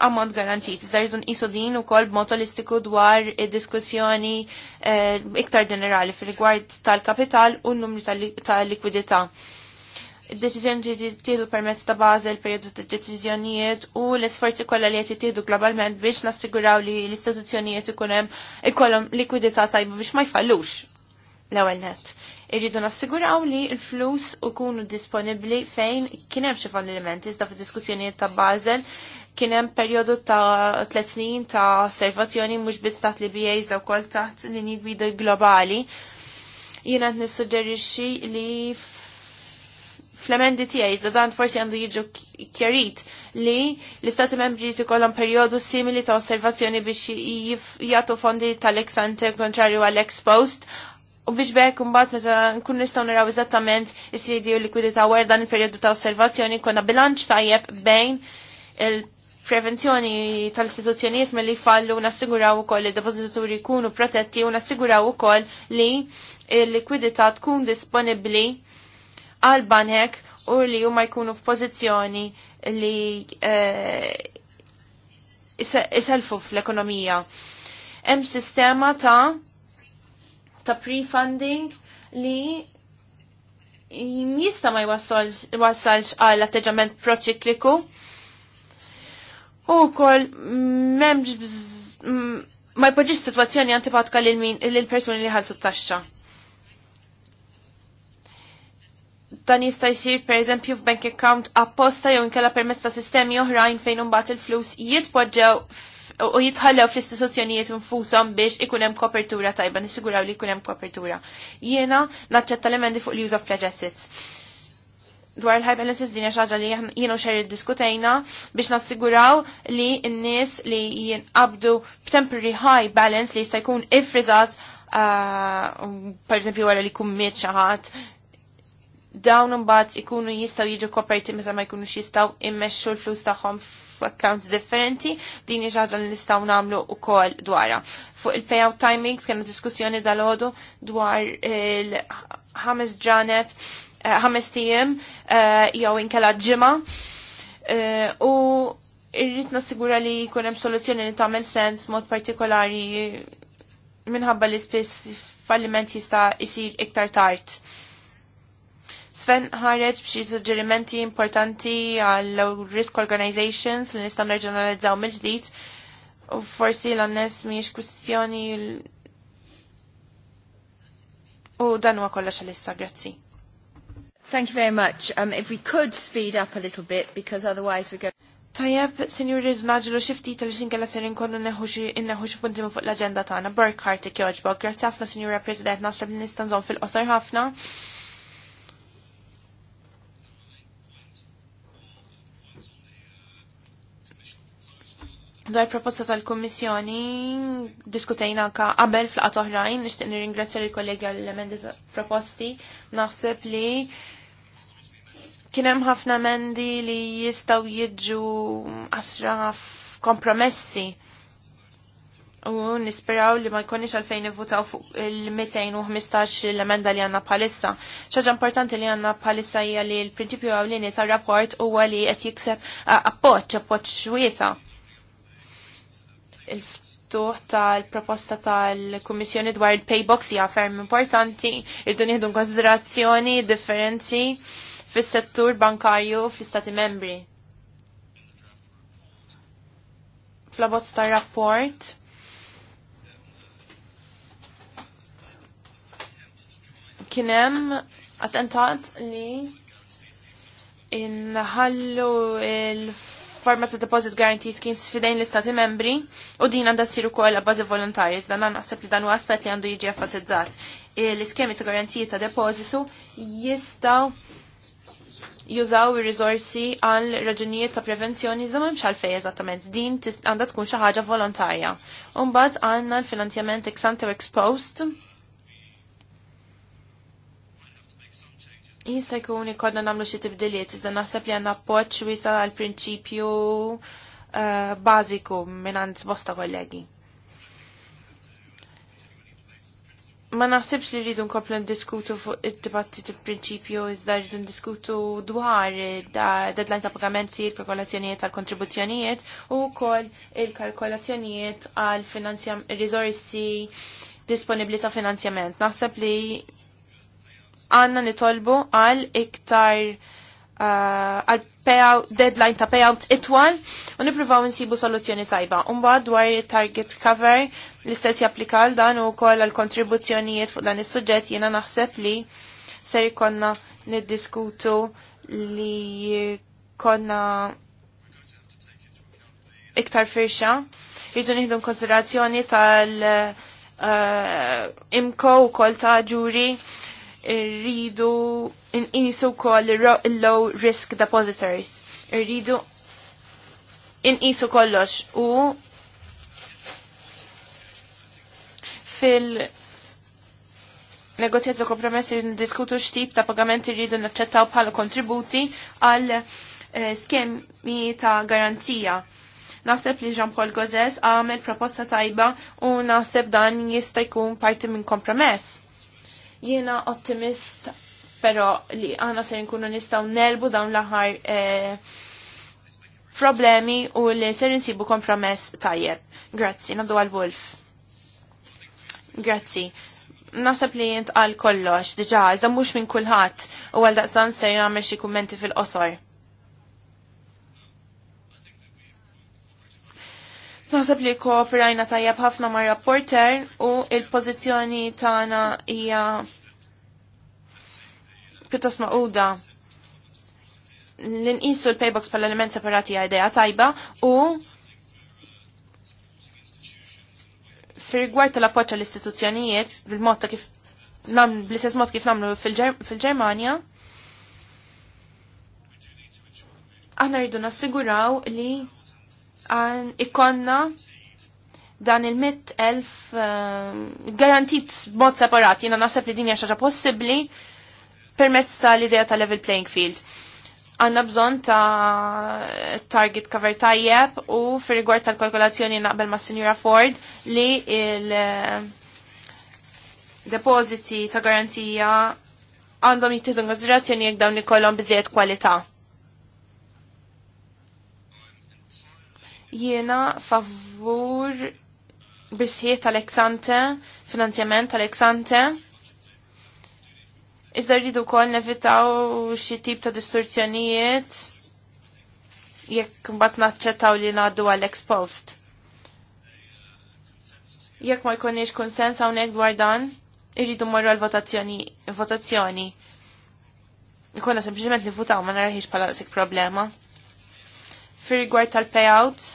għamont garantit. Iżda rridu nqisu din ukoll b'mod motolistiku dwar id-diskussjoni eh, iktar generali fil-rigward tal-kapital u n-numri tal-likwidità. tal kapital u n numri tal likwidita numri tal likwidità id-deċiżjoni li jittieħdu permezz ta' Basel, perjodu ta' deċiżjonijiet u l-isforzi kollha li qed jittieħdu globalment biex nassiguraw li l-istituzzjonijiet ikun hemm ikollhom likwidità tajba biex ma jfallux l-ewwel net. Irridu nassiguraw li l-flus ikunu disponibbli fejn kien hemm xi fallimenti iżda fid-diskussjonijiet ta' Basel kien hemm perjodu ta' tliet snin ta' osservazzjoni mhux biss taħt li BAs wkoll taħt linji gwida globali. Jiena qed nissuġġerixxi li fl-emendi tiegħi iżda dan forsi għandu jiġu kjerit li l-istati membri tikollhom perjodu simili ta' osservazzjoni biex jagħtu fondi tal-ex ante kontrarju għal ex post u biex bekk mbagħad meta nkun nistgħu naraw eżattament is-sidi u likwidità wara dan il-perjodu ta' osservazzjoni konna bilanċ tajjeb bejn il- prevenzjoni tal-istituzzjonijiet mill-li fallu nassiguraw u koll li depozituri kunu protetti u nassiguraw u koll li l-likwidità tkun disponibli għalban hekk u li huma jkunu f'pożizzjoni li eh, iselfu fl-ekonomija. Hemm sistema ta' ta' pre-funding li jista ma jwassalx għal atteġġament proċikliku u kol memġ ma jpoġġiġ situazzjoni antipatka lil persuni li ħallsu t-taxxa. Dan jista' jsir pereżempju f'bank account apposta jew inkella permezz ta' sistemi oħrajn fejn imbagħad il-flus jitpoġġew u jitħallew fl-istituzzjonijiet infushom biex ikun hemm kopertura tajba, nisiguraw li jkun hemm kopertura. Jiena naċċetta l-emendi fuq l-use of pledge assets dwar il-high balances din xaġa li jienu xer diskutejna biex nassiguraw li n-nis li jienqabdu temporary high balance li jista' jkun ifrizat uh, per eżempju għara li kummiet xaħat dawn imbagħad ikunu jistgħu jiġu koperti meta ma jkunux jistgħu immexxu l-flus tagħhom f'accounts differenti, din hija ħaġa li nistgħu nagħmlu wkoll dwarha. Fuq il-payout timings kienu diskussjoni dal dwar il-ħames ġranet, eh, ħames tiem eh, jew inkella ġimgħa. Eh, u irrid nassigura li jkun hemm soluzzjoni li tagħmel sens mod partikolari minħabba li spiss falliment jista' jsir iktar tard Sven ħareġ b'xi suġġerimenti importanti għal risk organizations li nistgħu nerġanalizzaw mill-ġdid u forsi l annes miex kwistjoni u dan huwa kollox għalissa, grazzi. Thank you very much. Um, if we could speed up a little bit because otherwise we go Tajab, sinjuri znaġlu xifti tal-xin għala ser inkonnu inneħu xipunti fuq l-agenda tagħna. Burkhardt ikjoġbok, grazzi ħafna, sinjura President, nasab nistan zon fil qosar ħafna. Dwar proposta tal-Kommissjoni diskutejna ka qabel flaqat oħrajn nixtieq nirringrazzja lill kollegi għall emendi proposti. Naħseb li kien hemm ħafna emendi li jistgħu jiġu asra f'kompromessi. U nisperaw li ma jkunniex għalfejn nivvutaw fuq il-215 l-emenda li għanna bħalissa. ċaġa importanti li għanna bħalissa hija li l-prinċipju għawlini tar-rapport huwa li qed jikseb appoġġ, appoġġ wiesa' il-ftuħ tal-proposta tal-Kummissjoni dwar il-paybox hija ferm importanti, irdu nieħdu konsiderazzjoni differenzi fis-settur bankarju fl-Istati membri. Fl-abbozz tar-rapport kienem attentat li inħallu il forma ta' Deposit Guarantee Schemes fidejn l-Istati membri u din għandha ssir ukoll la bażi volontarjiz dan naħseb li dan huwa aspett li għandu jiġi enfasizzat. L-iskemi ta' garanziji ta' depożitu jistgħu jużaw ir rizorsi għal raġunijiet ta' prevenzjoni iżda m'hemmx fej eżattament. Din għandha tkun xi ħaġa volontarja. U mbagħad għandna l-finanzjament ex ante u ex post jista' jkun ikodna nagħmlu xi tibdiliet, iżda naħseb li għandna appoġġ wiesa għal prinċipju uh, bażiku mingħand bosta kollegi. Ma naħsibx li rridu nkomplu ndiskutu fuq id-dibattit il-prinċipju iżda rridu ndiskutu dwar deadline ta' pagamenti, il-kalkolazzjonijiet tal-kontribuzzjonijiet u wkoll il-kalkolazzjonijiet għal risorsi disponibbli ta' finanzjament. Naħseb li għanna nitolbu għal iktar uh, għal payout, deadline ta' payout itwal u nipruvaw nsibu soluzzjoni tajba. Umbad dwar target cover l-istess japplika għal dan u kol għal kontribuzzjonijiet fuq dan is-suġġett jiena naħseb li ser konna niddiskutu li konna iktar firxa. Rridu nieħdu konsiderazzjoni tal uh, imko u kol ta' ġuri irridu inqisu wkoll il-low risk depositors. Irridu inqisu kollox u fil- negozjat kompromess kompromessi diskutu xtip ta' pagamenti rridu naċċettaw bħala kontributi għal eh, skemi ta' garantija. Naħseb li Jean-Paul Gozes għamel proposta tajba u naħseb dan jista' jkun parti minn kompromess. Jiena ottimist, però li għana se nkunu nistaw nelbu dawn l-aħħar eh, problemi u li ser nsibu kompromess tajjeb. Grazzi, nabdu għal-Wolf. Grazzi. Nasab li jint għal kollox, diġa, iżda mux minn kullħat u għal daqsan ser jgħamil xie kummenti fil-qosor. Naħseb li kooperajna tajjeb ħafna ma' rapporter u il-pozizjoni tagħna hija pjuttost maquda l-inqisu l paybox pal element separati hija idea tajba u fir-rigward tal-appoġġ l-istituzzjonijiet bil-mod ta' kif nam bl-istess mod kif namlu fil-Ġermanja aħna rridu nassiguraw li ikonna dan il-mit elf eh, garantit mod separat, jina nasab li din xaġa possibli permezz ta' l-ideja ta' level playing field. Għanna bżon ta' target cover tajjeb u fir rigward tal-kalkolazzjoni naqbel ma' Signora Ford li il-depositi eh, ta' garantija għandhom jittidu għazirazzjoni jek dawn ikollhom biżejjed kwalità. Jiena favur bisħiet Aleksante, finanzjament Aleksante. Iżda rridu kol nevitaw xi tip ta' distorzjonijiet jekk mbagħad naċċettaw li ngħaddu għal exposed. Jekk ma jkunniex konsens hawnhekk dwar dan, irridu morru għal votazzjoni. Ikonna sempliċement nivutaw ma naraħiex bħala sik problema. Fir-rigward tal-payouts,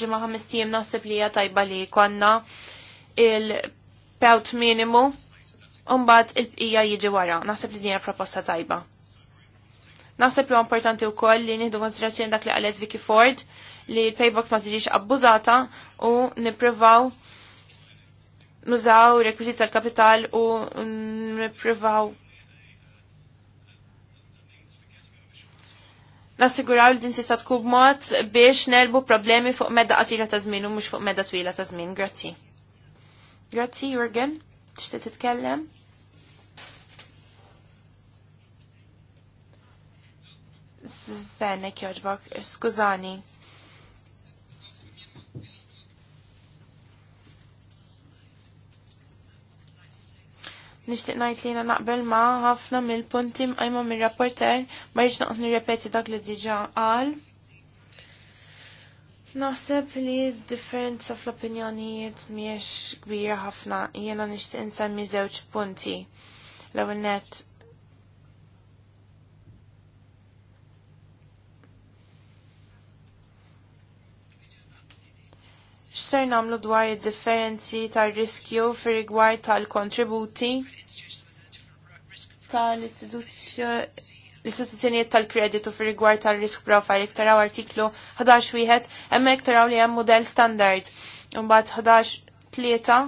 ġimma ħames tijem naħseb li hija tajba li konna il-payout minimu Umbat il-bqija jiġi wara, naħseb li dinja proposta tajba. Naħseb li importanti u koll li nieħdu konsiderazzjoni dak li għalet Vicky Ford li l-paybox ma tiġix abbużata u niprivaw nużaw rekwizit tal-kapital u niprivaw nassiguraw li din tista' tkun mod biex nelbu problemi fuq medda qasira ta' żmien u mhux fuq medda twila ta' żmien. Grazzi. Grazzi, Jurgen, tixtieq titkellem? Zvenek, jogħġbok, skużani. Nixtieq ngħid li jiena naqbel ma' ħafna mill-punti mqajma mir-rapporter ma rridx noqgħod nirrepeti dak li diġà qal. Naħseb li differenza fl-opinjonijiet mhijiex kbira ħafna. Jiena nixtieq insemmi żewġ punti. L-ewwel nett ser namlu dwar id-differenzi tal-riskju fir rigward tal-kontributi tal-istituzzjonijiet tal-kreditu fir rigward tal-risk profile iktaraw artiklu 11 wieħed hemmhekk taraw li hemm model standard. Imbagħad 11 tlieta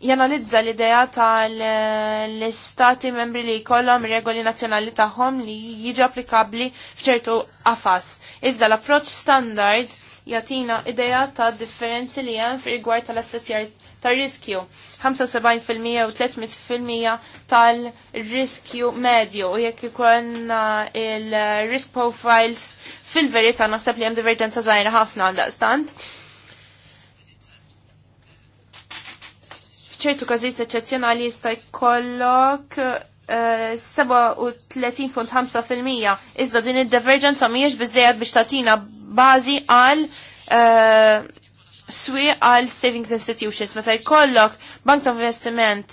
janalizza l-idea tal-istati membri li kollom regoli nazjonali tagħhom li jiġi applikabli f'ċertu għafas. Iżda l-approċ standard jatina idea ta' differenzi li hemm f'rigward tal-assessjar tar-riskju. 75% u 300% tal-riskju medju u jekk ikollna il-risk profiles fil-verità naħseb li hemm divergenza żgħira ħafna għal stand ċertu każijiet eċċezzjonali jista' jkollok 37.5% eh, iżda din id-divergenza mhijiex biżejjed biex tagħtina bażi għal eh, swi għal savings institutions meta jkollok bank ta' investiment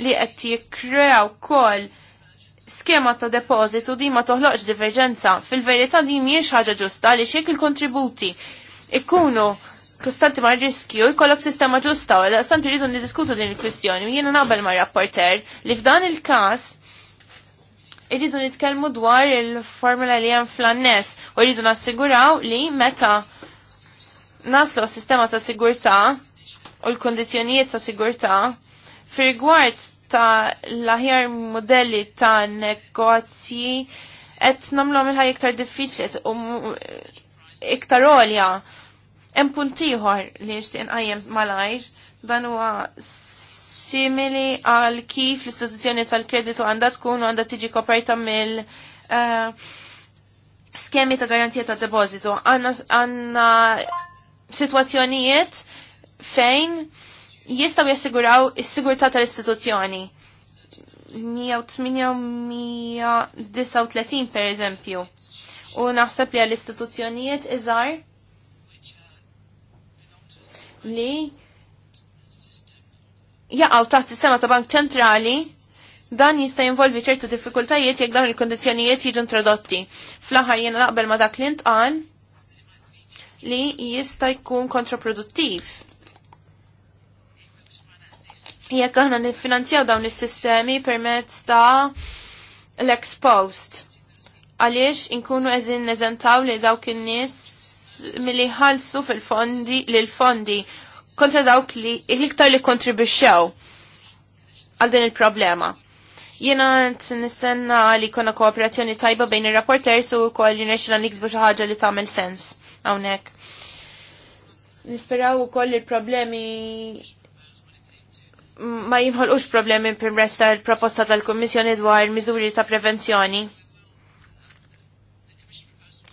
li qed jikkrew ukoll skema ta' depożitu di ma toħloqx diverġenza. Fil-verità di mhijiex ħaġa ġusta li xek il-kontributi ikunu kostanti ma' riskju jkollok sistema ġusta u għastanti rridu nidiskutu din il-kwistjoni. Jiena naqbel ma' rapporter li f'dan il-kas irridu nitkellmu dwar il-formula li hemm fl-annes u rridu nassiguraw li meta naslu sistema ta' sigurtà u l-kondizjonijiet ta' sigurtà fir-rigward ta' laħjar aħjar modelli ta' negozji qed namlu il-ħaj iktar diffiċet, u iktar olja Hemm punt ieħor li nixtieq nqajjem malajr dan huwa simili għal kif l-istituzzjoni tal-kreditu għandha tkun u għandha tiġi koperta mill eh, skemi ta' garantija ta' depozitu. Għanna situazzjonijiet fejn jistaw jassiguraw is-sigurtà tal-istituzzjoni. 138 per eżempju. U naħseb li għall-istituzzjonijiet iżgħar li jaqaw taħt sistema ta' bank ċentrali dan jista' jinvolvi ċertu diffikultajiet jekk dawn il-kondizzjonijiet jiġu introdotti. Fl-aħħar jiena naqbel ma dak li qal li jista' jkun kontraproduttiv. Jekk aħna niffinanzjaw dawn is-sistemi permezz ta' l-exposed. Għaliex inkunu eżin neżentaw li dawk in-nies milli ħalsu fil-fondi lil-fondi kontra dawk li iktar li kontribixxew għal din il-problema. Jiena nistenna li konna kooperazzjoni tajba bejn ir-rapporters u wkoll li nexxina niksbu xi ħaġa li tagħmel sens hawnhekk. Nisperaw ukoll il-problemi ma jimħolqux problemi permezz tal-proposta tal-Kummissjoni dwar miżuri ta' prevenzjoni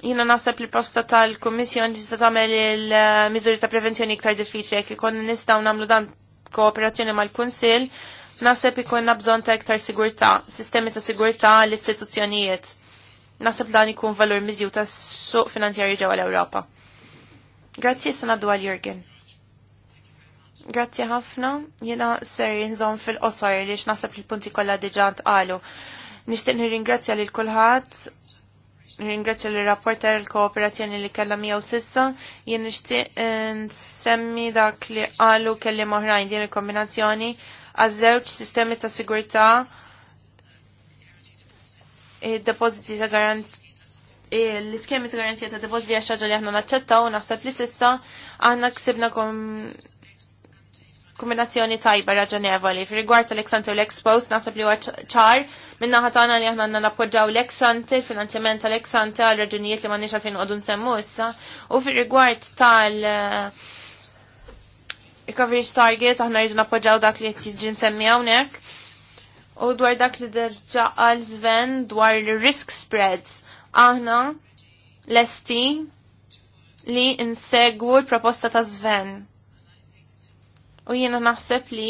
jina naħseb li posta tal-Kommissjoni tista' tagħmel il-miżuri ta' prevenzjoni iktar diffiċli jekk ikun nistgħu nagħmlu dan kooperazzjoni mal-Kunsill, naħseb ikunna bżonn ta' iktar sigurtà, sistemi ta' sigurtà l-istituzzjonijiet. Naħseb dan ikun valur miżju ta' suq finanzjarju ġewwa l-Ewropa. Grazzi sena dwar Jürgen. Grazzi ħafna, jiena ser nżomm fil-qosor li naħseb li l-punti kollha diġà ntqalu. Nixtieq nirringrazzja lil kulħadd ringrazzja l-rapporter l-kooperazzjoni li kella miegħu sissa, jien nixtieq eh, nsemmi dak li qalu kelli oħrajn din il-kombinazzjoni għaż-żewġ sistemi ta' sigurta eh, id ta' garant eh, l-iskemi ta' garanzija ta' depoziti għax ħaġa li aħna naċċettaw naħseb li sissa għahna ksibna kom kombinazzjoni tajba raġonevoli. Fi rigward tal-Exante u l-Expos, nasab li ċar, minna ħatana li aħna għanna nappoġġaw l-Exante, finanzjament tal-Exante għal raġunijiet li ma nix fin għodun semmu issa, u fir-rigward tal- recovery eh, target, aħna rridu nappoġġaw dak li jtiġi semmi hawnhekk. U dwar dak li derġa għal zven dwar risk spreads, aħna lesti li insegwu l-proposta ta' zven u jiena naħseb li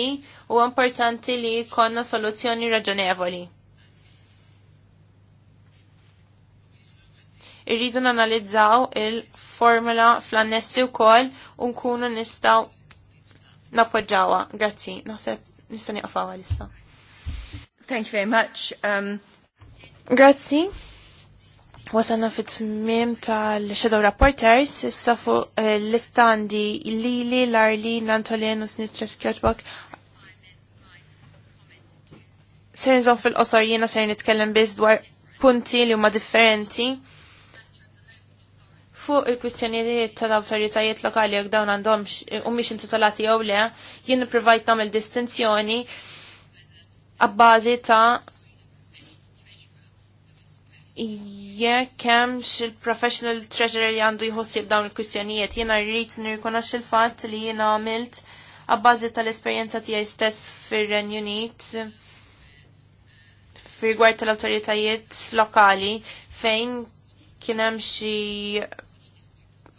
u importanti li konna soluzzjoni raġonevoli. Irridu nanalizzaw il-formula fl-annessi u kol u nkunu nistaw napoġġawa. Grazzi, naħseb nista' niqfawa lissa. Thank you very much. Um... Grazzi. Wasanna fit-tmim tal-Shadow Rapporters, issa fuq eh, l-istandi Lili, Larli, nantolien u Snitches Kjoċbok. Ser zon fil-qosor jiena ser nitkellem biss dwar punti li huma differenti fuq il-kwistjonijiet tal-awtoritajiet lokali jekk dawn għandhom eh, u miex intitolati jew le, jien nipprovajt nagħmel distinzjoni għabbażi ta' jekk hemmx il-professional treasurer li għandu jħossib dawn il-kwistjonijiet. Jiena rrid nirrikonoxxi il fatt li jien għamilt għabbażi tal-esperjenza tiegħi stess fir-Renju Unit fir-rigward tal-awtoritajiet lokali fejn kien hemm xi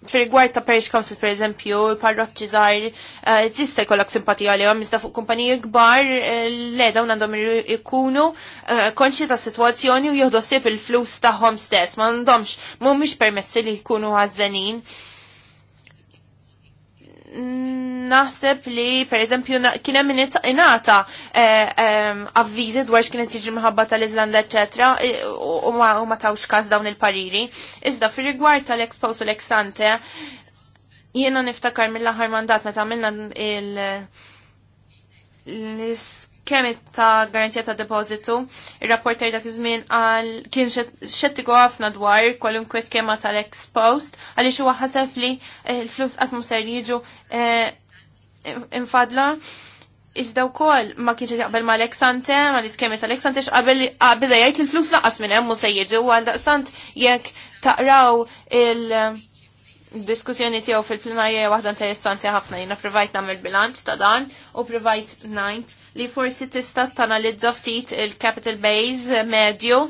fil-rigward ta' Parish Council, per eżempju, parroċċi żgħar eh, tista' jkollok simpatija li iżda fuq kumpaniji kbar eh, le dawn għandhom ikunu eh, konxi ta' sitwazzjoni u jieħdu ssib il-flus tagħhom stess, ma għandhomx mhumiex permessi li jkunu għażenin naħseb li per eżempju kienem minn inata eh, avvizi dwar x'kienet jiġi mħabba tal-Iżlanda ecc. u ma tawx każ dawn il-pariri. Iżda fir rigward tal-Expos u l-Exante jiena niftakar mill-aħħar mandat meta għamilna il kemm ta' garantija ta' depozitu, ir-rapporter dak iż-żmien għal kien xettiku ħafna dwar kwalunkwe skema tal-ex post għaliex huwa ħaseb li eh, l-flus qatt ser jiġu eh, infadla. Iżda wkoll ma kienx jaqbel ma eksante ma l-iskemi tal eksante x'qabel qabel jgħid li l-flus laqas minn hemm mhux se jiġu għal daqstant jekk taqraw il- diskussjoni tiegħu fil-plenarja waħda interessanti ħafna jiena provajt nagħmel bilanċ ta' dan u provajt ngħid li forsi tista' tanalizza ftit il-capital base medju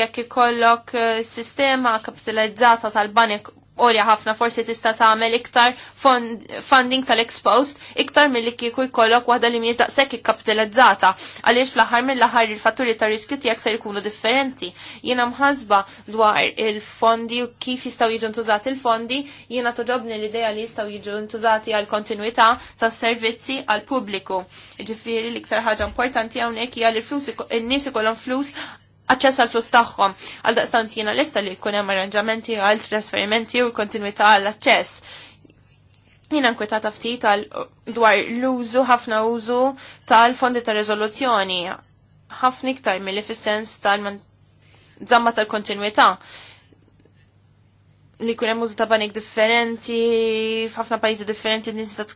jekk ikollok eh, sistema kapitalizzata tal-banek olja ħafna forsi tista' tagħmel iktar funding tal-exposed iktar mill-li kieku jkollok waħda li miex daqshekk ikkapitalizzata għaliex fl-aħħar mill-aħħar il-fatturi ta' riskju tiegħek se jkunu differenti. Jiena mħasba dwar il-fondi u kif jistgħu jiġu ntużati il-fondi, jiena toġobni l-idea li jistgħu jiġu ntużati għal kontinuità tas-servizzi għal pubbliku. Ġifieri l-iktar ħaġa importanti hawnhekk hija li flus in-nies ikollhom flus aċċess għal flus tagħhom. Għal daqstant jiena lista li jkun hemm arranġamenti għal trasferimenti u kontinuità għall aċċess. Jiena nkwetata ftit għal dwar l-użu ħafna użu tal-fondi ta' riżoluzzjoni ħafna iktar milli fis-sens tal-żamma tal-kontinuità li kunem użu ta' banik differenti, f'ħafna pajjiżi differenti, nista'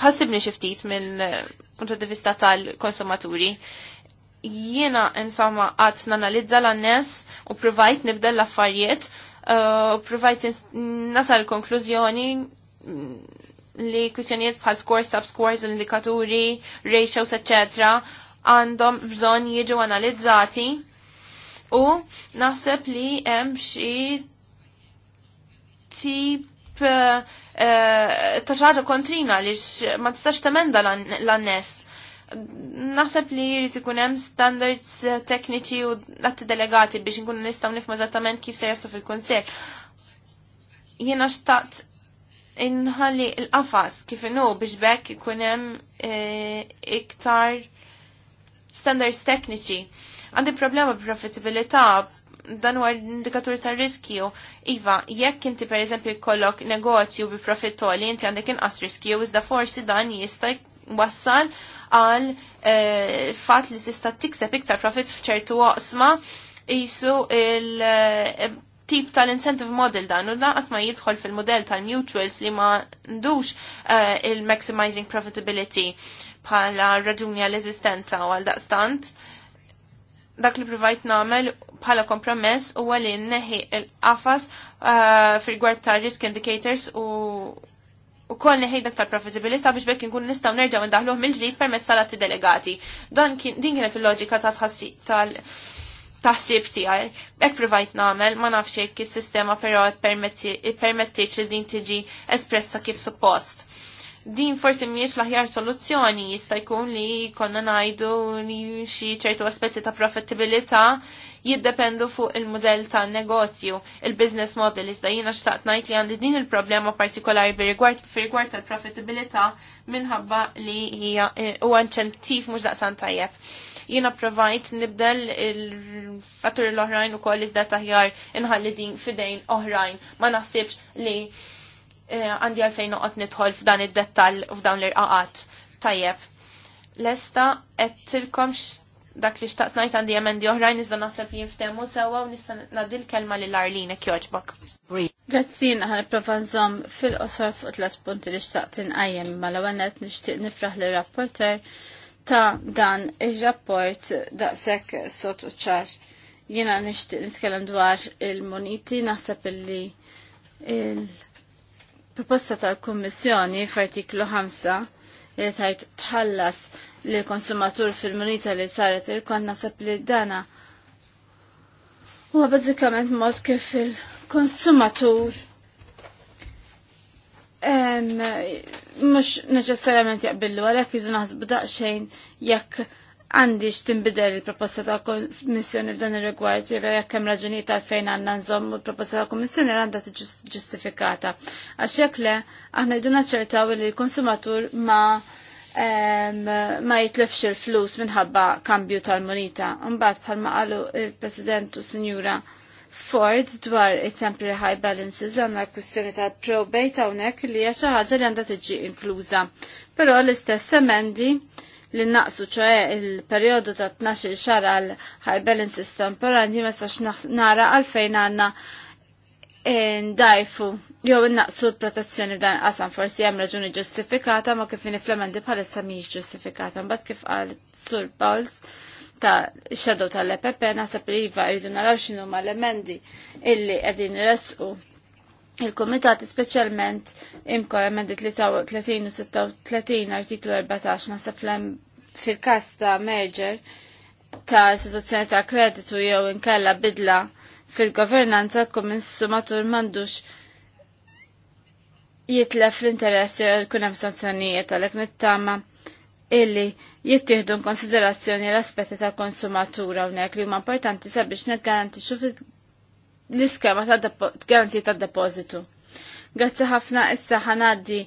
tħassibni xi ftit mill eh, punt di vista tal-konsumaturi jiena insama għat nanalizza l-annes u provajt nibda l-affarijiet uh, u provajt nasal konklużjoni mm, li kwistjonijiet bħal scores, subscores, indikaturi, ratios, etc. għandhom bżon jiġu analizzati u naħseb li hemm xi tip uh, uh, ta' xaġa kontrina li ma tistax temenda l-annes Naħseb li jrid ikun hemm standards eh, tekniċi u atti delegati biex nkun nistgħu nifhmu eżattament kif se jasu fil-kunsell. Jiena xtaqt inħalli l-qafas kif inhu biex bekk ikun hemm eh, iktar standards tekniċi. Għandi problema b'profitabilità dan huwa indikatur ta' riskju. Iva, jekk inti per eżempju jkollok negozju bi profittoli, inti għandek inqas riskju, iżda forsi dan jista' wassal għal eh, fatt li tista' tikseb iktar profit f'ċertu waqsma jisu il- eh, tip tal-incentive model dan u laqas ma jidħol fil model tal-mutuals li ma ndux uh, il-maximizing profitability bħala raġuni għal-eżistenza u għal-daqstant. Dak li provajt namel bħala kompromess u għalli neħi il-qafas uh, fil-gwart ta' risk indicators u u koll neħejn aktar profitabilità biex bekk nkun nistgħu nerġgħu ndaħluh mill-ġdid permezz salati delegati. Dan kien din kienet il-loġika ta' tal taħsib tiegħi. Hekk provajt nagħmel, ma nafx hekk is-sistema però ippermettix li din tiġi espressa kif suppost. Din forsi mhijiex l-aħjar soluzzjoni jista' jkun li konna ngħidu li xi ċertu aspetti ta' profitabilità jiddependu fuq il-modell ta' negozju, il-business model, iżda jina xtaqt najt li għandi din il-problema partikolari bi rigward tal-profitabilità minħabba li hija eh, u inċentiv mhux daqsan tajjeb. Jina provajt nibdel il-fatturi l-oħrajn u koll iżda taħjar inħalli din fidejn oħrajn. Ma naħsibx li eh, għandi għalfejn noqgħod nidħol f'dan id-dettall u f'dawn l-irqaqat. Tajjeb. Lesta qed tilkom dak li xtaqt najt għandi emendi oħrajn iżda naħseb li jinftemu sewa u nista' nadil kelma lil Arlina kjoġbok. Grazzi naħan nipprova nżomm fil-qosor fuq tliet punti li xtaqt inqajjem ma l għanet nixtieq nifraħ lir rapporter ta' dan ir-rapport daqshekk sot u ċar. Jiena nixtieq nitkellem dwar il-moniti naħseb illi il-proposta tal-Kummissjoni f'artiklu 5 li tħallas li konsumatur fil-munita li saret il-kon nasab li dana. Huwa bazzikament mod kif il-konsumatur mux neċessarjament jaqbillu għalek jizu naħsbu daqxejn jekk għandix timbidel il-proposta ta' kommissjoni f'dan il-rigward, jekk hemm raġunijiet ta' fejn għandna nżomm l-proposta ta' kommissjoni għandha ġustifikata. Għax jekk le, aħna jdu naċċertaw li l-konsumatur ma' ma jitlifx il-flus minħabba kambju tal-monita. Mbagħad bħalma qalu il-President u Sinjura Ford dwar it-temporary high balances għandna kwistjoni ta' probate hawnhekk li hija xi ħaġa li għandha tiġi inkluża. Però l-istess emendi li naqsu ċoħe il-periodu ta' 12 xar għal high balances temporanji ma stax nara għalfejn għanna ndajfu jew innaqsu l-protezzjoni dan qasam forsi hemm raġuni ġustifikata ma kif fl-emendi bħalissa mhijiex ġustifikata mbagħad kif qal Sur Bowles ta' shadow tal-EPP naħseb li iva jridu naraw xinu ma l-emendi illi qegħdin resqu il-komitati speċjalment imko emendi 36 artiklu 14 naħseb fil-każ ta' merger ta' istituzzjoni ta' kreditu jew inkella bidla fil-governanza konsumatur mandux jitlef l interessi u jkun hemm sanzjonijiet għalek nittama illi jittieħdu konsiderazzjoni l-aspetti tal konsumatura hawnhekk li huma importanti sabiex xuf l-iskema ta' garanzija tad depożitu. Grazzi ħafna issa ħanaddi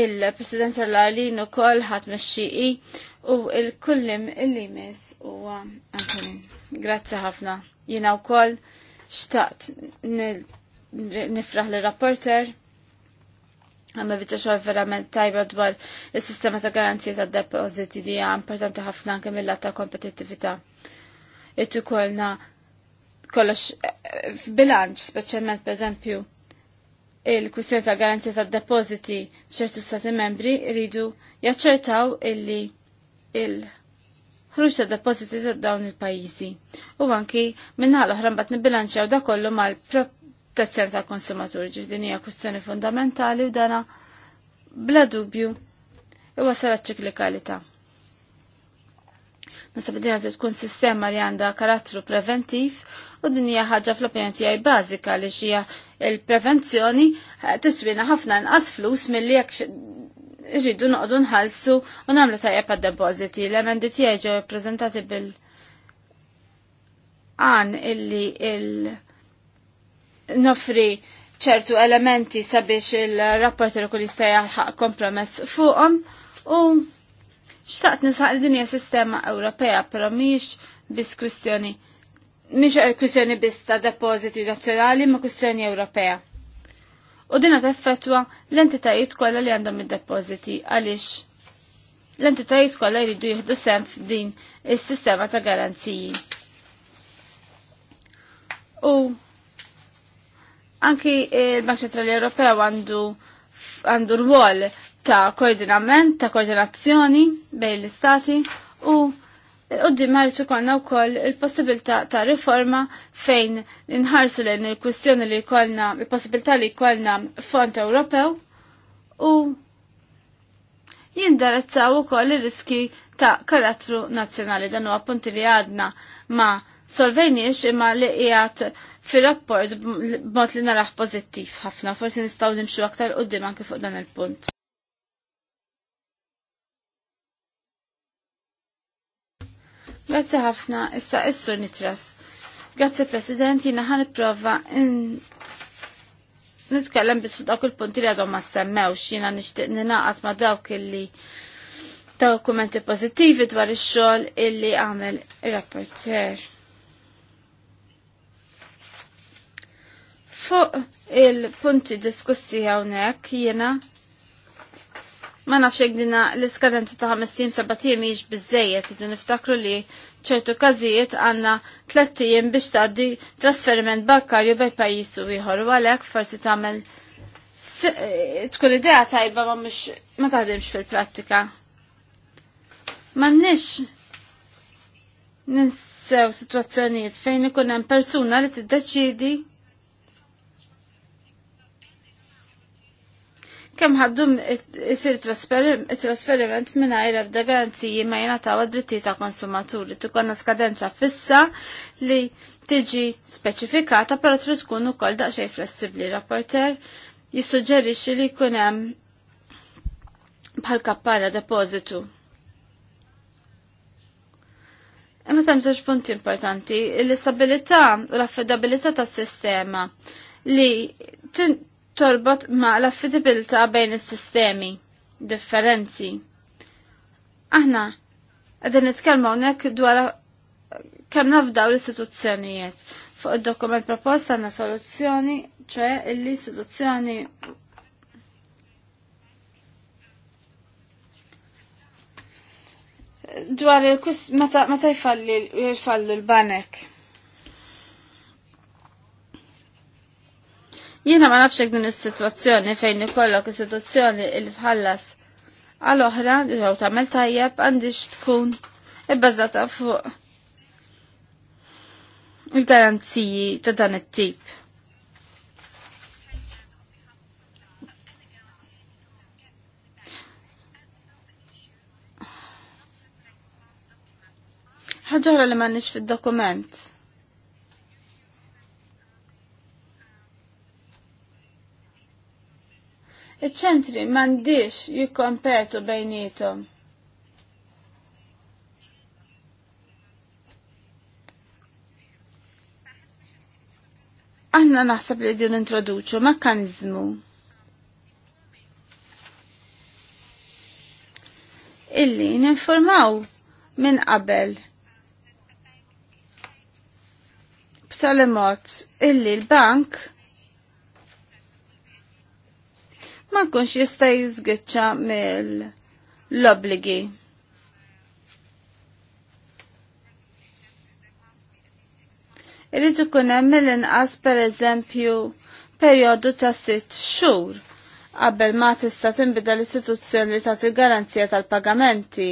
il-President l arlin u kol ħat meċċiqi u il-kullim il-limis u għan. Grazzi ħafna. Jina u kol xtaqt nifraħ l rapporter għamma bieċa xor verament tajba dwar il-sistema ta' garanzija ta' depoziti li għam importanti ħafna anke mill ta' kompetittività. Ittu kolna kollox f'bilanċ, specialment per eżempju il-kwistjoni ta' garanzija ta' depoziti ċertu stati membri rridu jaċċertaw illi il- ħruġ ta' depositi ta' dawn il-pajjiżi. U anki minnaħal oħra mbagħad nibbilanċjaw da kollu mal-protezzjoni tal-konsumatur ġifdin hija kwistjoni fundamentali u dana bla dubju iwasal ċiklikalità. Nasab dinja tkun sistema li għandha karattru preventiv u din hija ħaġa fl-opinjoni tiegħi bażika li xija il-prevenzjoni tiswina ħafna inqas flus milli jekk irridu noqdu nħalsu u namlu tajjeb għad depositi. l-emendi tiegħi ġew ippreżentati bil għan illi il nofri ċertu elementi sabiex il-rapport li kull jista' jaħħaq kompromess fuqhom u xtaqt nisħaq li dinja sistema Ewropea però mhix biss kwistjoni mhix kwistjoni biss ta' depożiti nazzjonali ma' kwistjoni Ewropea u dina teffetwa l-entitajiet kollha li għandhom id depositi għaliex l-entitajiet kollha jridu jieħdu sem f'din is-sistema ta' garanziji. U anki il-Bank Ċentrali Ewropew għandu għandu rwol ta' koordinament, ta' koordinazzjoni bejn l-istati u Il-qoddim konna u koll il-possibilta ta' riforma fejn nħarsu l il-kwistjoni li konna, il-possibilta li konna font Ewropew u jindarazzaw u koll il-riski ta' karattru nazjonali dan u appunti li għadna ma' solvejniex imma li jgħat fi rapport b'mod li naraħ pozittiv ħafna, forsi nistaw nimxu aktar qoddim anke fuq dan il-punt. Grazzi ħafna, issa issu nitras. Grazzi President, jina ħan prova in... nitkellem bis fuq dawk il-punti li għadhom ma semmewx, jina nixtieq ninaqat ma dawk illi dokumenti pozittivi dwar ix-xogħol illi għamel ir-rapporter. Fuq il-punti diskussi hawnhekk jiena Ma nafx jekk dina l-iskadenti ta' ħames tim 7 tim miex bizzejiet, idu niftakru li ċertu każijiet għandna 3 tim biex tgħaddi trasferiment bankarju bej pajjiż ieħor u għalhekk forsi tagħmel eh, tkun idea tajba ma mhux ma taħdimx fil-prattika. M'għandniex ninsew sitwazzjonijiet fejn ikun hemm persuna li tiddeċidi kemm ħaddum jisir trasferiment mingħajr ebda garanziji ma jingħataw għad-dritti ta' konsumaturi. Tukonna skadenza fissa li tiġi speċifikata però trid tkun ukoll daqsxejn flessibbli. Rapporter jissuġġerixxi li jkun hemm bħal kappara depożitu. Imma hemm żewġ punti importanti, l-istabilità u l-affidabilità tas-sistema li torbot ma l-affidabilta bejn is-sistemi differenzi. Aħna għadin nitkellmu hawnhekk dwar kemm nafdaw l-istituzzjonijiet. Fuq id-dokument proposta għandna soluzzjoni, ċe l-istituzzjoni dwar il-kus meta jfalli jfallu l-banek. Jiena ma nafx din is-sitwazzjoni fejn ikollok istituzzjoni li tħallas għal oħra jew tagħmel tajjeb għandix tkun ibbażata fuq il-garanziji ta' dan it-tip. ħagġara li mannix fid dokument Iċ-ċentri mandiċ jikkompetu bejnietom. Aħna naħseb li din introduċu mekkanizmu illi ninformaw minn qabel btal illi l-bank ma nkunx jista' jiżgiċċa mill-obligi. Irrid ikun hemm mill-inqas pereżempju perjodu ta' sitt xhur qabel ma tista' tinbida l-istituzzjoni ta' il-garanzija tal-pagamenti.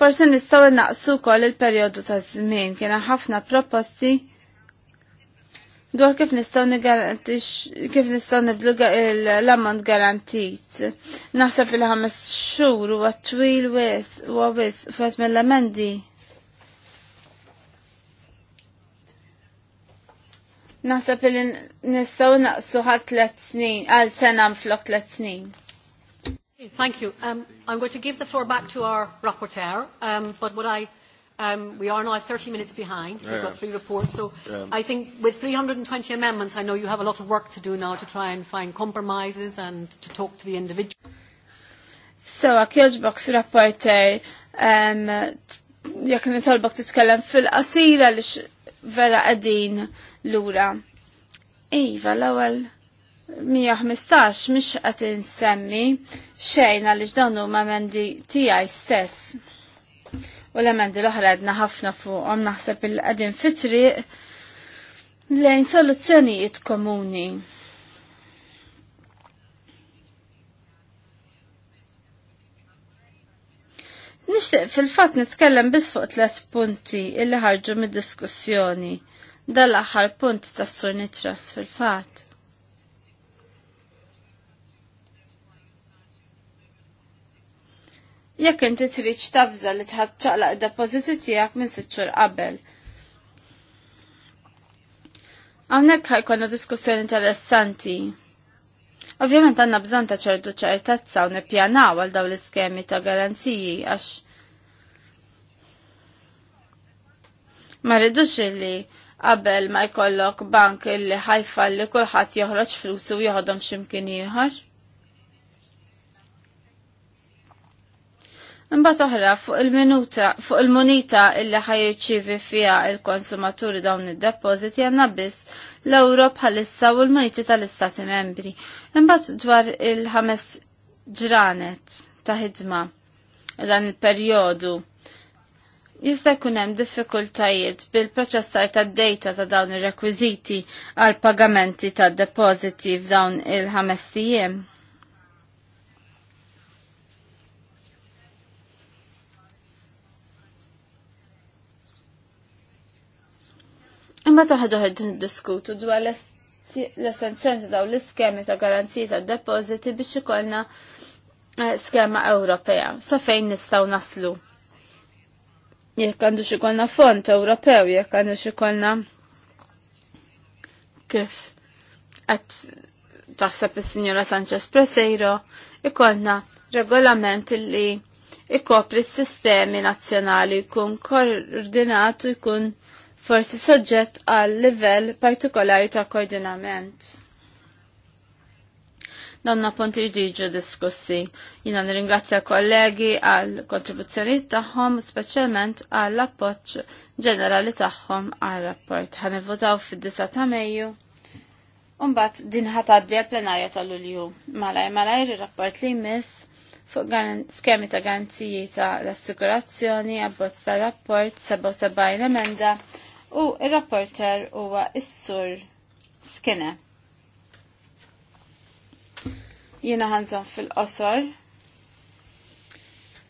Forse nistgħu naqsu wkoll il-perjodu ta' żmien kien ħafna proposti dwar kif nistaw nigarantix kif nistaw niblu l-ammont garantit. Naħseb il-ħames u għat twil wis huwa wis fuqet mill-emendi. Naħseb li nistgħu naqsu ħadd tliet snin, għal sena mflok tliet snin. Thank you. Um, I'm going to give the floor back to our rapporteur, um, but would I Um, we are now 30 minutes behind. Yeah. We've got three reports. So yeah. I think with 320 amendments, I know you have a lot of work to do now to try and find compromises and to talk to the individual. So, a Kjoġbox rapporter, um, jek nitolbok titkellem fil-qasira li vera qegħdin lura. Iva, l-ewwel 115 mhix qed insemmi xejn għaliex dawn huma mendi tiegħi stess u l-emendi l-oħra għedna ħafna fuqhom naħseb il-qegħdin fitriq lejn soluzzjonijiet komuni. Nishtiq fil-fat nitkellem bis fuq tlet punti illi ħarġu mid-diskussjoni. Dal-aħħar punt tas-sur nitras fil-fat. jekk inti trid tafza li tħadd ċaqlaq id-depożiti tiegħek minn sitt xhur qabel. Hawnhekk ħajkonna diskussjoni interessanti. Ovvjament għandna bżonn ta' ċertu ċertezza u nippjanaw għal dawn l-iskemi ta' garanziji għax ma rridux li qabel ma jkollok bank illi ħajfa li kulħadd joħroġ flus u joħodhom x'imkien ieħor. Imbagħad oħra fuq il-minuta fuq il-munita illi ħajirċivi fiha il-konsumaturi dawn id-depożiti għandna biss l-euro bħalissa u l-muniti tal-Istati Membri. Imbagħad dwar il-ħames ġranet ta' ħidma dan il-perjodu jista' jkun hemm diffikultajiet bil-proċessar tad dejta ta' dawn ir-rekwiżiti għal pagamenti tad-depożiti f'dawn il-ħames tiem. Meta ħaduħed diskutu dwar l essenzjoni daw l-iskemi ta' garanzija ta' depoziti biex ikollna eh, skema Ewropea. Sa fejn nistgħu naslu? Jekk għandu xikolna font Ewropew, jekk għandu xikolna kif għat taħseb il-Signora Sanchez Presejro, ikolna regolament li ikopri s-sistemi nazjonali jkun koordinatu jkun forsi soġġett għal livell partikolari ta' koordinament. Donna punti ġiġu diskussi. Jina nirringrazzja kollegi għal kontribuzzjoni tagħhom, speċjalment għall appoġġ ġenerali tagħhom għal rapport. votaw fid-9 ta' Mejju. Umbat din ħataddi għal-plenarja tal-Ulju. Malaj, malaj, rapport li jmiss fuq skemi ta' garanziji ta' l-assikurazzjoni abbozz ta' rapport 77 emenda u il-rapporter huwa is-sur Skene. Jiena ħanżon fil-qosor.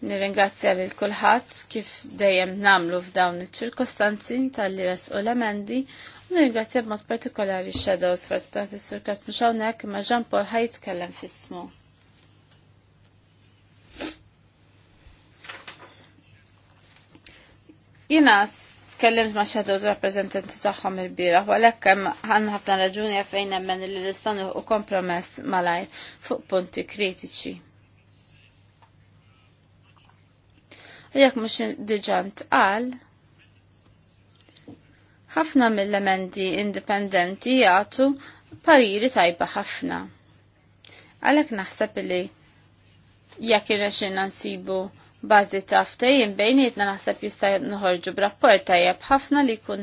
Nirringrazzja lil kulħadd kif dejjem namlu f'dawn iċ-ċirkostanzi tal-li u l-emendi u nirringrazzja b'mod partikolari Shadows fortunat is-sur Kasmux hawnhekk imma Jean Paul ħajtkellem fis-smu. Jiena tkellimt ma' xadoż rappresentanti tagħhom il-bieraħ, u għalhekk hemm ħafna raġuni fejn hemm li nistgħu u kompromess malajr fuq punti kritiċi. U jekk mhux diġant qal, ħafna mill emendi indipendenti jagħtu pariri tajba ħafna. Għalhekk naħseb li jekk irrexin nsibu bażi ta' ftehim bejnietna naħseb jista' nħorġu b'rapport tajjeb ħafna li jkun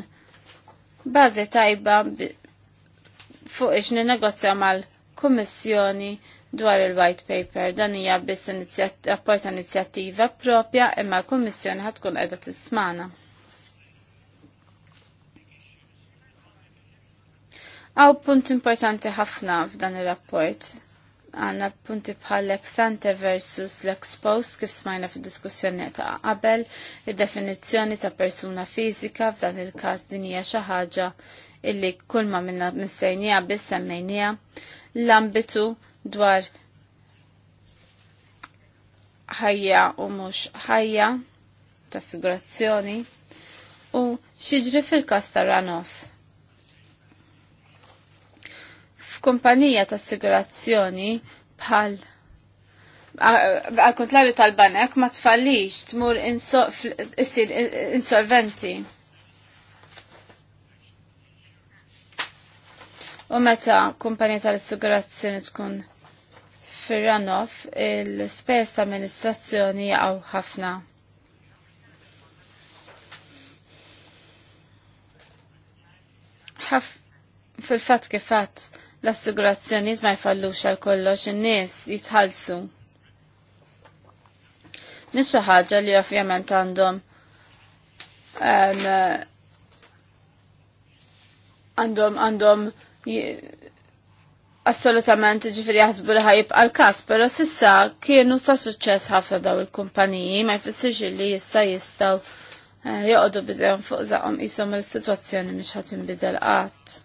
bażi tajba fuq ix negozja mal-Kummissjoni dwar il-White Paper. Dan hija biss rapport ta' inizjattiva propja imma l-Kummissjoni ħad tkun qiegħda tismana. Għaw punt importanti ħafna f'dan ir-rapport għanna punti bħal l-exante versus l exposed kif smajna fid diskussjoni ta' qabel, il-definizjoni ta' persuna fizika f'dan il-kas dinija xi ħaġa illi kulma minna missejnija biss semmejnija l-ambitu dwar ħajja u mhux ħajja ta' sigurazzjoni, u xiġri fil-kas ta' runoff kumpanija ta' assigurazzjoni bħal għal kontrarju tal-banek ma tfallix tmur insolventi. U meta kumpanija tal-assigurazzjoni tkun fir il-spes ta' amministrazzjoni għaw ħafna. Ħaf fil-fatt kif fatt l-assigurazzjoniet ma jfallux għal kollox in-nies jitħallsu. Mhix xi ħaġa li ovvjament għandhom għandhom għandhom assolutament ġifiri jaħsbu li ħajib għal kas pero sissa kienu sta suċċess ħafna daw il-kumpaniji, ma jfissirx li jissa jistaw eh, joqdu bidejhom fuq zaqhom qishom il-sitwazzjoni miex ħadd inbidel qatt.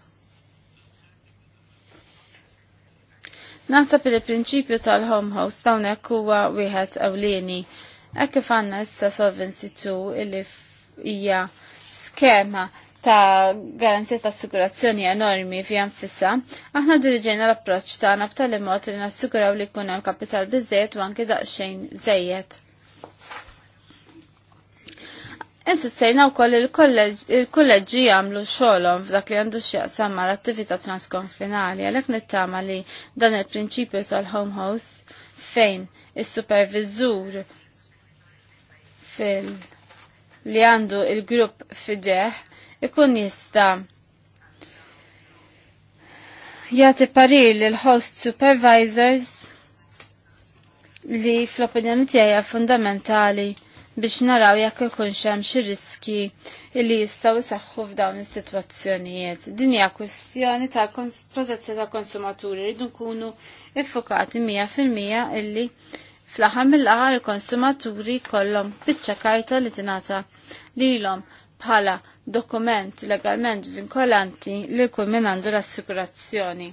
Naħseb il prinċipju tal-home house tawna huwa wieħed ewlieni. Hekk kif għandna issa Solvency 2 illi hija skema ta' garanzija ta' assigurazzjoni enormi fi nfissa, aħna dirġejna l-approċċ tagħna b'tali mod li nassiguraw li jkun hemm kapital biżejjed u anke daqsxejn żejjed. Insistejna wkoll il kolleġi jagħmlu xogħolhom f'dak li għandu x'jaqsam l attività transkonfinali għalhekk nittama li dan il-prinċipju tal-home host fejn is-supervizur fil li għandu il-grupp fideħ ikun jista' jagħti parir l host supervisors li fl-opinjoni tiegħi fundamentali biex naraw jekk ikun hemm xi riski li jistgħu jsaħħu f'dawn is-sitwazzjonijiet. Din hija kwestjoni ta' protezzjoni ta' konsumaturi rridu nkunu iffukati mija fil-mija illi fl-aħħar mill-aħħar il-konsumaturi kollhom biċċa karta li tingħata lilhom bħala dokument legalment vinkolanti li jkun minn għandu l-assikurazzjoni.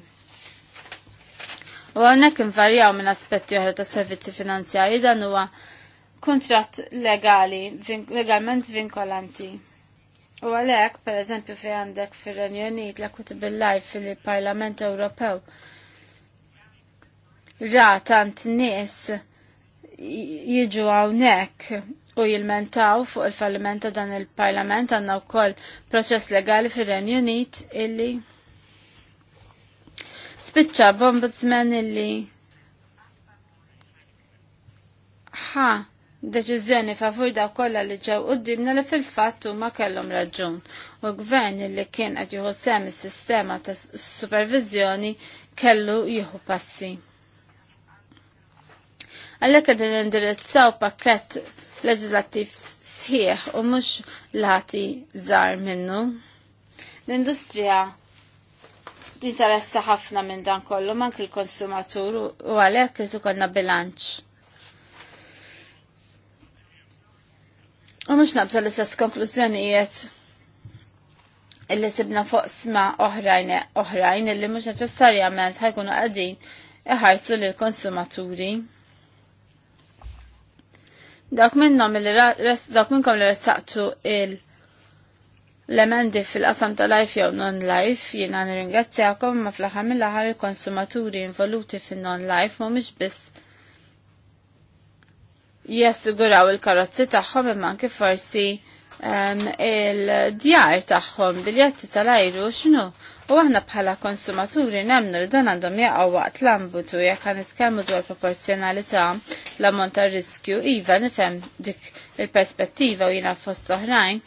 U għonek invarjaw minn aspetti oħra ta' servizzi finanzjari dan huwa kontrat legali, vin legalment vinkolanti. U għalek, per eżempju, fej għandek fil-Renjonit la kuti bil-lajf fil-Parlament Ewropew, ra tant nis jiġu għawnek u jilmentaw fuq il fallimenta ta' dan il-Parlament għanna u koll proċess legali fil-Renjonit illi spiċċa bombudsman illi ħa deċiżjoni favur daw kollha li ġew qudiemna li fil-fatt huma kellhom raġun u l-gvern li kien qed jieħu sem is-sistema ta' supervizjoni kellu jieħu passi. Għalhekk qed indirizzaw pakkett leġislattiv sħiħ u mhux lati żgħar minnu. L-industrija tinteressa ħafna minn dan kollu mank l-konsumatur u għalhekk irid ikollna bilanċ U mux nabżal l-istess konklużjonijiet illi sibna fuq sma oħrajn oħrajn illi mhux neċessarjament ħajkunu qegħdin iħarsu l konsumaturi. Dawk minnhom dawk minnkom li ressaqtu il l-emendi fil-qasam ta' life jew non-life jiena nirringrazzjakom ma fl-aħħar ħar il-konsumaturi involuti fin non-life mhumiex biss jassiguraw il-karozzi tagħhom imma anke forsi il-djar tagħhom biljetti tal-ajru x'nu. U aħna bħala konsumaturi nemnu li dan għandhom jaqgħu waqt l-ambutu jekk għan itkellmu dwar proporzjonalità l-ammont tar-riskju iva nifhem dik il-perspettiva u jiena fost oħrajn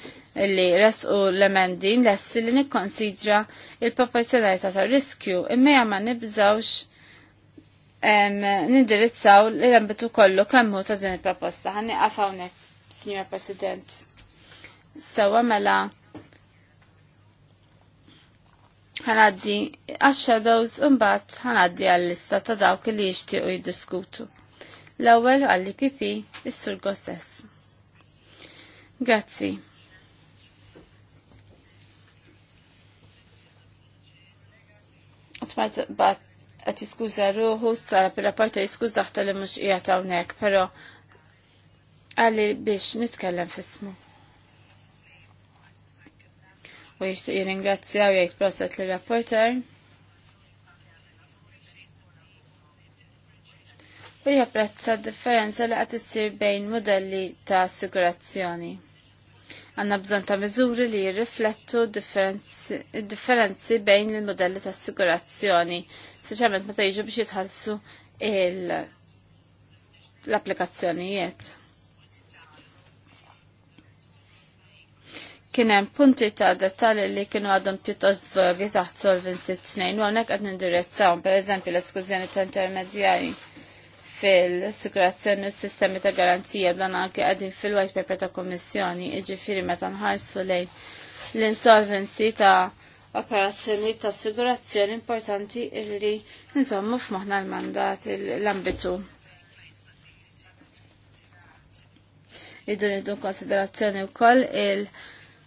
li resqu l-emendin lesti li nikkonsidra il-proporzjonalità tar-riskju imma jaman nibżawx nindirizzaw l-ambitu kollu kemmu ta' din il-proposta. Għanni għafawne, Signor President. Sawa mela ħanaddi għax-shadows unbat ħanaddi għall-lista ta' dawk li jixtiequ jiddiskutu. L-ewwel għalli ipp is-Sur Gossess. Grazzi. Tmajt bat għat jiskuża ruħu sala per parta jiskuża ħta li mhux qiegħed hawnhekk, però għalli biex nitkellem fismu. U jixtieq jirringrazzjaw jgħid proset li rapporter. U japprezza differenza li għat bejn modelli ta' assigurazzjoni. Għanna bżon ta' miżuri li jirriflettu differenzi bejn il-modelli ta' assigurazzjoni, ma meta jiġu biex jitħallsu l-applikazzjonijiet. Kien hemm punti ta' dettalji li kienu għadhom pjuttost vagi taħt Solvency 2 u hawnhekk qed nindirezzawhom pereżempju l-eskużjoni ta' intermedjari fil-sikurazzjoni u s-sistemi ta' garanzija dan anke għadin fil-white paper ta' kommissjoni, iġifiri meta nħarsu lejn l-insolvency ta' operazzjoni ta' assigurazzjoni importanti illi insomma f'maħna l-mandat l-ambitu. Idun idun konsiderazzjoni u koll il-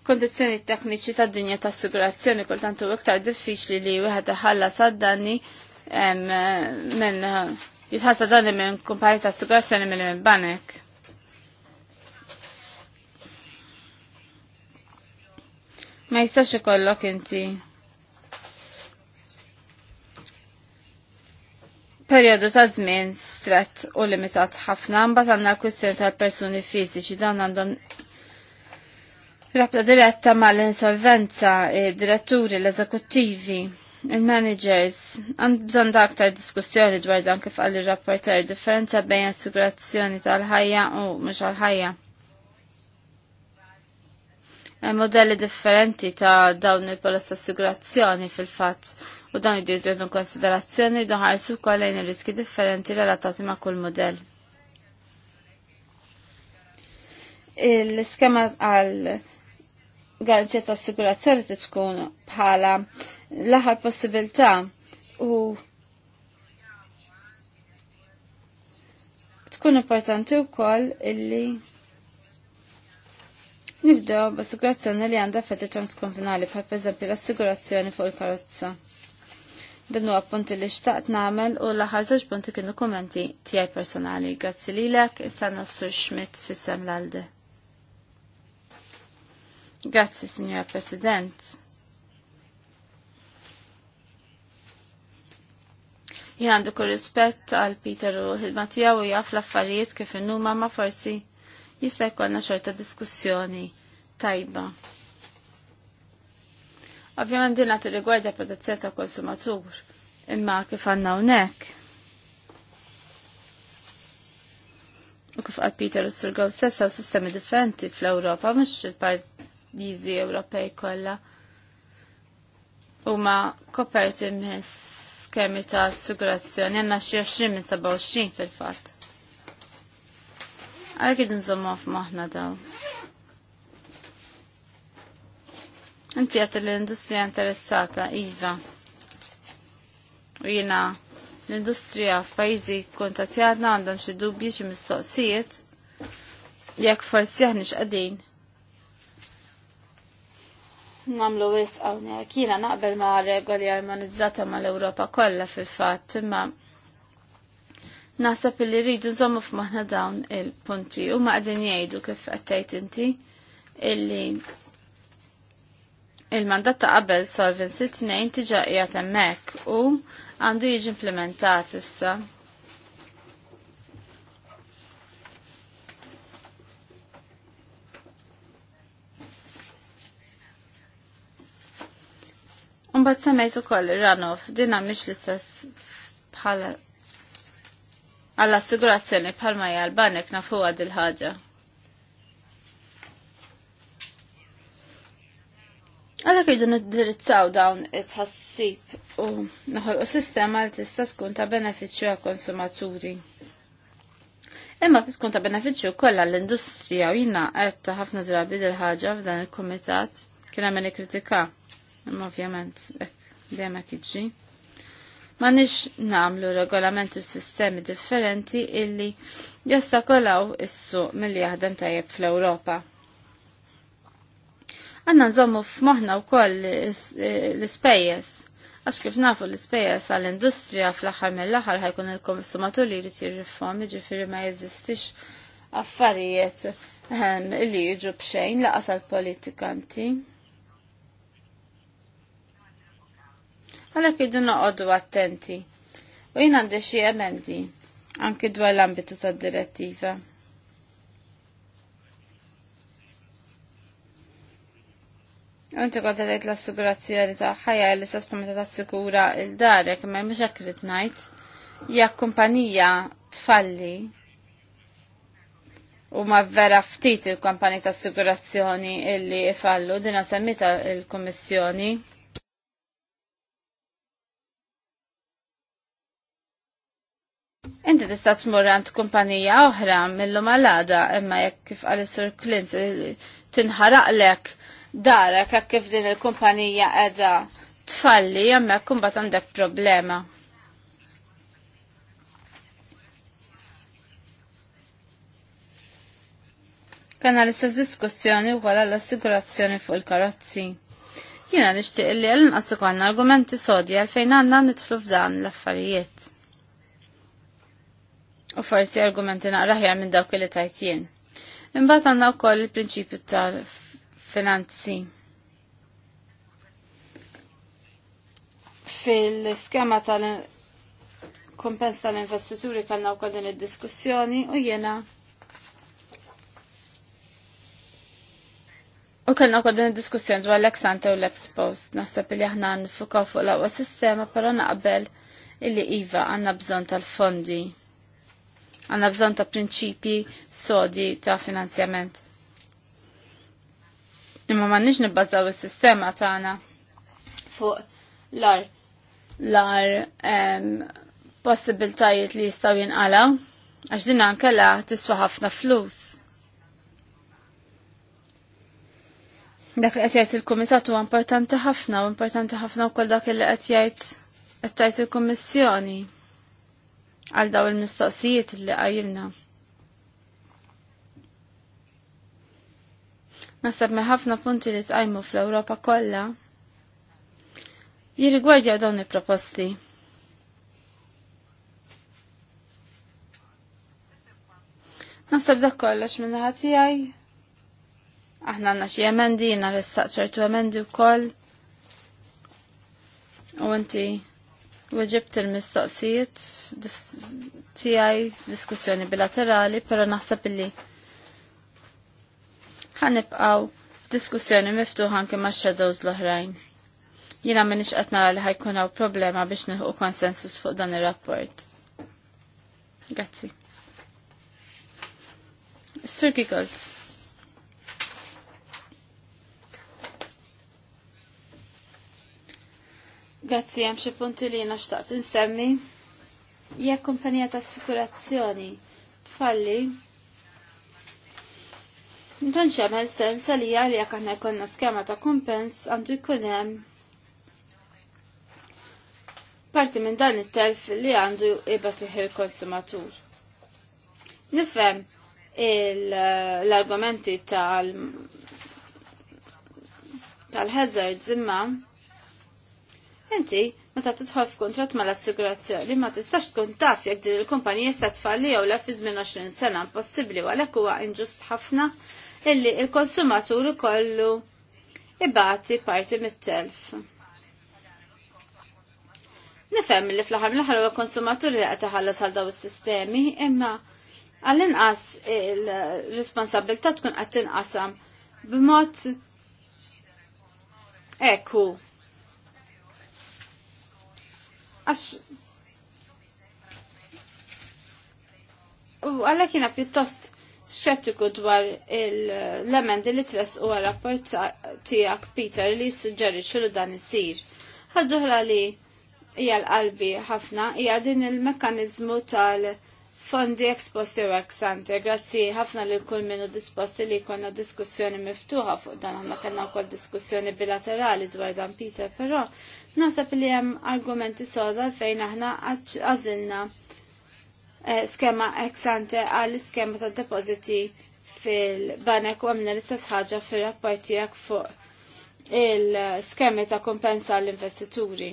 Kondizjoni tekniċi ta' dinja ta' assigurazzjoni kultantu u iktar diffiċli li wieħed iħallas għad-danni minn jitħasa dan minn kumpani ta' sigurazzjoni minn minn banek. Ma jistax ikollok inti periodu ta' żmien strett u limitat ħafna mbagħad għandna l-kwistjoni tal-persuni fiżiċi dan għandhom rabta diretta mal-insolvenza, e, diretturi, l-eżekuttivi il-managers għand bżon da aktar diskussjoni dwar dan kif għalli rapporter differenza bejn assigurazzjoni tal-ħajja u mhux għal-ħajja. Modelli differenti ta' dawn il-polis assigurazzjoni fil-fatt u dan id jiddu konsiderazzjoni u ħarsu kollejn ir-riski differenti relatati ma' kull modell. Il-skema għal garanzija ta' assigurazzjoni tkun bħala l-aħħar possibilità u tkun importanti wkoll illi nibdew b'assigurazzjoni li għandha effetti transkonfinali bħal pereżempju l-assigurazzjoni fuq il-karozza. Dan huwa punti li xtaqt nagħmel u l-aħħar żewġ punti kienu kumenti tiegħi personali. Grazzi lilek, issa Nassur Schmidt fis-sem l-Alde. Grazzi, Signor President. Jien għandu kull rispett għal Peter u ħidma tiegħu jaff l-affarijiet kif innuma ma forsi jista' jkollna xorta diskussjoni tajba. Ovvjament din għati rigwardja protezzjoni ta' konsumatur, imma kif għandna hawnhekk. U kif għal Peter u Surgaw sessa u sistemi differenti fl-Ewropa mhux il-part pajjiżi Ewropej kollha Uma koperti minn skemi ta' assigurazzjoni għanna xie 20 minn 27 fil-fatt. Għalhekk id nżommu f-maħna daw. Inti għat l-industrija interessata, Iva. U jina, l-industrija f-pajzi kontatjadna għandhom xi dubji xi mistoqsijiet. Jekk forsi aħna xqadin namlu wis hawnhekk. Jiena naqbel ma' regoli armonizzata mal-Ewropa kollha fil-fatt, imma naħseb li rridu nżommu f'maħna dawn il-punti u ma qegħdin jgħidu kif qed tgħid inti illi il-mandat ta' qabel Solvency 2 tiġa qiegħed hemmhekk u għandu jiġi implementat issa. Umbat semmejt ukoll runoff dina mhix l-istess bħala għall-assigurazzjoni bħalma hija l-banek nafuha dil-ħaġa. Għalhekk irdu niddirizzaw dawn it-ħassib u noħolqu sistema li tista' tkun ta' benefiċċju għal konsumaturi. Imma tkun ta' benefiċċju kollha l-industrija u jina qed ta' ħafna drabi dil-ħaġa f'dan il-kumitat kien hemm kritika imma ovvjament dejjem dema jiġi. Ma nix namlu regolamenti u sistemi differenti illi kolaw issu mill-li jaħdem tajjeb fl-Ewropa. Għanna nżommu f'moħna u koll eh, l-spejjes. Għax kif nafu l-spejjes għall-industrija fl-axar mill-axar ħajkun il-konsumatur li jrid jirrifom, ġifiri ma jeżistix affarijiet ehm, li jiġu bxejn laqas għal-politikanti. għalhekk idu noqogħdu attenti. U jien għandi xi emendi anke dwar l-ambitu tad-direttiva. Unti kont għedajt l-assigurazzjoni ta' ħajja li ta' spomita ta' sikura il-dar, jek ma' mux għakrit najt, jek kumpanija tfalli u ma' vera ftit il-kumpanija ta' assigurazzjoni illi ifallu, dina semmita il-kommissjoni. Inti tista' tmur għand kumpanija oħra mill-lum imma jekk kif għal sur Clint eh, tinħaraqlek darek għak kif din il-kumpanija qiegħda tfalli hemmhekk imbagħad għandek problema. Kanna l-istess diskussjoni wkoll għall-assigurazzjoni fuq il-karozzi. Jiena nixtieq li għal nqassu għanna argumenti sodi għalfejn għandna nidħlu f'dan l-affarijiet u forsi argumenti naqraħjar minn dawk li tajt jien. Imbagħad għandna wkoll il-prinċipju tal-finanzi. Fil-skema tal-kompens tal-investituri kellna wkoll din id-diskussjoni u jiena U kellna wkoll din id-diskussjoni dwar l-ex-ante u l-ex-post. Naħseb li aħna nfukaw fuq l-aqwa sistema, però naqbel illi iva għandna bżonn tal-fondi Għanna bżon ta' prinċipi sodi ta' finanzjament. Imma ma' nix nibbazzaw il-sistema tagħna fuq l-ar l-ar possibiltajiet li jistaw jinqala għax din anke la tiswa ħafna flus. Dak li qed jgħid il-kumitat huwa importanti ħafna u importanti ħafna kol dak li qed jgħid tgħid il-kummissjoni għal daw il-mistoqsijiet li għajilna. Nasab me ħafna punti li tqajmu fl-Ewropa kollha jirrigwardja dawn il-proposti. Nasab dak kollox minn ħatijaj. Aħna għanna xie emendi, jiena l-istaqċertu emendi u koll. U inti Weġibt il-mistoqsijiet tiegħi diskussjoni bilaterali, però naħseb illi ħanibqaw diskussjoni miftuħa anke ma' shadows l-oħrajn. Jiena minn qed nara li ħajkun hawn problema biex nilħu konsensus fuq dan ir-rapport. Grazzi. Sir Giggles. Grazzi, hemm xi punti li naxtaqt insemmi. Jek kumpanija ta' assikurazzjoni tfalli, Ntan xemel sens li għalli jek aħna jkollna skema ta' kumpens għandu jkun hemm parti minn dan it-telf li għandu ibet il-konsumatur. Nifhem l-argumenti tal tal-hazards imma Inti, meta tidħol f'kuntratt mal-assigurazzjoni ma tistax tkun taf jekk din il-kumpanija se tfalli jew la fi żmien 20 sena impossibbli għalhekk huwa inġust ħafna illi il konsumaturi kollu ibati parti mit-telf. Nifem li fl-ħar mill-ħar huwa konsumaturi li qed iħallas għal daw is-sistemi, imma għall-inqas il-responsabilità tkun qed tinqasam b'mod eku Għax u għalhekk jiena pjuttost xettiku dwar l-emendi li tres u rapport tiegħek Peter li jissuġġeri xilu dan isir. Ħadduħla li hija l-qalbi ħafna hija din il-mekkaniżmu tal- fondi eksposti u ex Grazzi ħafna li kull minnu disposti li konna diskussjoni miftuħa fuq dan għanna kena kol diskussjoni bilaterali dwar dan Peter, pero Nasab li hemm argumenti soda fejn aħna għażilna eh, skema ex-ante għal skema ta' depoziti fil-banek u għamna l-istess ħaġa fil-rapportijak fuq il-skemi ta' kompensa l-investituri.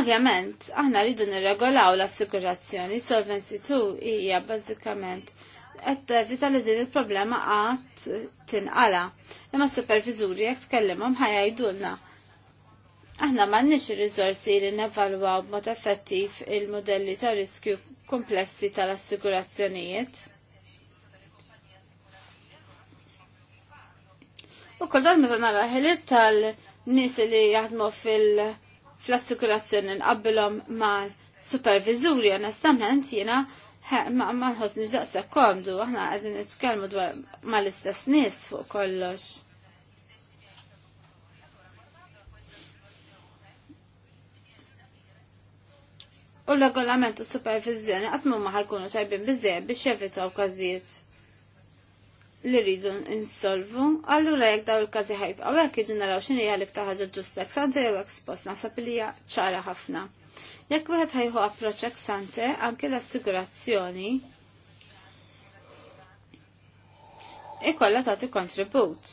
Ovvjament, aħna rridu nirregolaw l-assikurazzjoni, Solvency 2 hija bażikament qed tevita li din il-problema għad tinqala. Imma s-supervizuri jekk tkellimhom ħajajdulna Aħna m'għandniex ir-riżorsi li nevalwaw b'mod effettiv il-modelli ta' riskju komplessi tal-assigurazzjonijiet. U kol dan meta nara ħiliet tal-nies li jaħdmu fil-assigurazzjoni nqabbilhom mal-supervizuri onestament jiena ma nħossniġ daqshekk komdu, aħna qegħdin nitkellmu dwar mal-istess nies fuq kollox. u l-regolament u supervizjoni għatmu maħal ħajkunu tajbin bizzej biex jevitaw kazijiet li rridu insolvu, allura jek daw il-kazi ħajb, u jek jidu naraw xini jgħalik taħġa ġustek sante jew ekspos nasab li ċara ħafna. Jekk wieħed ħajħu approċek sante anki l-assigurazzjoni ikolla tagħti kontribut.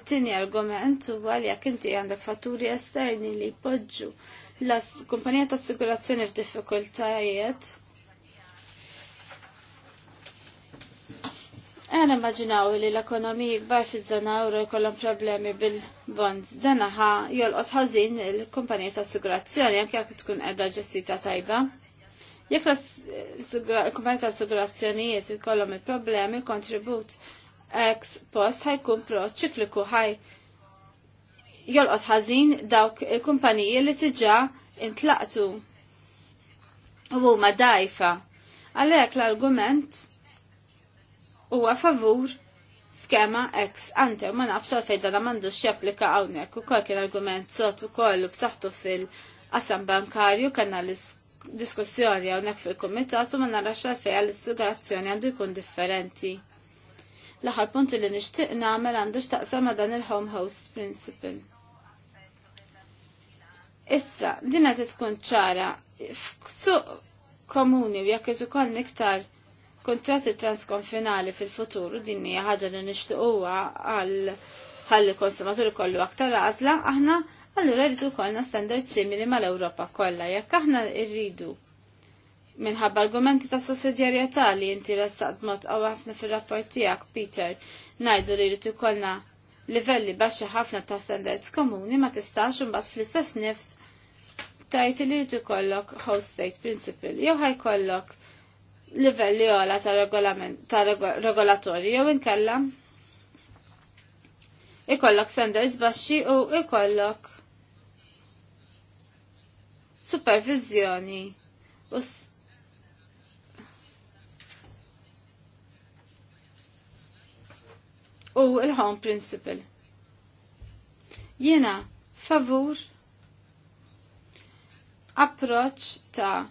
It-tieni argument huwa li jekk inti għandek fatturi esterni li jpoġġu l-kumpanija ta' assigurazzjoni f'diffikultajiet. Għana immaġinaw li l-ekonomiji gbar fiż-żona euro jkollhom problemi bil-bonds. Dan ħa jolqot ħażin il-kumpanija ta' assigurazzjoni anke jekk tkun qiegħda ġestita tajba. Jekk l-kumpanija ta' assigurazzjonijiet kollom il-problemi, kontribut ex post ħajkun proċikliku ħaj jolqot ħażin dawk il-kumpaniji li tiġa intlaqtu u huma dajfa. Għalhekk l-argument huwa favur skema ex ante ma nafx għalfejn mandu m'għandux japplika hawnhekk ukoll kien argument sot ukoll u b'saħħtu fil-qasam bankarju kellna diskussjoni hawnhekk fil-kumitat u ma narax għalfejn għall-assigurazzjoni għandu jkun differenti. L-aħħar punt li nixtieq nagħmel għandu x'taqsam ma' dan il-home host principle. Issa, dinna tkun ċara, f'suq komuni u jekk kon iktar kontrati transkonfinali fil-futur u din hija ħaġa li nishtuqwa għal konsumaturi kollu aktar għażla, aħna allura rridu kollna standard simili mal-Ewropa kollha. Jekk aħna rridu minħabba argumenti ta' sussidjarjetà li inti ressaqt mod għaw ħafna fir-rapport tiegħek, Peter, ngħidu li rridu kollna livelli baxxi ħafna ta' standards komuni ma tistax imbagħad fl-istess nifs tajt li rridu kollok host state principle, jew ħajkollok livelli għala ta' regolament ta' regolatorju jew inkella ikollok standards baxxi u ikollok supervizjoni u u il-home principle. Jena, favur, approċ ta'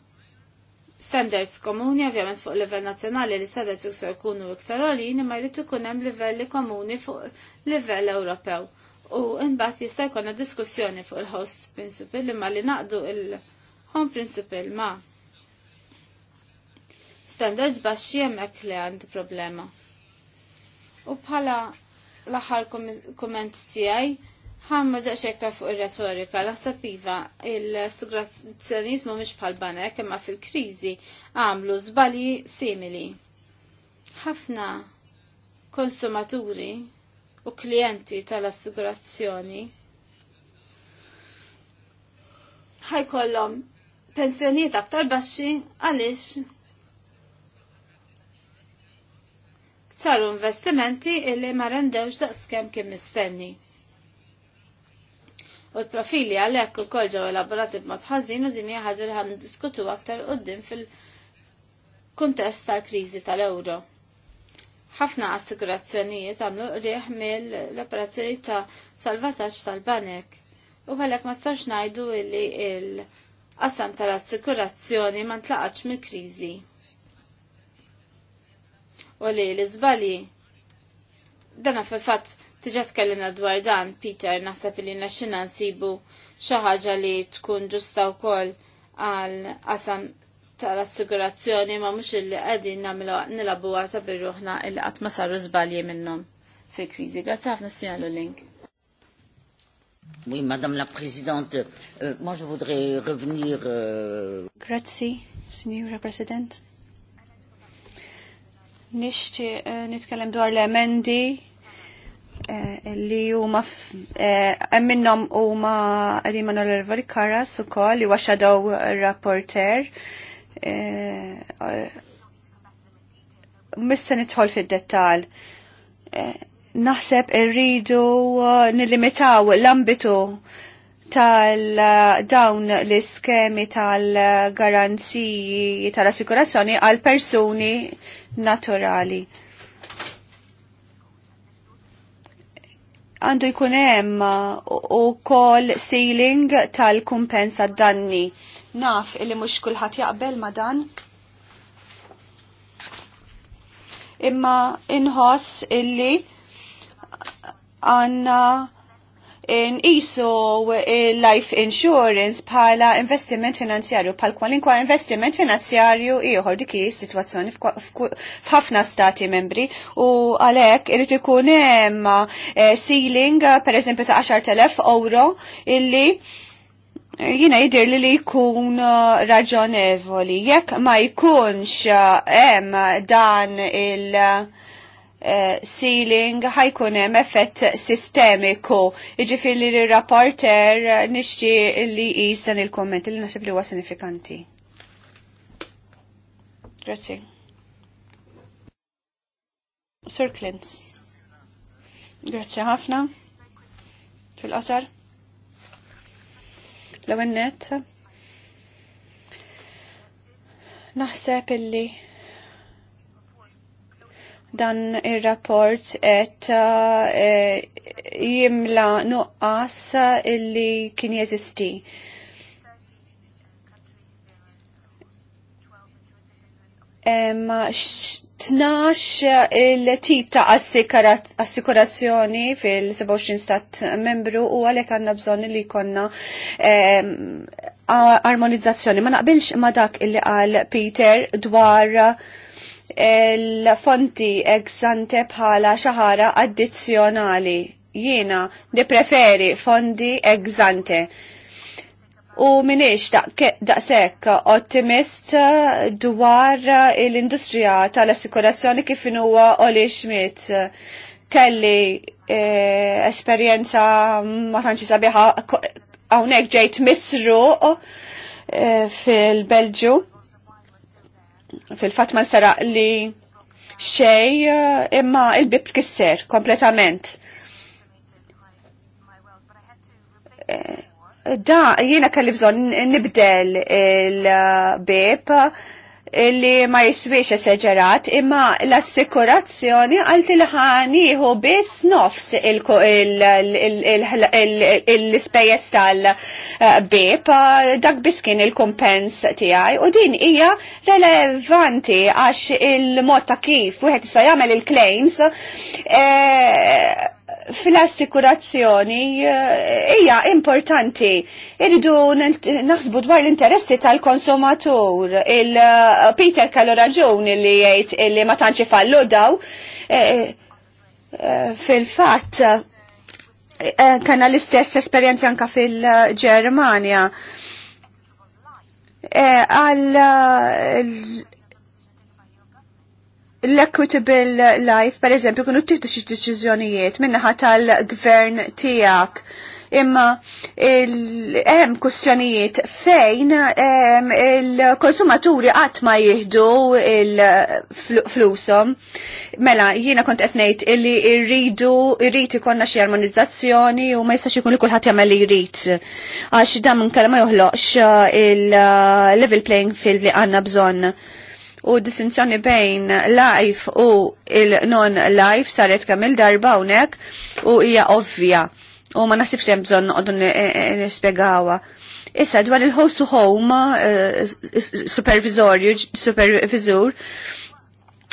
standards komuni, ovvjament fuq livell nazzjonali li standards jukser jkunu iktar għolin, imma jrid ikun hemm livelli komuni fuq livell Ewropew. U imbagħad jista' jkollna diskussjoni fuq il-host principle imma li naqdu il-home principle ma standards baxxi hemmhekk li għandi problema. U bħala l-aħħar komment tiegħi ħamma daqxek ta' fuq il-retorika, laħsab iva, il-sugrazzjonizmu mhux bħal banek, imma fil kriżi għamlu żbalji simili. Ħafna konsumaturi u klijenti tal-assigurazzjoni ħajkollhom pensjonijiet aktar baxxi għaliex saru investimenti illi ma rendewx daqskemm kien mistenni. U l-profili għalhekk ukoll ġew elaborati b'mod ħażin u dinja hija ħaġa li ħan diskutu aktar din fil-kuntest tal-kriżi tal-ewro. Ħafna assigurazzjonijiet għamlu qrieħ mill-operazzjoni ta' salvataġġ tal-banek. U għalhekk ma stax ngħidu li il- qasam tal-assikurazzjoni ma ntlaqax mill-kriżi. U li l izbali dana fil-fatt Tiġa tkellimna dwar dan, Peter, naħseb li naxxina nsibu xi ħaġa li tkun ġusta wkoll għal qasam tal-assigurazzjoni ma mhux illi qegħdin nagħmlu nilabu għata birruħna il qatt ma saru żbalji minnhom fil-kriżi. Grazzi ħafna Sinjalu Link. Oui, Madame la Présidente, euh, moi je voudrais revenir. Euh... Grazie, Signora President. Nishti uh, nitkellem dwar l-emendi Eh, li huma eh, hemm minnhom huma Rimano Lervari Karas ukoll li wa shadow rapporter. Eh, Mista nidħol fid-dettall. Naħseb irridu nillimitaw l-ambitu tal-dawn l-iskemi tal-garanziji tal-assikurazzjoni għal persuni naturali għandu jkun hemm ukoll uh, ceiling tal kumpensa danni Naf li mhux kulħadd jaqbel ma' dan. Imma inħoss illi għanna nqisu eh, life insurance bħala investiment finanzjarju bħal kwalinkwa investiment finanzjarju ieħor dik is-sitwazzjoni f'ħafna stati membri u għalhekk irid ikun hemm eh, ceiling pereżempju ta' 10,000 euro illi eh, jina jidir li li jkun raġonevoli. Jekk ma jkunx hemm dan il- Eh, ceiling ħajkun hemm effett sistemiku. Jiġifieri li rapporter nixtieq li jqis dan il-komment li naħseb li huwa sinifikanti. Grazzi. Sir Clint. Grazzi ħafna. Fil-qasar. L-għennet. Naħseb illi dan il-rapport et uh, eh, jimla nuqqas eh, illi kien jeżisti. Tnax eh, il-tip ta' assikurazzjoni fil-27 stat membru u għalek għanna bżon li konna armonizzazzjoni. Ma naqbilx ma dak illi għal Peter dwar l-fonti ex-ante bħala xaħara addizzjonali. Jiena nipreferi fondi ex-ante. U minix daqsek da ottimist eh, dwar eh, l-industrija tal-assikurazzjoni kif huwa Oli Schmidt kelli eh, esperienza ma tanċi sabiħa hawnhekk ġejt misru fil-Belġu fil-fat ma sara li xej eh, imma il-bib kisser kompletament. Eh, da, jiena kelli bżon nibdel il-bib li ma jiswix eseġerat imma l-assikurazzjoni għal tilħaniħu biss nofs il-spejjeż tal-bib dak biss kien il-kumpens tiegħi u din hija relevanti għax il-mod ta' kif wieħed jista' jagħmel il-claims eh, fil-assikurazzjoni eh, hija importanti. Iridu naħsbu dwar l-interessi tal-konsumatur. Il-Peter kellu raġuni li jgħid li ma tantx fallu daw. Eh, eh, fil-fatt kanna l-istess esperjenza anka fil-Ġermanja. Għal l-equitable life, per eżempju, kunu tiħdu xie deċizjonijiet minnaħa tal-gvern tijak. Imma hemm kustjonijiet fejn il-konsumaturi qatt ma jihdu il-flusom. Mela, jiena kont qed ngħid illi rridu irrid ikollna xi armonizzazzjoni u ma jistax ikun li kullħat jagħmel li jrid. Għax dan minn ma joħloqx eh, il-level playing field li għandna bżonn u distinzjoni bejn life u il-non life saret kemm il-darba unek u hija ovvja u ma nasibx hemm bżonn noqogħdu e, e, nispjegawha. Issa dwar il-host to home eh, supervisor. supervisur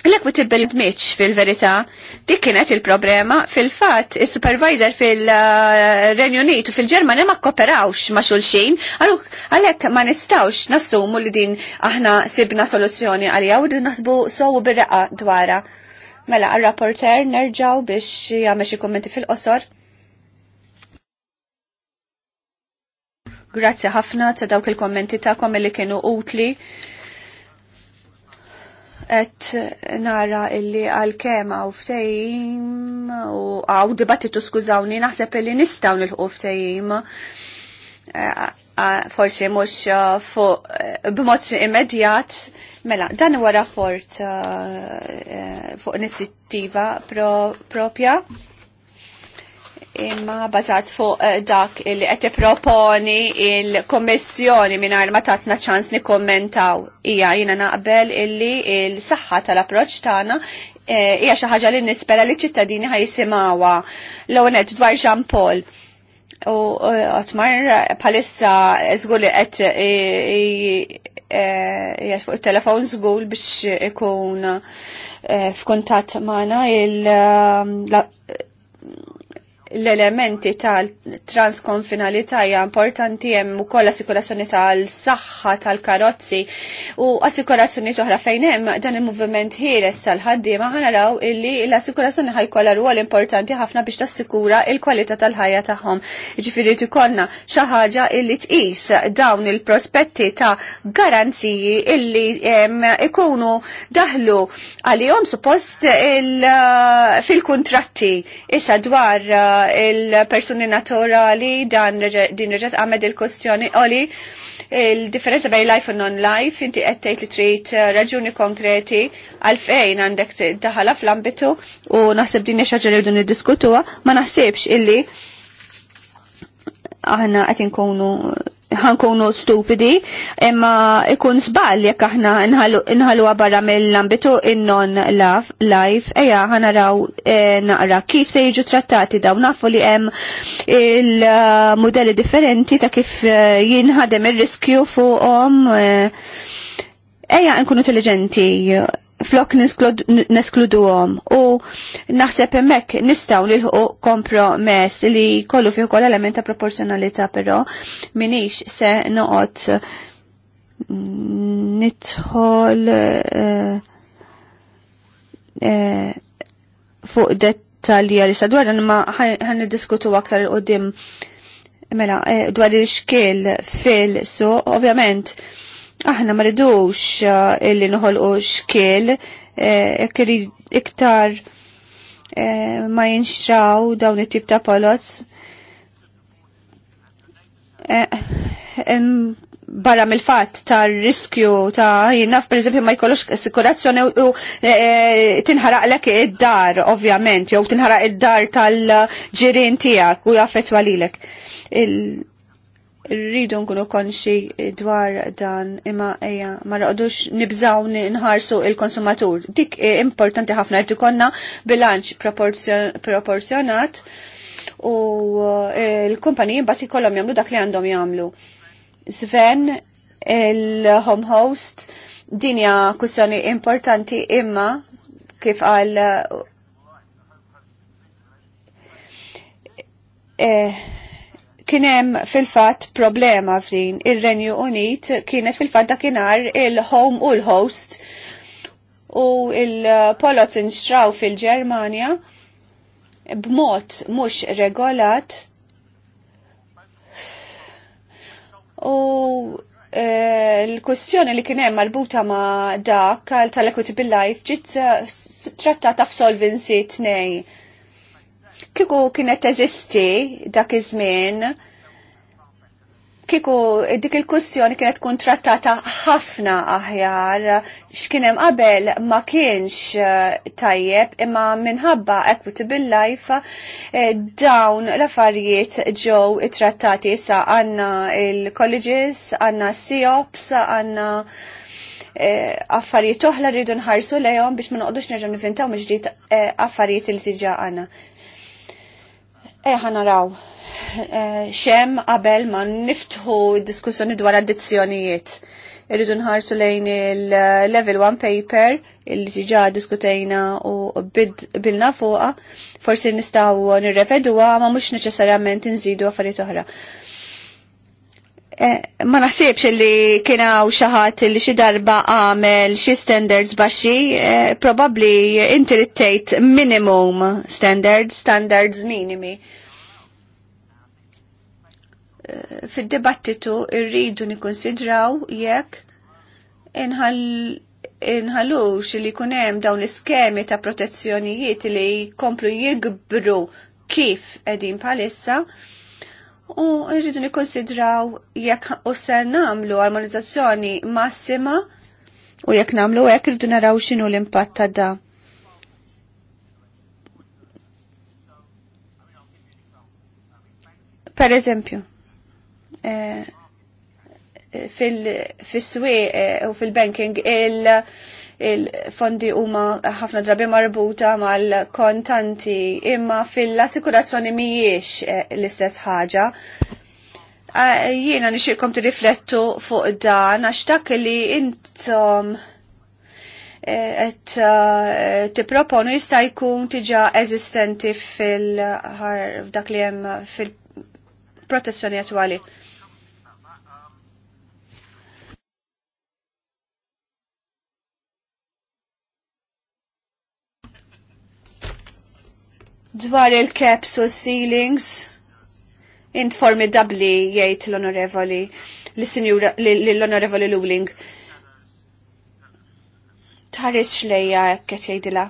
L-equity build fil-verita, dik kienet il-problema, fil-fat, il-supervisor fil-Renju u fil-Ġermania ma kooperawx ma xulxin, għalek ma nistawx nassumu li din aħna sibna soluzzjoni għalija u din nasbu sowu birraqa dwara. Mela, għal-rapporter nerġaw biex jgħamme xi kommenti fil-qosor. Grazzi ħafna ta' dawk il-kommenti ta' li kienu utli et nara illi għal kema u ftejim u għaw dibattitu skużawni naħseb illi nistaw nil-ħu ftejim eh, forsi mux eh, fuq eh, b'mod immedjat mela dan huwa rapport fuq inizjattiva propja. Pro imma bazat fuq eh, dak li qed proponi il-Kommissjoni mingħajr ma tatna ċans kommentaw. hija jiena naqbel illi il-saħħa tal-approċċ tagħna eh, hija xi ħaġa li nispera li ċittadini ħajsimgħuha l-ewwel dwar Jean Paul. U għatmar eh, palissa żgur li qed jgħat fuq il-telefon żgur biex ikun f'kuntatt magħna il l-elementi tal-transkonfinalità hija importanti hemm ukoll assikurazzjoni tal-saħħa tal-karozzi u assikurazzjoni oħra fejn hemm dan il movement ħieles tal-ħaddiema naraw illi l-assikurazzjoni ħajkollha rwol importanti ħafna biex tassikura il-kwalità tal-ħajja tagħhom. Jiġifieri ikollna xi ħaġa illi tqis dawn il-prospetti ta' garanziji illi ikunu daħlu għalihom suppost fil-kuntratti issa dwar il-persuni naturali dan din reġet għamed il-kustjoni oli il-differenza bej life u non-life inti għettejt li trid eh, raġuni konkreti għalfejn għandek daħala fl-ambitu u naħseb din xaġa li dun diskutuwa ma nasibx illi aħna qed inkunu ħankunu stupidi, imma ikun zbal jekk aħna nħallu barra mill-ambitu innon non life, eja ħanaraw e, naqra kif se jiġu trattati daw nafu li hemm il-modelli differenti ta' kif eh, jinħadem ir riskju fuqhom. E, eja nkunu intelligenti flok neskluduhom u naħseb hemmhekk nistgħu nilħu kompromess li kollu fih ukoll element ta' proporzjonalità però minix se noqot mm, nidħol eh, eh, fuq dettalji li sadwar ma ħan diskutu aktar u dim mela eh, dwar il-xkil fil su ovvjament Aħna ma rridux eh, illi noħolqu xkiel eh, iktar eh, ma jinxraw dawn it-tip ta' palots barra mill-fat ta' riskju ta' jinaf per eżempju ma jkollux assikurazzjoni u tinħaraq lek id-dar ovvjament jew tinħaraq id-dar tal-ġirien tiegħek u jaffettwa lilek rridu nkunu konxi dwar dan imma eja ma raqdux nibżaw nħarsu il-konsumatur. Dik importanti ħafna rridu konna bilanċ proporzjonat u eh, l kumpani bati ikollhom jagħmlu dak li għandhom jagħmlu. Sven il-home host dinja kwistjoni importanti imma kif għal eh, kienem fil-fat problema f'din. Il-Renju Unit kienet fil-fat dakinar il-home u l-host u il-polot inxtraw fil-Germania b'mod mux regolat u eh, l-kustjoni li kienem marbuta ma dak tal-equity bil-life ġit eh, trattata f'solvency 2 Kiku kienet eżisti dak iż-żmien, kiku dik il kustjoni kienet tkun trattata ħafna aħjar, x'kienem qabel ma kienx eh, tajjeb imma minħabba equitable life eh, dawn l-affarijiet ġew trattati sa għanna il-colleges, għanna SIOPS, għanna eh, affarijiet oħra rridu nħarsu lejhom biex ma noqgħodux nerġa' nivintaw mill-ġdid affarijiet li tiġa għandna. Eħa eh, naraw, eh, xem qabel ma niftħu diskussjoni dwar addizzjonijiet. Irridu nħarsu lejn il-level 1 paper illi ġiġa diskutejna u bilna fuqa, forsi nistaw nirrefedu ma mux neċessarjament nżidu affarijiet oħra. Eh, ma naħsibx li kien hawn xi ħadd li xi darba għamel xi standards baxxi, eh, probabbli inti tgħid minimum standards, standards minimi. Eh, fid-dibattitu rridu nikkonsidraw jekk inħallux li jkun hemm dawn l-iskemi ta' protezzjonijiet li jkomplu jikbru kif qegħdin bħalissa u rridu nikkonsidraw jekk u ser namlu armonizzazzjoni massima u jekk namlu jekk rridu naraw x'inhu l-impatt ta' da. Per eżempju, eh, fil-swi eh, u fil-banking il- il-fondi huma ħafna drabi marbuta mal-kontanti imma fil-assikurazzjoni mhijiex eh, l-istess ħaġa. Ah, jiena nixirkom tirriflettu fuq dan għax dak li intom t eh, eh, tipproponu jista' jkun tiġa eżistenti fil-dak li hemm fil-protezzjoni attuali. dwar il-caps u ceilings int formidabli jgħid l-onorevoli l-onorevoli Luling. Tħares xlejja qed jgħidilha.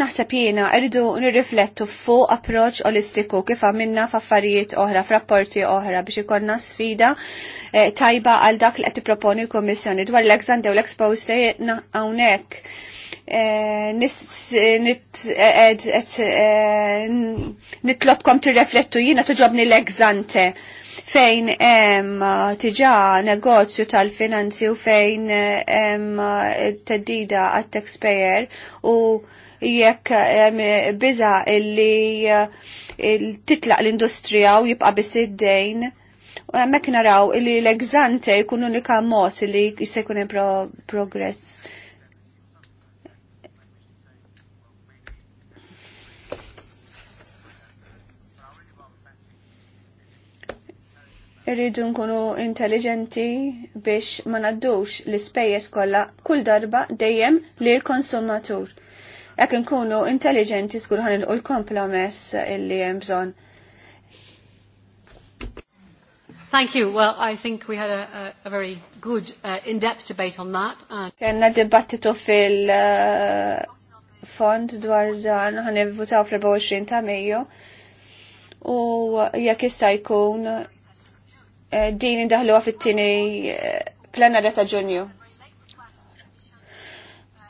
Naħseb jiena rridu nirriflettu fuq approċċ olistiku kif għamilna f'affarijiet oħra, f'rapporti oħra biex ikollna sfida eh, tajba għal dak li qed tipproponi l-Kummissjoni dwar l-Exante u l exposed hawnhekk. Eh, eh, nitlobkom tirreflettu jiena tiġobni l-Exante fejn hemm tiġà negozju tal-finanzi u fejn hemm teddida għat-taxpayer u jekk biża illi eh, titlaq l-industrija u jibqa' biss id-dejn. Mek naraw li l-egzante jkun unika mod li jista' jkun hemm progress. Irridu nkunu intelligenti biex ma naddux l-ispejjeż kollha kull darba dejjem lill konsumatur Jekk nkunu intelligenti żgur il l-kompromess illi hemm bżonn. Thank you. Well, I think we had a, a, a very good uh, in-depth debate on that. Kenna dibattitu fil-fond uh, dwar dan ħan votaw fl-24 ta' Mejju u jekk jista' jkun eh, din indaħluha fit-tieni eh, plenarja ta' Ġunju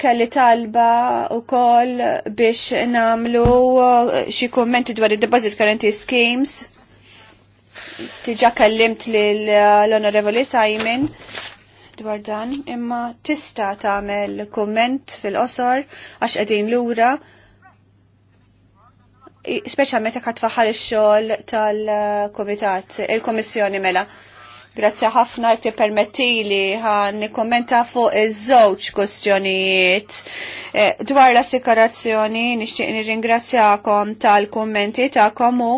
kelli talba u koll biex namlu uh, xie kommenti dwar il-deposit guarantee schemes. Tiġa kellimt l-Onorevoli uh, Simon dwar dan, imma tista tagħmel komment fil-qosor għax qegħdin lura. Speċjalment meta katfaħar ix-xogħol tal-Kumitat, uh, il-Kummissjoni mela. Grazzi ħafna ti permettili ħan kommenta fuq iż-żewġ kustjonijiet. Eh, dwar l-assikarazzjoni nixtieq nirringrazzjakom tal-kummenti tagħkom u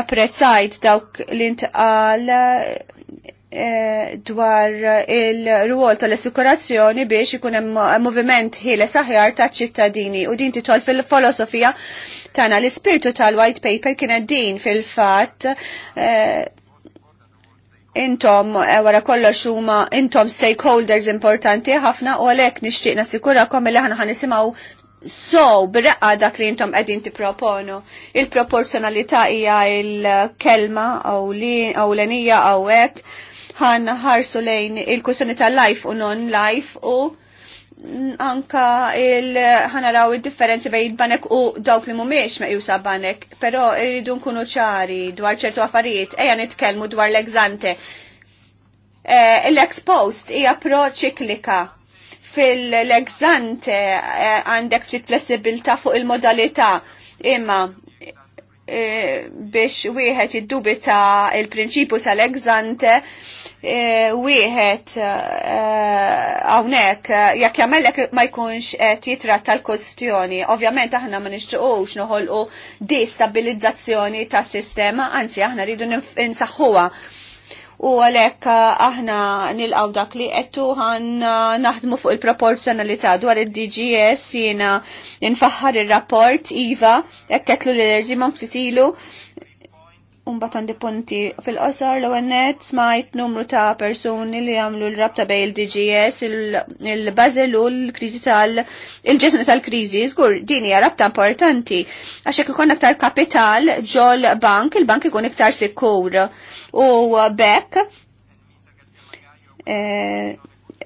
apprezzajt dawk l-intqal eh, dwar il-ruol tal-assikurazzjoni biex ikun hemm moviment ħieles aħjar ta' ċittadini u din titol fil-filosofija tagħna l-ispirtu tal-white paper kienet din fil-fatt eh, intom eh, wara kollox huma intom stakeholders importanti ħafna u għalhekk nixtieq nassikurakom li aħna ħanisimgħu so birraqqa dak li intom qegħdin tipproponu. Il-proporzjonalità hija il-kelma awlenija hawnhekk ħan ħarsu lejn il-kussjoni tal-life u non-life u anka il-ħanaraw il-differenzi bejn banek u dawk li mumiex jusa banek, pero irridu nkunu ċari dwar ċertu affarijiet, eja nitkellmu dwar l-egzante. Eh, L-expost hija pro ċiklika, fil-egzante eh, għandek ftit flessibilta fuq il-modalità imma E, biex wieħed iddubita il-prinċipju tal-egzante e, wieħed e, hawnhekk jekk jagħmellek ma jkunx qed jitratta l-kwestjoni. Ovvjament aħna ma nixtiequx noħolqu destabilizzazzjoni tas-sistema, anzi aħna rridu nsaħħuha u għalek ah, aħna nilqaw dak li għettu għan ah, naħdmu fuq il-proporzjonalità dwar il-DGS jina nfaħħar il-rapport IVA ekketlu l erġi ma mftitilu Umbat għandi punti fil-qosor l għennet smajt numru ta' personi li għamlu l-rabta bej il-DGS, il bazilu l-krizi tal- il-ġesna tal-krizi, zgur, dini rabta importanti. Għaxek ikon aktar kapital ġol bank, il-bank ikun iktar sikur. U bekk, eh,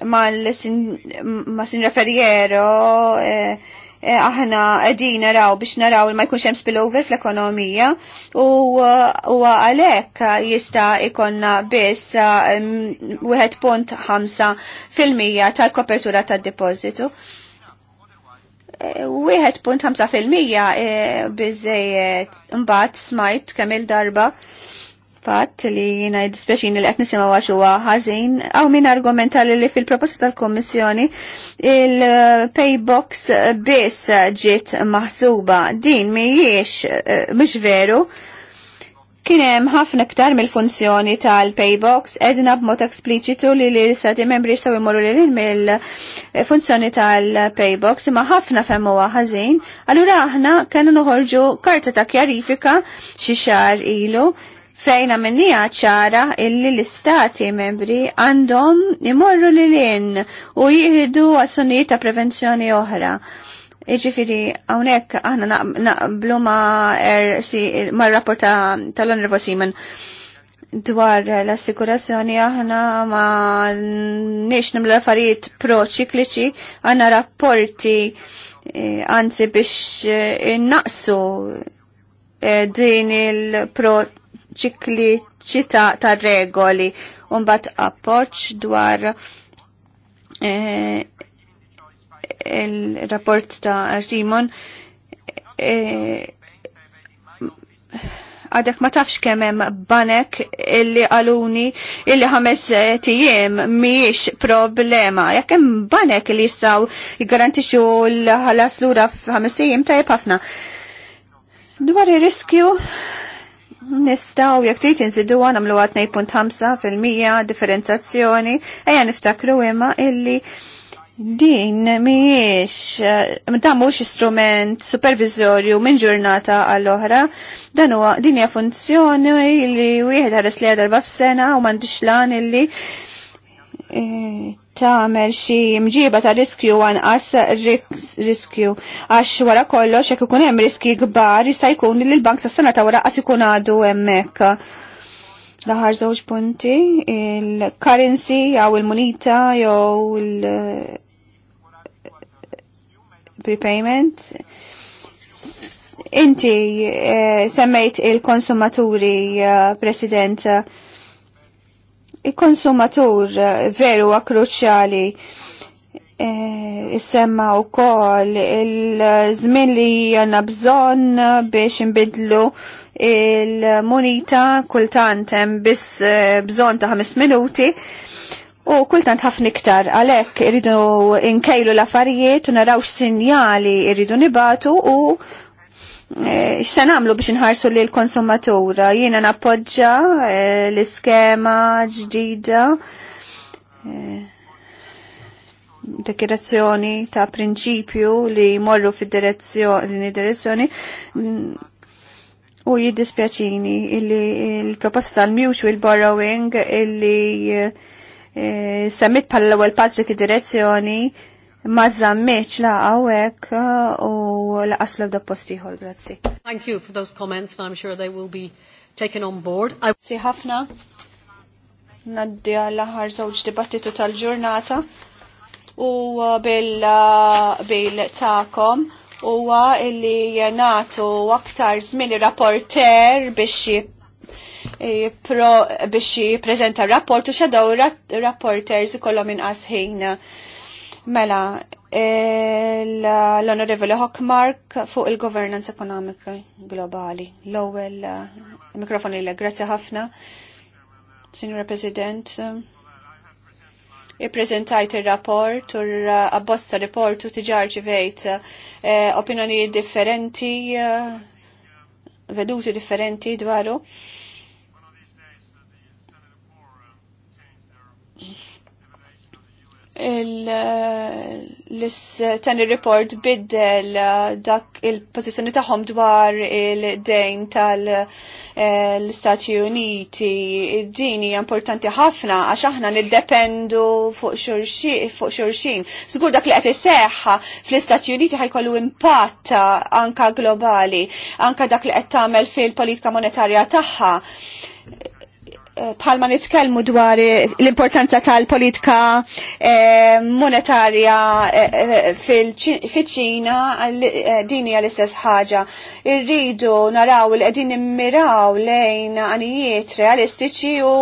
ma' sin referiero, eh, Eh, aħna għedin naraw biex naraw ma jkunx hemm spillover fl-ekonomija u eh, għalhekk jista' ikonna biss 1.5 eh, fil-mija tal-kopertura tad-depożitu. 1.5 fil-mija biżejjed imbagħad smajt kemm il-darba fatt li jina id-dispeċin li qed nisimgħu għax għazin, ħażin għaw min argumenta li fil-proposta tal komissjoni il-paybox eh, biss ġiet maħsuba din mhijiex eh, mhux veru Kien hemm ħafna iktar mill-funzjoni tal-paybox edna b'mod ekspliċitu li li s-sati membri jistgħu jmorru lil mill-funzjoni tal-paybox imma ħafna femmu huwa ħażin, allura aħna kellna noħorġu karta ta' kjarifika xi xahar ilu fejna minnija ċara illi l-istati membri għandhom imorru li l-in u jihdu azzjonijiet ta' prevenzjoni oħra. Iġifiri, għonek aħna naqblu ma' er rapporta tal-Onrevo Simon dwar l-assikurazzjoni aħna ma nix nimlu affarijiet proċikliċi għanna rapporti għanzi eh, biex eh, naqsu eh, din il proċikliċi ċikliċità ta' regoli u mbagħad appoġġ dwar eh, il-rapport ta' Simon eh, għadek eh, ma tafx kemem banek illi għaluni illi ħames tijem miex problema. Jek hemm banek li jistaw jgarantixu l-ħalas lura f'ħames tijem ta' ħafna. Dwar il-riskju, nistaw jek trid inżidu nagħmlu fil 2.5% differenzjazzjoni, ejja niftakru imma illi din mhijiex eh, da mhux istrument supervizorju minn ġurnata għall oħra dan huwa din hija funzjoni li wieħed ħares li darba f'sena u m'għandix lan illi eh, tagħmel xi mġiba ta' riskju anqas riskju għax wara kollox jekk ikun hemm riski kbar jista' jkun li l-bank sas-sena ta' wara għas jkun għadu hemmhekk. L-aħħar żewġ punti, il-currency jew il-munita jew il-prepayment. Inti eh, semmejt il-konsumaturi, eh, President, il-konsumatur eh, veru kruċjali eh, semma u kol il-żmien li għanna bżon biex imbidlu il-munita kultant hemm biss eh, bżon ta' 5 minuti u kultant ħafna iktar għalhekk irridu nkejlu l-affarijiet u narawx sinjali irridu nibatu u Eh, xa namlu biex inħarsu l konsumatura. Jiena nappoġġa eh, l-iskema ġdida eh, dekirazzjoni ta' prinċipju li morru fil direzzjoni mm, u jiddispjaċini illi il-proposta tal-mutual borrowing illi semmit pal ewwel pass dik id-direzzjoni ma zammeċ la għawek uh, u la aslu bda postiħol, grazzi. Thank you for those comments and I'm sure they will be taken on board. Si ħafna, naddi għal-ħar żewġ dibattitu tal-ġurnata u bil-takom uh, u illi natu aktar zmini rapporter biex pro biex jiprezenta rapport u xadaw rapporters ikollhom inqas ħin Mela, l-Onorevole Hockmark fuq il-Governance Ekonomika Globali. L-ewwel eh, mikrofon lilek, grazzi ħafna. Signora President, I-prezentajt ir-rapport u abbozza report u tiġa vejt eh, opinjoni differenti, eh, veduti differenti dwaru. l il report biddel dak il-pozizjoni taħom dwar il-dejn tal-Stati Uniti. Dini importanti ħafna għax aħna niddependu fuq xurxin. Sigur dak li qed iseħħa fl-Istati Uniti ħajkollu impatt anka globali, anka dak li qed tagħmel fil-politika monetarja tagħha bħalma nitkellmu dwar l-importanza tal-politika eh, monetarja eh, eh, fil-ċina dini għal-istess ħaġa. Irridu naraw li qegħdin immiraw lejn għanijiet realistiċi u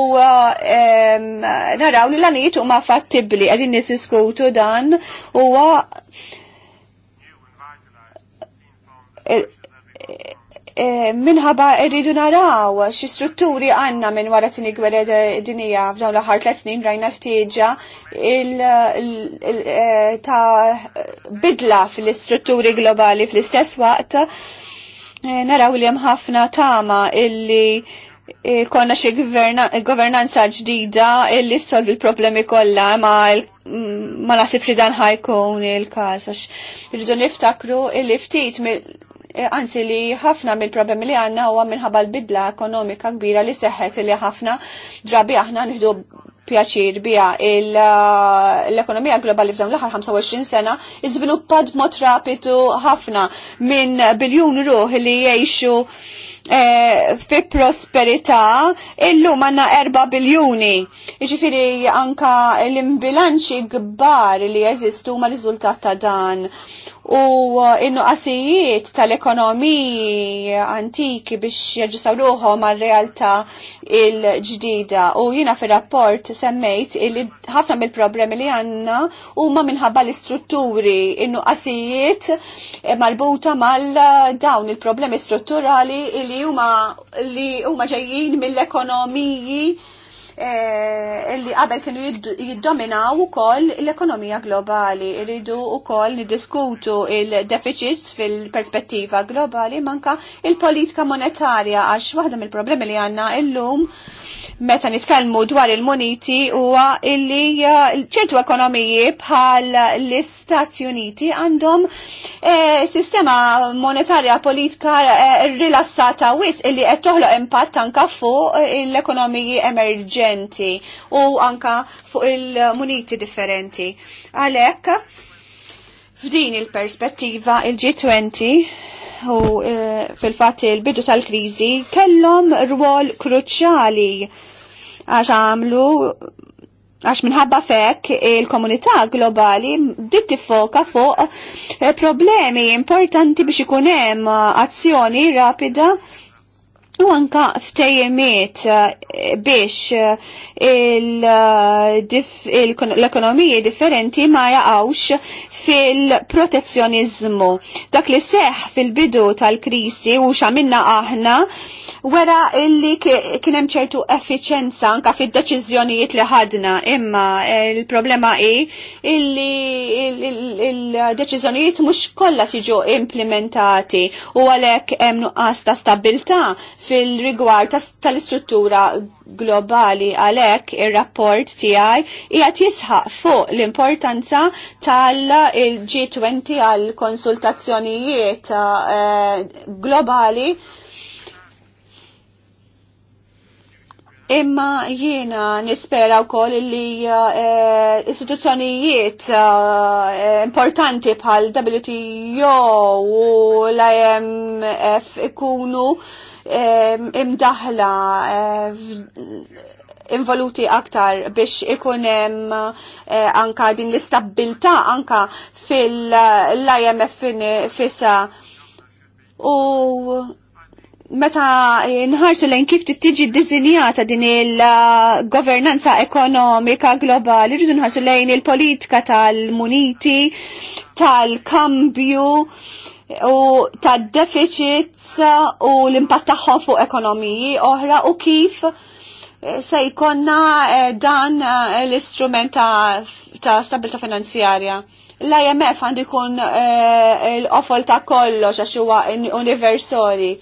naraw li l-għanijiet huma fattibbli qegħdin nisiskutu dan huwa Eh, minħabba rridu naraw xi strutturi għandna minn wara tini gwera dinija f'dawn l-aħħar tliet snin rajna ħtieġa eh, ta' bidla fil-istrutturi globali fl-istess waqt eh, naraw li hemm ħafna tama illi konna xi governanza ġdida illi solvi l-problemi kollha ma mm, ma nasibx dan ħajkun il-każ għax irridu niftakru illi ftit Eh, anzi li ħafna mill-problemi li għanna huwa minħabba l-bidla ekonomika kbira li seħħet li ħafna drabi aħna nħidu pjaċir bija eh, l-ekonomija globali f'dawn l-aħħar 25 sena iżviluppat b'mod rapidu ħafna minn biljun ruħ li jgħixu eh, fi prosperità illum għandna 4 biljuni. Jiġifieri anka l-imbilanċi gbar li jeżistu ma riżultat ta' dan u uh, in-nuqqasijiet tal-ekonomiji antiki biex jaġġisaw ma' għal realtà il-ġdida. U jina fi rapport semmejt li ħafna mill-problemi li għanna u ma minħabba l-istrutturi in-nuqqasijiet marbuta mal dawn il-problemi strutturali li huma ġejjin mill-ekonomiji Eh, li qabel kienu jiddominaw ukoll l-ekonomija globali. Irridu ukoll niddiskutu il deficit fil-perspettiva globali manka il-politika monetarja għax waħda mill-problemi li għanna illum meta nitkellmu dwar il-moniti huwa illi eh, ċertu ekonomiji bħal l-Istati Uniti għandhom eh, sistema monetarja politika rilassata wis illi qed toħloq impatt anka fuq l-ekonomiji emerġen differenti u anka fuq il-muniti differenti. Għalek, f'din il-perspettiva il-G20 u uh, fil-fat il-bidu tal-krizi kellhom rwol kruċjali għax għamlu għax minħabba fekk il-komunità globali dit tifoka fuq eh, problemi importanti biex ikun hemm azzjoni rapida U anka ftejjemiet eh, biex eh, eh, l-ekonomiji differenti ma jaqawx fil-protezzjonizmu. Dak li seħ fil-bidu tal-krisi u xaminna aħna wera illi kienem ċertu effiċenza anka fil-deċizjonijiet li ħadna imma il-problema i illi il-deċizjonijiet mux kollha tiġu implementati u għalek hemm għasta ta' stabilta' fil-rigward tal-istruttura globali għalek il-rapport tijaj jgħat jisħaq fuq l-importanza tal-G20 għal-konsultazzjonijiet eh, globali Imma jiena nispera u koll li uh, eh, istituzzjonijiet uh, importanti bħal WTO u l-IMF ikunu imdaħla involuti aktar biex hemm eh, anka din l-istabilta anka fil-IMF fissa u meta nħarsu lejn kif tiġi dizinjata din il-governanza ekonomika globali, rridu nħarsu lejn il-politika tal-muniti, tal-kambju, u ta' deficits u l-impatt tagħhom fuq ekonomiji oħra u kif eh, se jkonna eh, dan eh, l-istrument ta', stabilta finanzjarja. L-IMF għandu jkun l qofol ta' kollox għax huwa universali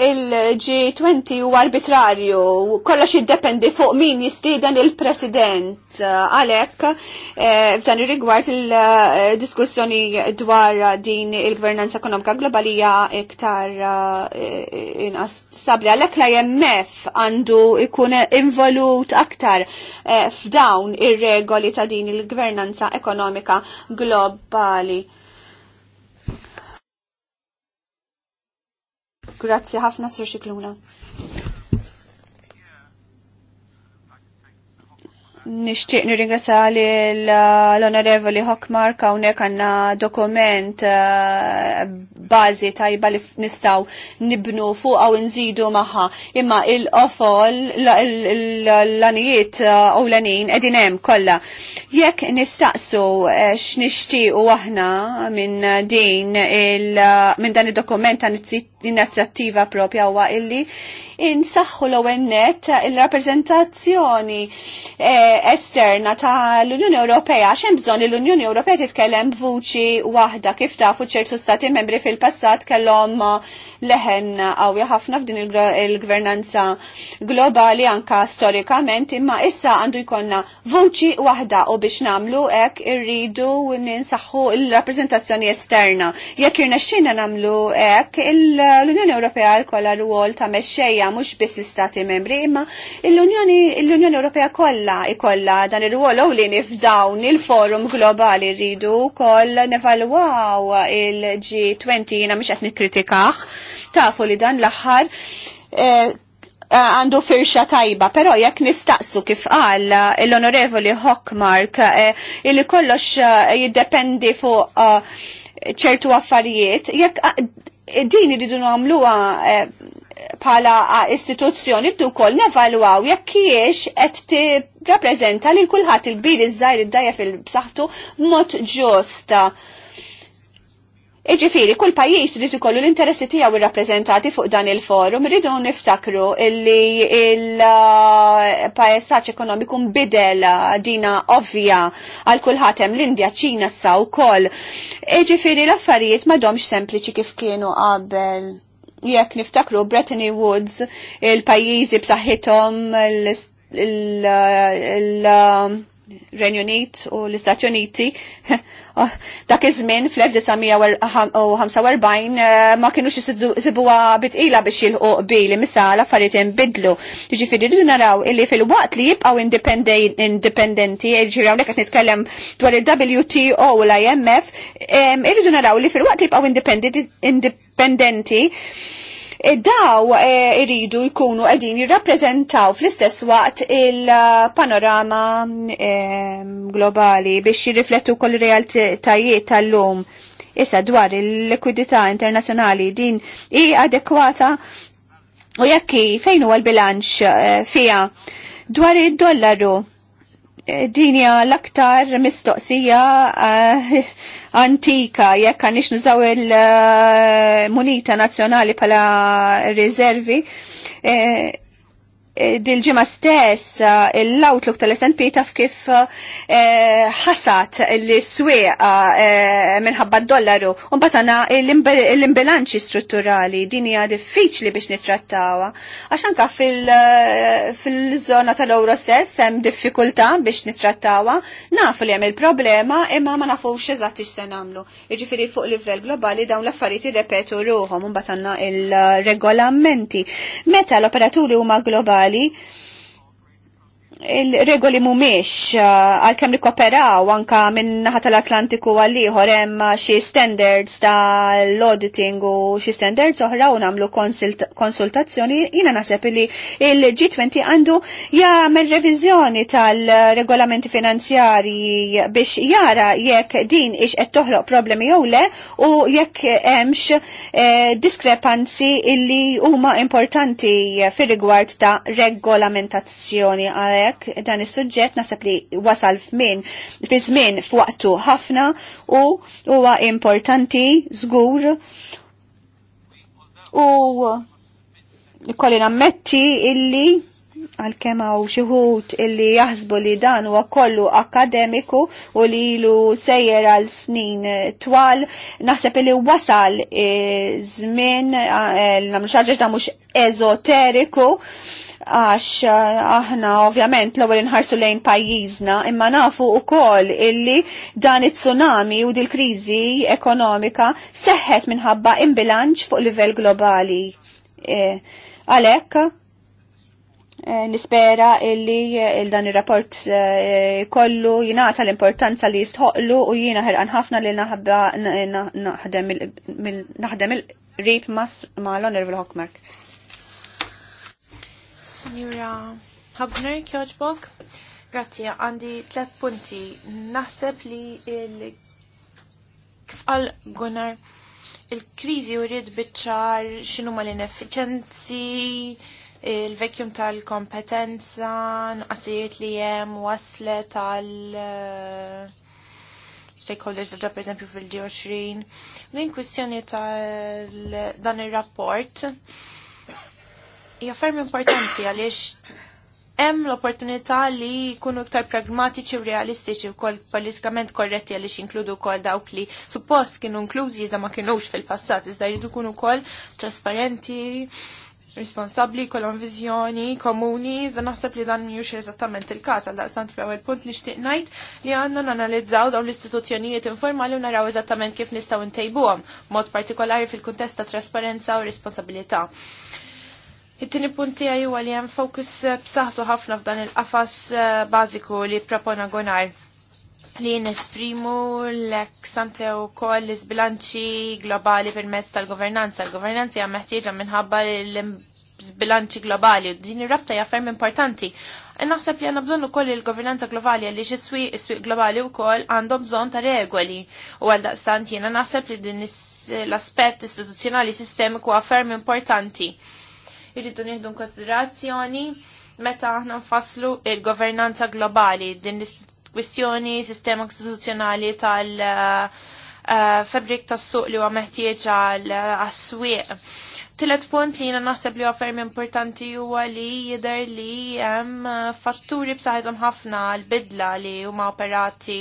il-G20 u arbitrarju, kollox jiddependi fuq min jistieden il-President. Għalek, eh, f'dan ir-rigward il-diskussjoni dwar din il-gvernanza ekonomika globalija iktar eh, inqas sabli. Għalek la imf għandu ikun involut aktar eh, f'dawn ir-regoli ta' din il-gvernanza ekonomika globali Grazzi ħafna Sir Xikluna. Nishtiq nirringrazza eh, l-Onorevoli Hockmark hawnhekk għandna dokument eh, bażi tajba li nistgħu nibnu fuq għaw nżidu magħha. Imma il ofol l-anijiet u eh, l-anin qegħdin hemm kollha. Jekk nistaqsu x'nixtiequ aħna minn din minn dan id-dokument għan inizjattiva propja u għalli insaħħu l-ewwel net il-rappreżentazzjoni eh, esterna tal-Unjoni Ewropea xem hemm bżonn li l-Unjoni Ewropea titkellem b'vuċi waħda kif tafu ċertu stati membri fil-passat kellhom eh, leħen qawwi ħafna f'din il-gvernanza globali anka storikament imma issa għandu jkollna vuċi waħda u biex nagħmlu hekk irridu ninsaħħu il-rappreżentazzjoni esterna. Jekk irnexxina nagħmlu hekk l-Unjoni Ewropea jkollha rwol ta' mexxejja mhux biss l-Istati Membri, imma l-Unjoni Ewropea kollha ikollha dan ir-rwol ewlieni f'dawn il-forum globali rridu wkoll nevalwaw il-G20 jiena mhux qed nikkritikah, tafu li dan l-aħħar eh, għandu firxa tajba, pero jekk nistaqsu kif qal l-onorevoli Hockmark eh, illi kollox eh, jiddependi fuq ċertu affarijiet, jekk din iridu nagħmluha pala istituzzjoni bdu kol nevalwaw jekk kiex qed tirrappreżenta lil kulħadd il-kbir iż-żgħir id-dajja fil-bsaħħtu mod ġosta. Iġifiri, kull pajis rridu kollu l-interessi tijaw il-rappresentati fuq dan il-forum, rridu niftakru illi il-pajessaċ ekonomiku mbidel dina ovvja għal kullħatem l-Indja, ċina, s-saw, koll. Iġifiri, l-affarijiet ma domx sempliċi kif kienu qabel jekk niftakru Bretton Woods, il-pajjiżi b'saħħithom, il- Renjonit u l-Istati Uniti [LAUGHS] oh, dak iż-żmien fl-1945 eh, ma kienux isibuha bitqila biex jilħu qbili misala affarijiet inbidlu. Jiġifieri rridu naraw illi fil-waqt li jibqgħu indipendenti, jiġri hawnhekk qed nitkellem dwar il-WTO u l-IMF, irridu naraw li fil-waqt li jibqgħu indipendenti E daw e, iridu jkunu qegħdin jirrappreżentaw fl-istess waqt il-panorama e, globali biex jirriflettu kol realtajiet tal-lum. Issa dwar il-likwidità internazzjonali din i adekwata u jekk fejn għal l-bilanċ fija dwar id-dollaru dinja l-aktar mistoqsija uh, antika jekk għanix nużaw il-munita eh, uh, nazzjonali pala riservi. Uh, dil ġima stess eh, l-outlook tal snp taf kif eh, ħasat l-swieqa eh, minħabba d-dollaru un batana l-imbilanċi strutturali din hija diffiċli biex nitrattawa għaxan ka fil-żona tal-euro stess hemm diffikultà biex nitrattawa nafu li hemm il-problema imma ma nafux eżatt x'se nagħmlu. Jiġifieri fuq livell globali dawn l-affarijiet irrepetu ruhom un batana il-regolamenti. Meta l-operaturi huma globali legali il-regoli mumiex uh, għal-kem nikoperaw anka minn naħat l-Atlantiku għal-liħor hemm uh, xi standards ta' l-auditing u xi standards oħra u namlu konsultazzjoni jina naseb li il-G20 għandu jagħmel reviżjoni tal-regolamenti finanzjari biex jara jekk din ix qed toħloq problemi jew le u jekk hemmx eh, diskrepanzi illi huma importanti fir-rigward ta' regolamentazzjoni għalhekk għalek dan is-suġġett nasab li wasal f'min fi żmien f'waqtu ħafna u huwa importanti żgur u kolli nammetti illi għal hawn xi xieħut illi jaħsbu li dan huwa kollu akademiku u li ilu sejjer għal snin twal, naħseb li wasal żmien e, e, namlu xaġġeġ ta' mux ezoteriku għax e, aħna ovvjament l-ewwel inħarsu lejn pajjiżna imma nafu wkoll illi dan it-tsunami u dil-kriżi ekonomika seħħet minħabba imbilanċ fuq livell globali. Għalhekk Eh, nispera illi eh, il-dan il-rapport eh, kollu jinaqta l-importanza li jistħoqlu u jina ħerqan ħafna li naħdem il-rip ma l-Honorable Hokmark. Signora Habner, kjoġbog? Grazzi, għandi tlet punti. Naħseb li il- kfqal Gunnar, il-krizi u rrid bitċar xinu mal l il-vekjum tal-kompetenza, nuqqasijiet li jem, wasle tal- eh, stakeholders da per esempio fil-G20. in kwistjoni tal-dan il-rapport hija ferm importanti għaliex hemm l-opportunità li jkunu iktar pragmatiċi u realistiċi wkoll politikament korretti għaliex inkludu wkoll dawk li suppost kienu inklużi iżda ma kinux fil-passat, iżda jridu kunu wkoll trasparenti responsabli, kolon vizjoni, komuni, za naħseb li dan miux eżattament il-kas, għal daqsan fl-ewel punt nishtiq najt li għanna nanalizzaw dawn l-istituzzjonijiet informali u naraw eżattament kif nistaw intejbuhom, mod partikolari fil-kuntest ta' trasparenza u responsabilità. It-tini punti għaj u għalijem jem fokus b'saħtu ħafna f'dan il-qafas eh, bażiku li propona Gonar li nesprimu l-eksante u koll l-sbilanċi globali permezz tal-governanza. L-governanza hija meħtieġa minħabba l-sbilanċi globali. Din ir-rabta hija ferm importanti. Naħseb li għanna bżonn ukoll il-governanza globali għalli xiswi is-swieq globali wkoll għandhom bżonn ta' regoli. U għalda daqstant jiena naħseb li din l-aspett istituzzjonali sistemiku huwa ferm importanti. Irridu nieħdu konsiderazzjoni meta aħna nfasslu il-governanza globali din l kwistjoni sistema konstituzzjonali tal- eh, eh, fabrik tas suq li huwa meħtieġ għal eh, għas-swieq. Tilet punt li jiena naħseb li huwa ferm importanti huwa li jidher li hemm fatturi b'saħħithom ħafna l bidla li huma operati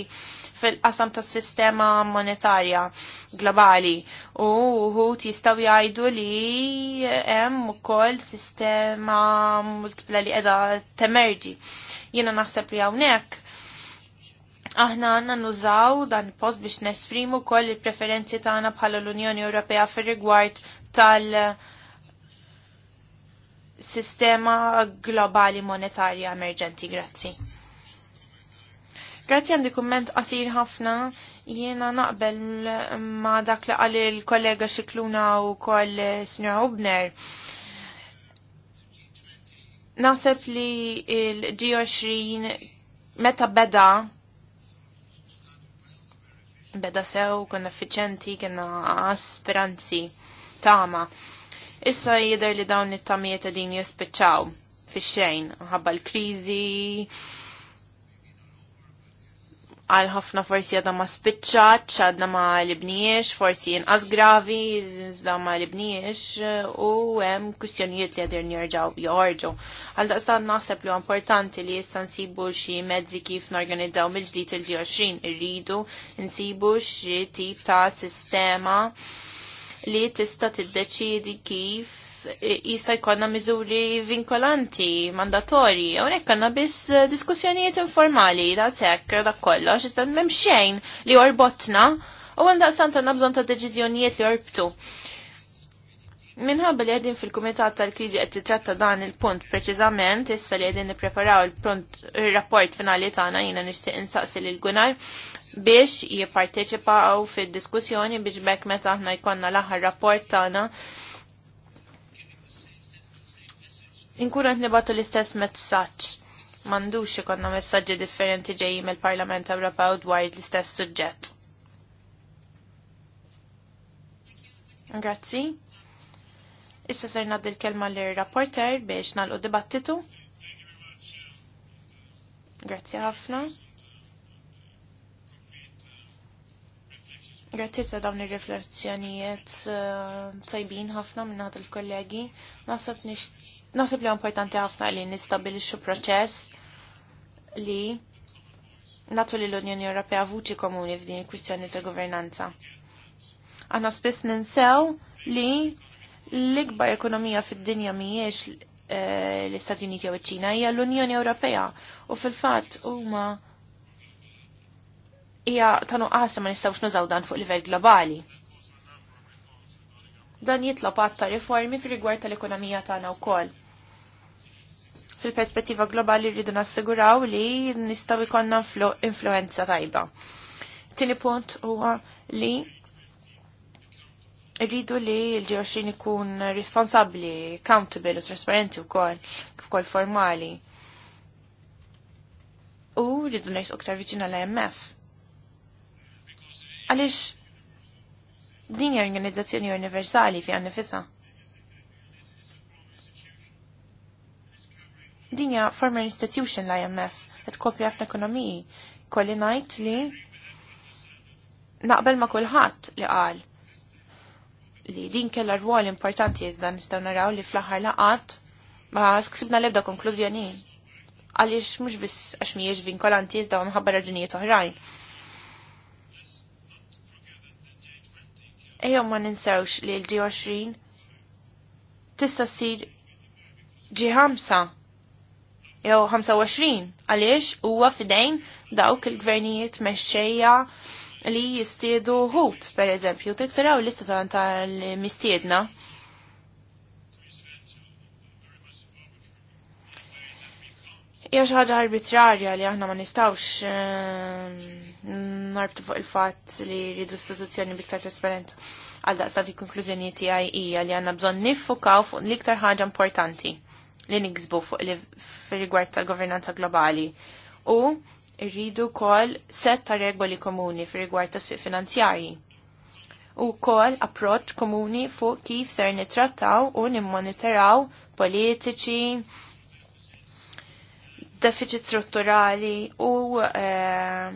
fil-qasam tas-sistema monetarja globali u wħud jistgħu jgħidu li hemm ukoll sistema multipla li qiegħda temerġi. Jiena naħseb li hawnhekk Aħna għanna nużaw dan post biex nesprimu koll il-preferenzi tagħna bħala l-Unjoni Ewropea fir-rigward tal- sistema globali monetarja emerġenti, grazzi. Grazzi għandi kumment qasir ħafna, jiena naqbel ma dak li għalli il-kollega Xikluna u koll Sr. Hubner. Naseb li il-G20 meta beda beda sew, konna effiċenti, kena speranzi, tama. Issa jider li dawn it-tamijiet din jispiċċaw fi xejn, ħabba l-krizi, għal ħafna forsi għadna ma spiċċat, ċadna ma libniex, forsi inqas gravi, zda ma libniex, u hemm kustjonijiet li għadir njerġaw, jorġu. Għal sta' naħseb li importanti li jista nsibu xi mezzi kif norganizzaw mill-ġdid ġi 20 irridu nsibu xi tip ta' sistema li tista' t-deċidi kif jista' jkollna miżuri vinkolanti, mandatorji, hawnhekk għandna biss diskussjonijiet informali da sekk da kollox, issa m'hemm xejn li jorbotna u għanda santa għandna bżonn ta' deċiżjonijiet li jorbtu. Minħabba li għedin fil-Kumitat tal-Kriżi qed titratta dan il-punt preċiżament, issa li qegħdin nippreparaw il-rapport finali tagħna jiena nixtieq insaqsi lil Gunar biex jipparteċipaw fid-diskussjoni biex bekk meta aħna jkollna l-aħħar rapport tagħna inkurant nibatu l-istess messaġġ. Mandux ikonna messaġġi differenti ġejjin mill-Parlament Ewropew dwar l-istess suġġett. Grazzi. Issa ser naddi l-kelma l-rapporter biex nagħlqu dibattitu. Grazzi ħafna. Grazzi ta' dawn ir-riflessjonijiet eh, tajbin ħafna minn għad il-kollegi. Nasab li importanti ħafna li nistabilixxu proċess li natu li l-Unjoni Ewropea vuċi komuni f'din il-kwistjoni ta' governanza. Aħna spiss ninsew li l-ikbar ekonomija fid-dinja mhijiex eh, l-Istati Uniti jew iċ-Ċina hija l-Unjoni Ewropea u fil-fatt huma hija ta' nuqqas ma nistgħux nużaw dan fuq livell globali. Dan jitlob għatta riformi fir-rigward tal-ekonomija tagħna wkoll. Fil-perspettiva globali rridu nassiguraw li nistgħu jkollna influenza tajba. Tieni punt huwa li rridu li l-ġewxin ikun responsabli, accountable u trasparenti u kol, kif kol formali. U rridu nejs uktar viċina l-IMF. Għaliex din hija organizzazzjoni universali fi nifisha. Din hija former institution l-IMF qed kopri ħafna ekonomiji. Kolli ngħid li naqbel ma kulħadd li qal li din kellha rwol importanti iżda nistgħu naraw li fl-aħħar laqat ma ksibna l-ebda konklużjoni. Għaliex mhux biss għax mhijiex vinkolanti iżda u mħabba raġunijiet oħrajn. ejjew ma ninsewx li l-G20 tista' ssir ġi 5 jew 25 għaliex huwa fidejn dawk il-gvernijiet mexxejja li jistiedu ħut, per eżempju, tiktaraw l istatan tal-mistiedna. Hija xi ħaġa arbitrarja li aħna ma nistawx eh, narbtu fuq il-fatt li rridu istituzzjoni biktar trasparenti. Għal daqstant il-konklużjoni tiegħi hija li għandna bżonn niffukaw fuq l-iktar ħaġa importanti li niksbu fuq li rigward tal-governanza globali. U rridu kol set ta' regoli komuni fir-rigward ta' sfiq finanzjarji. U kol approċ komuni fuq kif ser nitrattaw u nimmoniteraw politiċi, deficit strutturali u eh,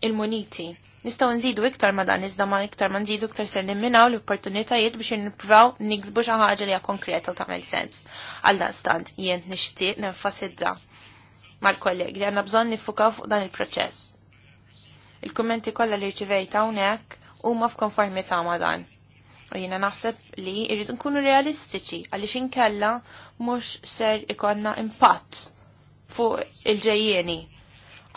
il-muniti. Nistaw nżidu iktar ma dan, iżda ma iktar ma nżidu iktar ser nimminaw l-opportunitajiet biex nipraw niksbu xi ħaġa li konkreta u tagħmel sens. Għalda stand, jent nishti nixtieq nenfasizza mal kolleg li għandna bżonn nifukaw fuq dan il-proċess. Il-kummenti kollha li rċivejt hawnhekk huma f'konformità ma dan. U jina naħseb li irrid nkunu realistiċi għaliex inkella mhux ser ikonna impatt fuq il-ġejjeni.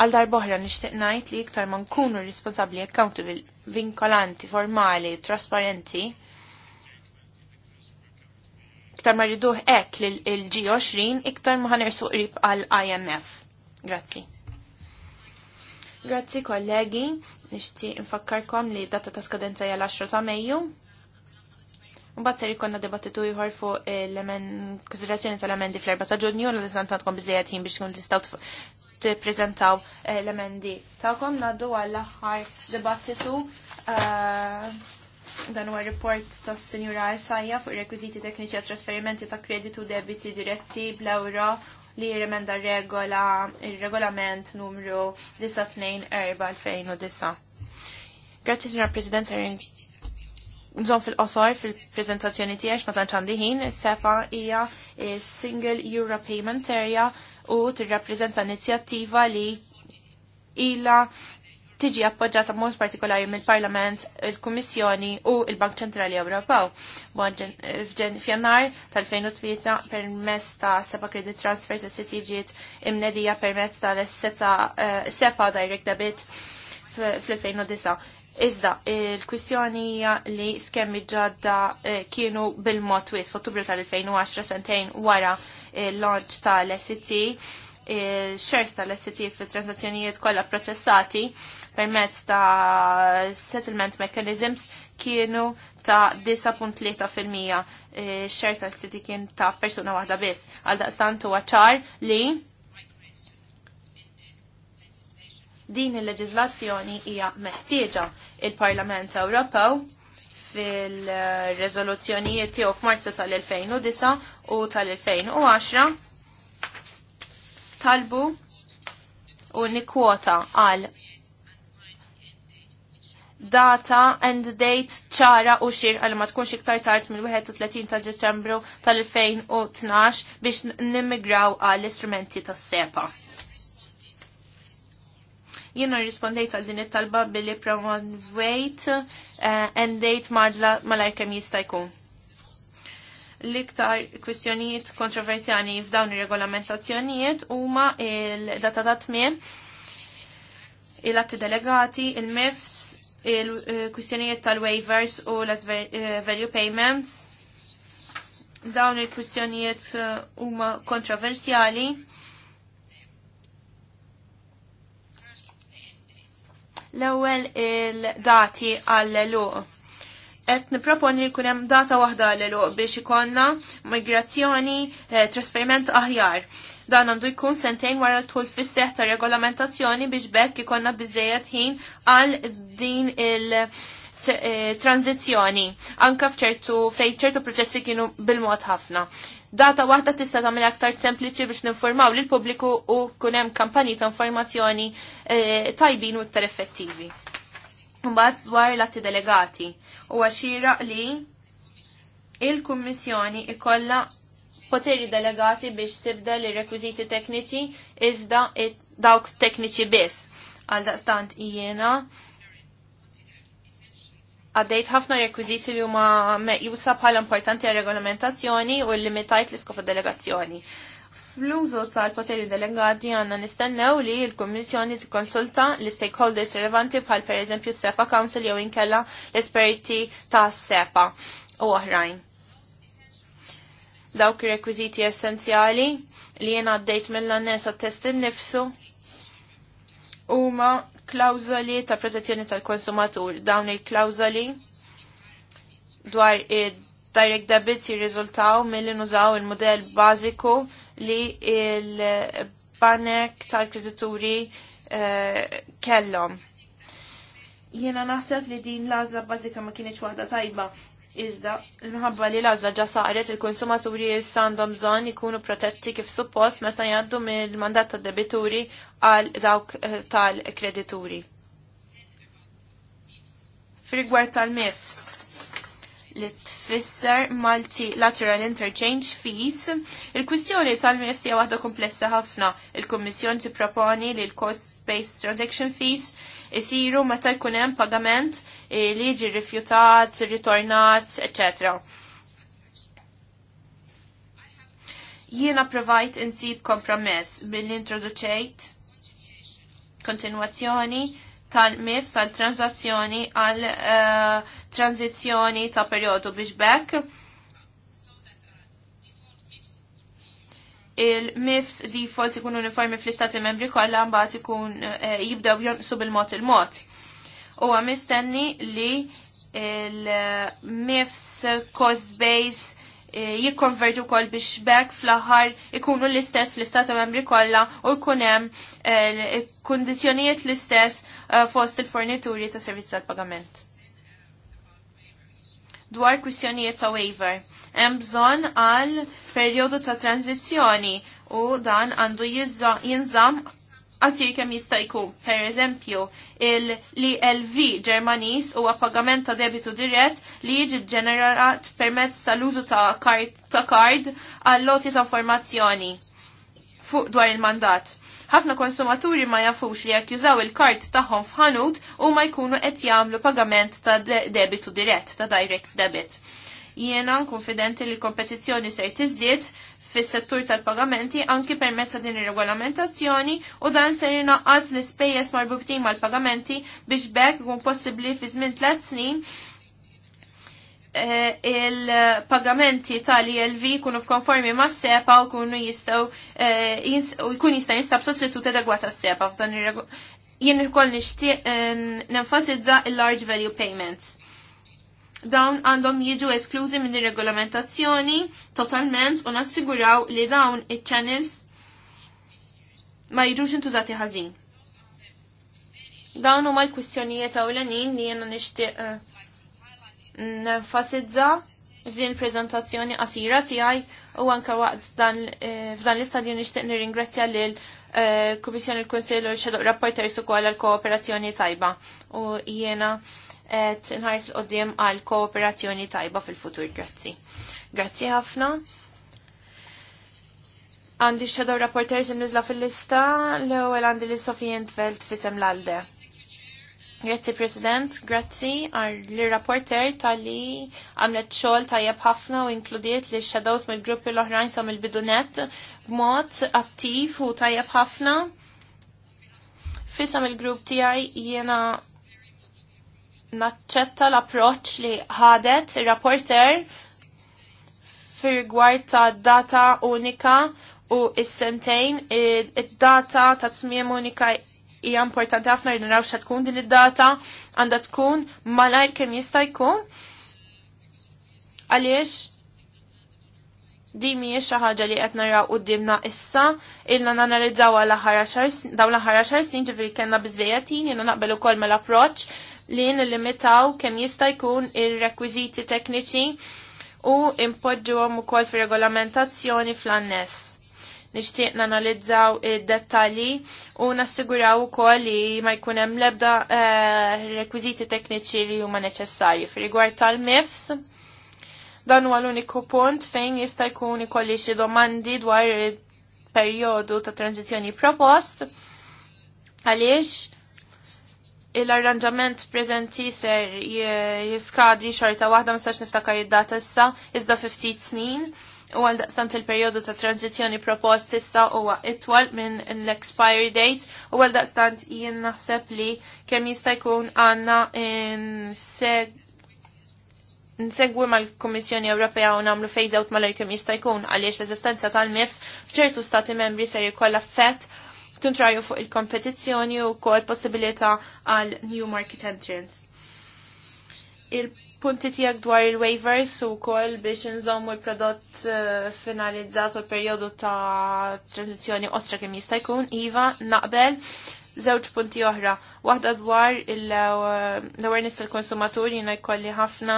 Għal darboħra nixtieq ngħid li iktar ma nkunu responsabbli accountable, vinkolanti, formali, trasparenti, iktar ma rriduh hekk lil g 20 iktar ma ħanersu qrib għal IMF. Grazzi. Grazzi kollegi, nixtieq infakkarkom li data ta' skadenza hija l-10 ta' Mejju, Mbagħad ser ikollna dibattitu ieħor fuq l-emen konsiderazzjoni tal-emendi fl-4 ta' Ġunju l santantkom biżejjed ħin biex tkun tistgħu tippreżentaw eh, l-emendi. Tagħkom ngħaddu għall-aħħar dibattitu eh, dan huwa report tas Sinjura Isajja fuq ir rekwiżiti tekniċi għat trasferimenti ta' kreditu debiti diretti bl-ewra li jirremenda regola ir-regolament numru 924 2009. Grazzi, Signor President, Nżon fil-qosor fil-prezentazzjoni tiegħek ma tantx għandi ħin, sepa hija Single Euro Payment Area u tirrappreżenta inizjattiva li ila tiġi appoġġata mod partikolari mill-Parlament, il-Kummissjoni u il-Bank Ċentrali Ewropew. F'Jannar tal-2003 permezz ta' SEPA Credit Transfer se se tiġiet imnedija permezz tal-SEPA eh, Direct Debit fl-2009. Iżda, il-kwistjoni hija li skemmi ġodda eh, kienu bil-mod wis f'Ottubru tal-2010 sentejn wara eh, l-launch tal-SCT e il-shares eh, tal-SCT e fit transazzjonijiet kollha pproċessati permezz ta' settlement mechanisms kienu ta' 9.3% xer tal-SCT kien ta' persuna waħda biss. Għal daqstant huwa ċar li Din il-leġizlazzjoni hija meħtieġa il-Parlament Ewropew fil-rezoluzzjonijiet tiegħu f'Marzu tal-2009 u tal-2010 talbu u nikwota għal data and date ċara u xir għal ma tkunx iktar tard mill-31 ta' Ġeċembru tal-2012 biex nimmigraw għall istrumenti tas-sepa jina rrispondejt għal din it-talba billi promovejt eh, endejt maġla mal-arkem jista' jkun. L-iktar kwistjonijiet kontroversjali f'dawn ir-regolamentazzjonijiet huma il-data ta' tmiem, il-atti delegati, il-MIFS, il-kwistjonijiet tal-waivers u l-value eh, payments. Dawn il-kwistjonijiet eh, huma kontroversjali L-ewwel il-dati għall-eluq. Qed niproponi li jkun hemm data waħda għall-eluq biex ikonna migrazzjoni, eh, trasferiment aħjar. Dan għandu jkun sentejn wara l-tul fis seħħ ta' regolamentazzjoni biex bekk ikonna biżejjed ħin għal din il- eh, tranzizjoni anka fċertu fej ċertu proċessi kienu bil-mod ħafna data waħda tista' tagħmel aktar sempliċi biex ninformaw lil pubbliku u kun hemm kampanji ta' informazzjoni eh, tajbin u iktar effettivi. Mbagħad dwar l-atti delegati u għaxira li il-Kummissjoni ikolla poteri delegati biex tibdel ir-rekwiżiti tekniċi iżda dawk tekniċi biss. Għal daqstant jiena għaddejt ħafna rekwiziti li huma meqjusa bħala importanti għal regolamentazzjoni u limitajt l-iskopa delegazzjoni. Fl-użu tal-poteri delegati għanna nistennew li l-Kommissjoni tikkonsulta l-stakeholders relevanti bħal per eżempju SEPA Council jew inkella l-esperti ta' SEPA u oħrajn. Dawk rekwiziti essenzjali li jena għaddejt mill annessa test nifsu huma klawżoli ta' protezzjoni tal-konsumatur. Dawn il-klawżoli dwar id-direct debits jirriżultaw milli nużaw il-modell bażiku li il-banek tal-kredituri kellom. Eh, kellhom. Jiena naħseb li din l-għażla bażika ma kienieċ waħda tajba Iżda, minħabba li l ġa saqret il-konsumaturi għandhom bżonn ikunu protetti kif suppost meta jgħaddu mill-mandat tad debituri għal dawk eh, tal-kredituri. Frigwar tal-MIFS li tfisser Multi Lateral Interchange Fees, il-kwistjoni tal-MIFS hija waħda komplessa ħafna. Il-Kummissjoni tipproponi li l-Cost Based Transaction Fees isiru meta jkun hemm pagament eh, li jiġi rifjutat, ritornat, etc. Jiena provajt insib kompromess billi introduċejt kontinwazzjoni tal-mif tal-transazzjoni għal uh, ta' periodu biex bekk il-MIFS default ikun uniformi fl-istati membri kollha mbagħad ikun eh, jibdew jonqsu bil-mod il-mod. Huwa mistenni li il-MIFS cost base eh, jikkonverġu kol biex bekk fl-aħħar ikunu l-istess fl-istati membri kollha u jkun hemm eh, kundizzjonijiet l-istess fost il-fornituri ta' servizz tal-pagament. Dwar kwistjonijiet ta' waiver hemm bżonn għal perjodu ta' tranzizzjoni u dan għandu jinżamm għasir kem jista' jkun. Per eżempju, l lv Ġermanis huwa pagament ta' debitu dirett li jiġi ġenerat permezz tal-użu ta' kard ta' kard għall loti ta' formazzjoni fuq dwar il-mandat. Ħafna konsumaturi ma jafux li jekk jużaw il-kart tagħhom f'ħanut u ma jkunu qed jagħmlu pagament ta' debitu dirett ta' direct debit Jiena konfidenti li kompetizzjoni ser tizdiet fis-settur tal-pagamenti anki permezz din ir-regolamentazzjoni u dan ser inaqqas l-ispejjeż marbutin mal-pagamenti biex bekk ikun possibbli fi żmien tliet snin eh, il-pagamenti tal-ILV kunu f'konformi ma' s-sepa u kunu jistaw eh, u jkun jista' jinstab sostitut adegwata e s-sepa f'dan ir-regol. Jien ukoll nixtieq eh, nenfasizza il-large value payments dawn għandhom jiġu esklużi minn regolamentazzjoni totalment u nassiguraw li dawn iċ-channels ma jiġux intużati ħażin. Dawn huma l-kwistjonijiet ewlenin li jiena nixtieq eh, nenfasizza f'din il-preżentazzjoni qasira tiegħi u anke waqt eh, f'dan l-istadju nixtieq nirringrazzja lil eh, Kummissjoni l-Kunsill u l-Xeduq Rapporters ukoll għall kooperazzjoni tajba u jiena et nħares l-qoddim għal kooperazzjoni tajba fil-futur. Grazzi. Grazzi ħafna. Għandi xadow rapporters nizla fil-lista l-ewel għandi li Sofie Entveld fisem l-alde. Grazzi President, grazzi għal rapporter tal-li għamlet xol tajjeb ħafna u inkludiet li shadows mill-gruppi l-oħrajn sa mill-bidunet b'mod attiv u tajjeb ħafna. Fisam il-grupp tijaj jena naċċetta l-approċ li ħadet il-rapporter fir ta' data unika u is-sentejn id-data ta' smiem unika hija importanti ħafna rridu naraw tkun din id-data għandha tkun malajr kemm jista' jkun għaliex di mhijiex xi ħaġa li qed naraw qudiemna issa illa nanalizzaw għal aħħar dawn l-aħħar xar snin ġifieri kellna biżejjed jiena naqbel ukoll mal-approċċ li nilimitaw kemm jista' jkun ir-rekwiżiti tekniċi u impoġġuhom ukoll fir-regolamentazzjoni fl-annes nixtieq nanalizzaw id-dettalji u nassiguraw ukoll li ma jkun hemm l-ebda eh, rekwiżiti tekniċi li huma neċessarji. Fir-rigward tal-MIFS, dan huwa l-uniku punt fejn jista' jkun ikolli xi domandi dwar il-perjodu ta' tranzizjoni propost għaliex il-arranġament prezenti ser jiskadi xorta waħda mistax niftakar id-data issa, iżda 50 snin, u għal daqsant il-periodu ta' tranzizjoni propost issa huwa itwal minn l-expiry date u għal daqstant jien naħseb li kemm jista' jkun għandna nsegwi mal-Kommissjoni Ewropea u nagħmlu phase out mal-kemm jista' jkun għaliex l-eżistenza tal-MIFS f'ċertu stati membri ser jkollha fett kontrarju fuq il-kompetizzjoni u kol possibilita għal new market entrants. Il-punti tijak dwar il-waivers u kol biex nżommu il-prodott finalizzat u periodu ta' tranzizjoni ostra kem jista' jkun, Iva, naqbel, żewġ punti oħra. Waħda dwar l-awareness tal-konsumatur jina jkolli ħafna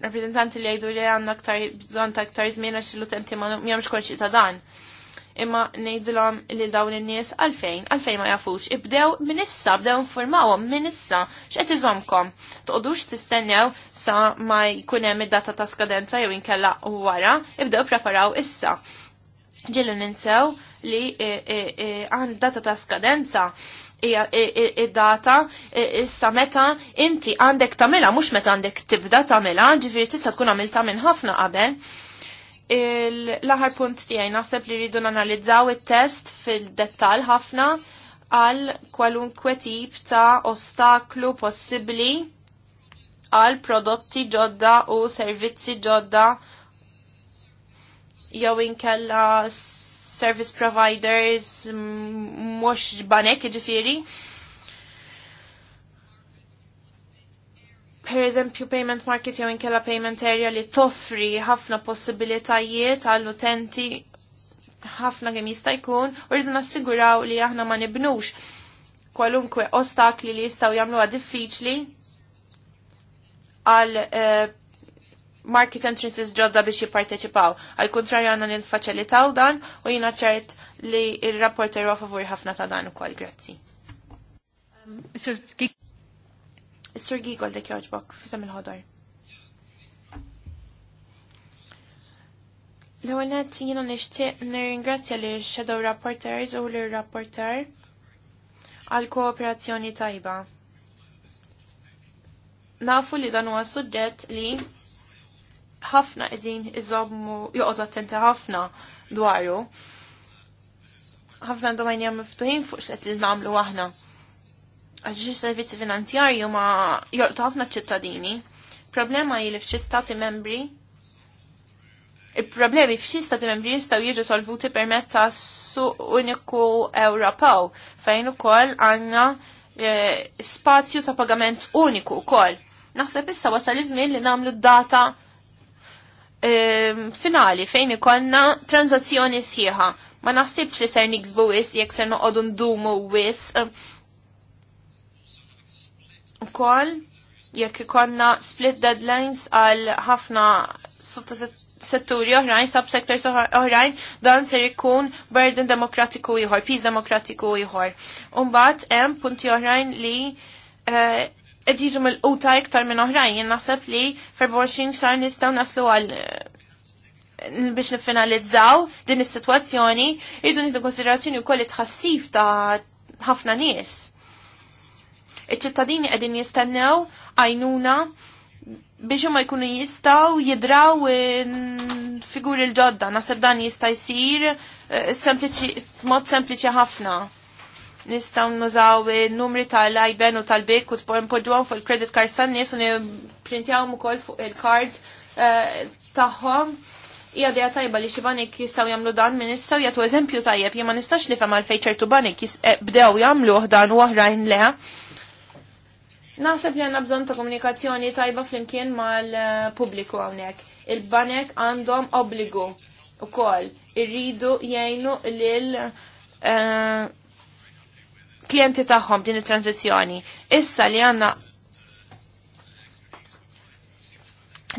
rappresentanti li għajdu li għanna ktar bżon ta' ktar zmina xillu temti ma jomx kolxi ta' dan imma ngħidilhom lil dawn in-nies għalfejn, għalfejn ma jafux. Ibdew minn issa, bdew informaw, minn issa x'qed iżomkom. t tistennew sa ma jkun hemm id-data ta' skadenza jew inkella wara, ibdew preparaw issa. Ġillu ninsew li e, e, e, għan data ta' skadenza hija id-data issa meta inti għandek tamela, mhux meta għandek tibda tamela, ġifiri tista' tkun għamilta minn ħafna qabel l-aħar punt tiegħi naħseb li rridu nanalizzaw it-test fil-dettal ħafna għal kwalunkwe tip ta' ostaklu possibbli għal prodotti ġodda u servizzi ġodda jew inkella service providers mhux banek ġifieri per eżempju payment market jew inkella payment area li toffri ħafna possibilitajiet għall-utenti ħafna kemm jista' jkun u rridu nassiguraw li aħna ma nibnux kwalunkwe ostakli li jistgħu jagħmluha diffiċli għal uh, market entrances ġodda biex jipparteċipaw. Għal kontrarju għandna nil dan u jina ċert li r rapporter huwa favur ħafna ta' dan ukoll. Grazzi. Um, Is-Sur Gigol dek joġbok fisem il-ħodor. L-ewwel nett jiena nixtieq nirringrazzja li shadow rapporters u li rapporter għal kooperazzjoni tajba. Nafu li dan huwa suġġett li ħafna qegħdin iżommu joqgħod attenti ħafna dwaru. Ħafna domajnija miftuħin fuq x'qed il nagħmlu aħna għax servizzi finanzjarju ma jorqtu ħafna ċittadini. Problema jili f'xi stati membri Il-problemi f'xi stati membri jistgħu jiġu solvuti permezz ta' suq uniku Ewropew fejn ukoll għandna e, spazju ta' pagament uniku wkoll. Naħseb issa wasal iż-żmien li nagħmlu data e, finali fejn ikollna tranzazzjoni sħiħa. Ma naħsibx li ser niksbu wis jekk ser noqogħdu ndumu wis kol, jekk konna split deadlines għal ħafna setturi oħrajn, subsectors oħrajn, dan ser ikun burden demokratiku ieħor, peace demokratiku ieħor. Umbat, hemm punti oħrajn li eh, qed jiġu mill-quta iktar minn oħrajn, jien naħseb li fer 24 xar nistaw naslu għal eh, biex nifinalizzaw din is-sitwazzjoni, jridu nieħdu konsiderazzjoni wkoll it-tħassif ta' ħafna nies Iċ-ċittadini qegħdin jistennew għajnuna biex ma jkunu jistaw jidraw figur il ġodda nasib dan jista jisir eh, mod sempliċi ħafna. Nistaw nużaw numri tal-ajben u tal-bik u t-poġuħom fuq il-credit card nies u printjawm ukoll fuq il-card eh, taħħom. Ija dija tajba li xibanik jistaw jamlu dan minn issa jgħatu eżempju tajjeb, jema nistax li fem għal fejċertu banik eh, bdew jamlu dan u oħrajn leħ Naħseb li għanna bżon ta' komunikazzjoni tajba flimkien mal-publiku għawnek. Il-banek għandhom obbligu u koll irridu jgħinu lil eh, klienti tagħhom din it-tranzizzjoni. Issa li għanna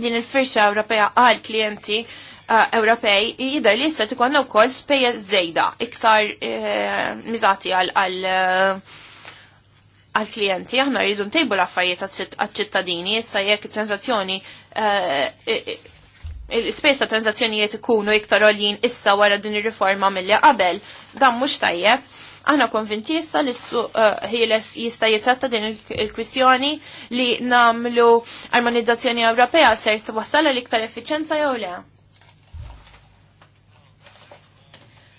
din il-firxa Ewropea għal klienti eh, Ewropej jidher li jista' tikonna wkoll spejja żejda iktar eh, miżati għal, għal-klienti, aħna rridu ntejbu l-affarijiet għal-ċittadini, issa jekk transazzjoni eh, il-spesa transazzjonijiet ikunu iktar għoljin issa wara din ir-riforma mill qabel, dan mhux tajjeb. Aħna konvinti issa li eh, ħieles jista' jitratta din il-kwistjoni li namlu armonizzazzjoni Ewropea ser twassal l-iktar effiċenza jew le.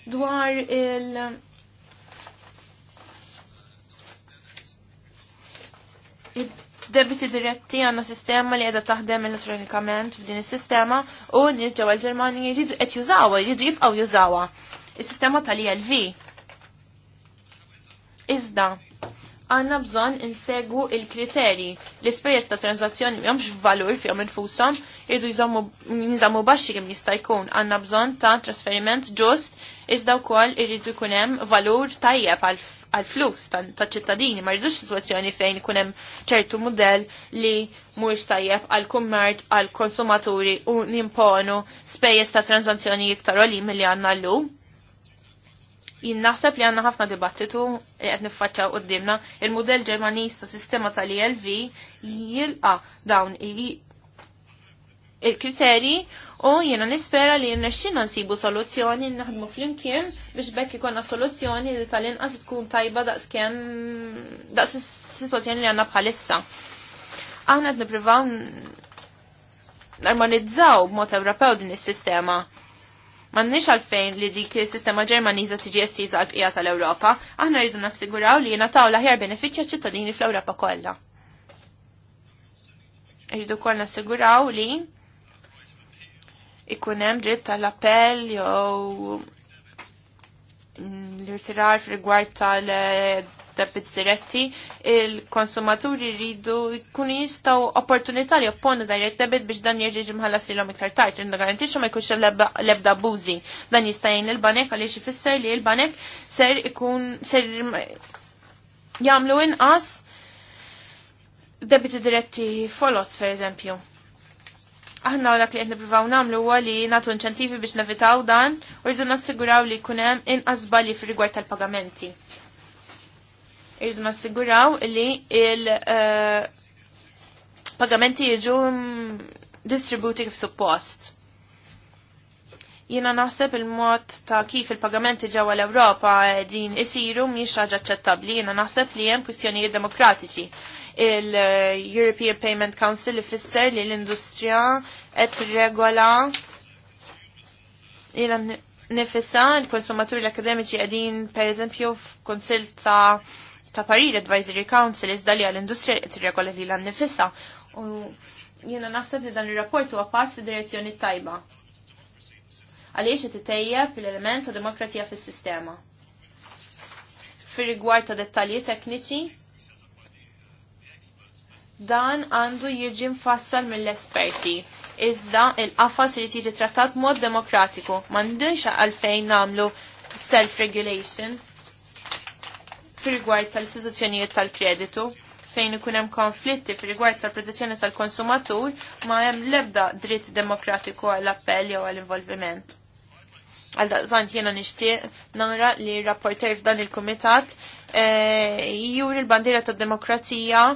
Dwar il- debiti diretti għanna sistema li għedha taħdem elettronikament f'din is-sistema u n-nies ġewwa l ġermani jridu qed jużawha, jridu jibqgħu jużawha. Is-sistema tal-ILV. Iżda, għanna bżonn insegwu il-kriteri li spejjeż ta' tranzazzjoni m'hemmx valur fihom infushom irdu nżammu baxxi kemm jista' jkun. Għandna bżonn ta' trasferiment ġust iżda wkoll irridu jkun hemm valur tajjeb għal għal-flus tal-ċittadini, ma rridux situazzjoni fejn ikun hemm ċertu mudell li mux tajjeb għal-kummert għal-konsumaturi u nimponu spejjeż ta' transazzjoni iktar li milli għandna llum. Jien naħseb li għandna ħafna dibattitu nifacċa qed niffaċċaw dimna il-mudell Ġermaniż ta' sistema tal-ELV jilqa' dawn il-kriterji il kriteri il kriterji U jiena nispera li xina nsibu soluzzjoni naħdmu flimkien biex bekk ikonna soluzzjoni li tal-inqas tkun tajba daqskemm daqs is li għandna bħalissa. Aħna qed nippruvaw normalizzaw b'mod Ewropew din is-sistema. M'għandniex għalfejn li dik is-sistema Ġermaniża tiġi estiża għal bqija tal-Ewropa, aħna rridu nassiguraw li jingħataw l-aħjar benefiċċja ċittadini fl-Ewropa kollha. Rridu kol nassiguraw li ikun hemm dritt tal-appell jew l-irtirar rigward tal-debits diretti, il-konsumaturi rridu jkunu jistaw opportunità li opponu direct debit biex dan jirġi mħallas li l-om iktar tajt, rinda garantisġu ma jkunx l-ebda buzi. Dan jistajn il-banek għaliex ifisser li il-banek ser ikun ser jamlu inqas debiti diretti folot, per eżempju aħna dak li qed nippruvaw namlu huwa li nagħtu inċentivi biex nevitaw dan u rridu nassiguraw li jkun hemm inqas balji fir-rigward tal-pagamenti. Irridu nassiguraw li il eh, pagamenti jiġu distributi kif suppost. Jiena naħseb il-mod ta' kif il-pagamenti ġewwa l-Ewropa din isiru mhix ħaġa aċċettabbli, jiena naħseb li hemm kwistjonijiet demokratiċi il-European Payment Council li fisser li l-industrija qed regola il nifissa l-konsumaturi l-akademiċi għedin per eżempju f'konsil ta' ta' Parir Advisory Council iżda li għall-industrija qed regola li l-nifissa u jena naħseb li dan il-rapport huwa pass fi direzzjoni tajba għaliex qed itejjeb l-element ta' demokrazija fis-sistema. Fir rigward ta' dettalji tekniċi, dan għandu jiġi mfassal mill-esperti. Iżda il-qafas li tiġi trattat mod demokratiku. Mandinx għalfejn namlu self-regulation fil-rigward tal-istituzzjonijiet tal-kreditu fejn ikun hemm konflitti fil-rigward tal-protezzjoni tal-konsumatur ma hemm lebda dritt demokratiku għall appell jew għall-involviment. Għal daqsant jena nixtieq nara li rapporter f'dan il-kumitat eh, juri l bandira tad-demokrazija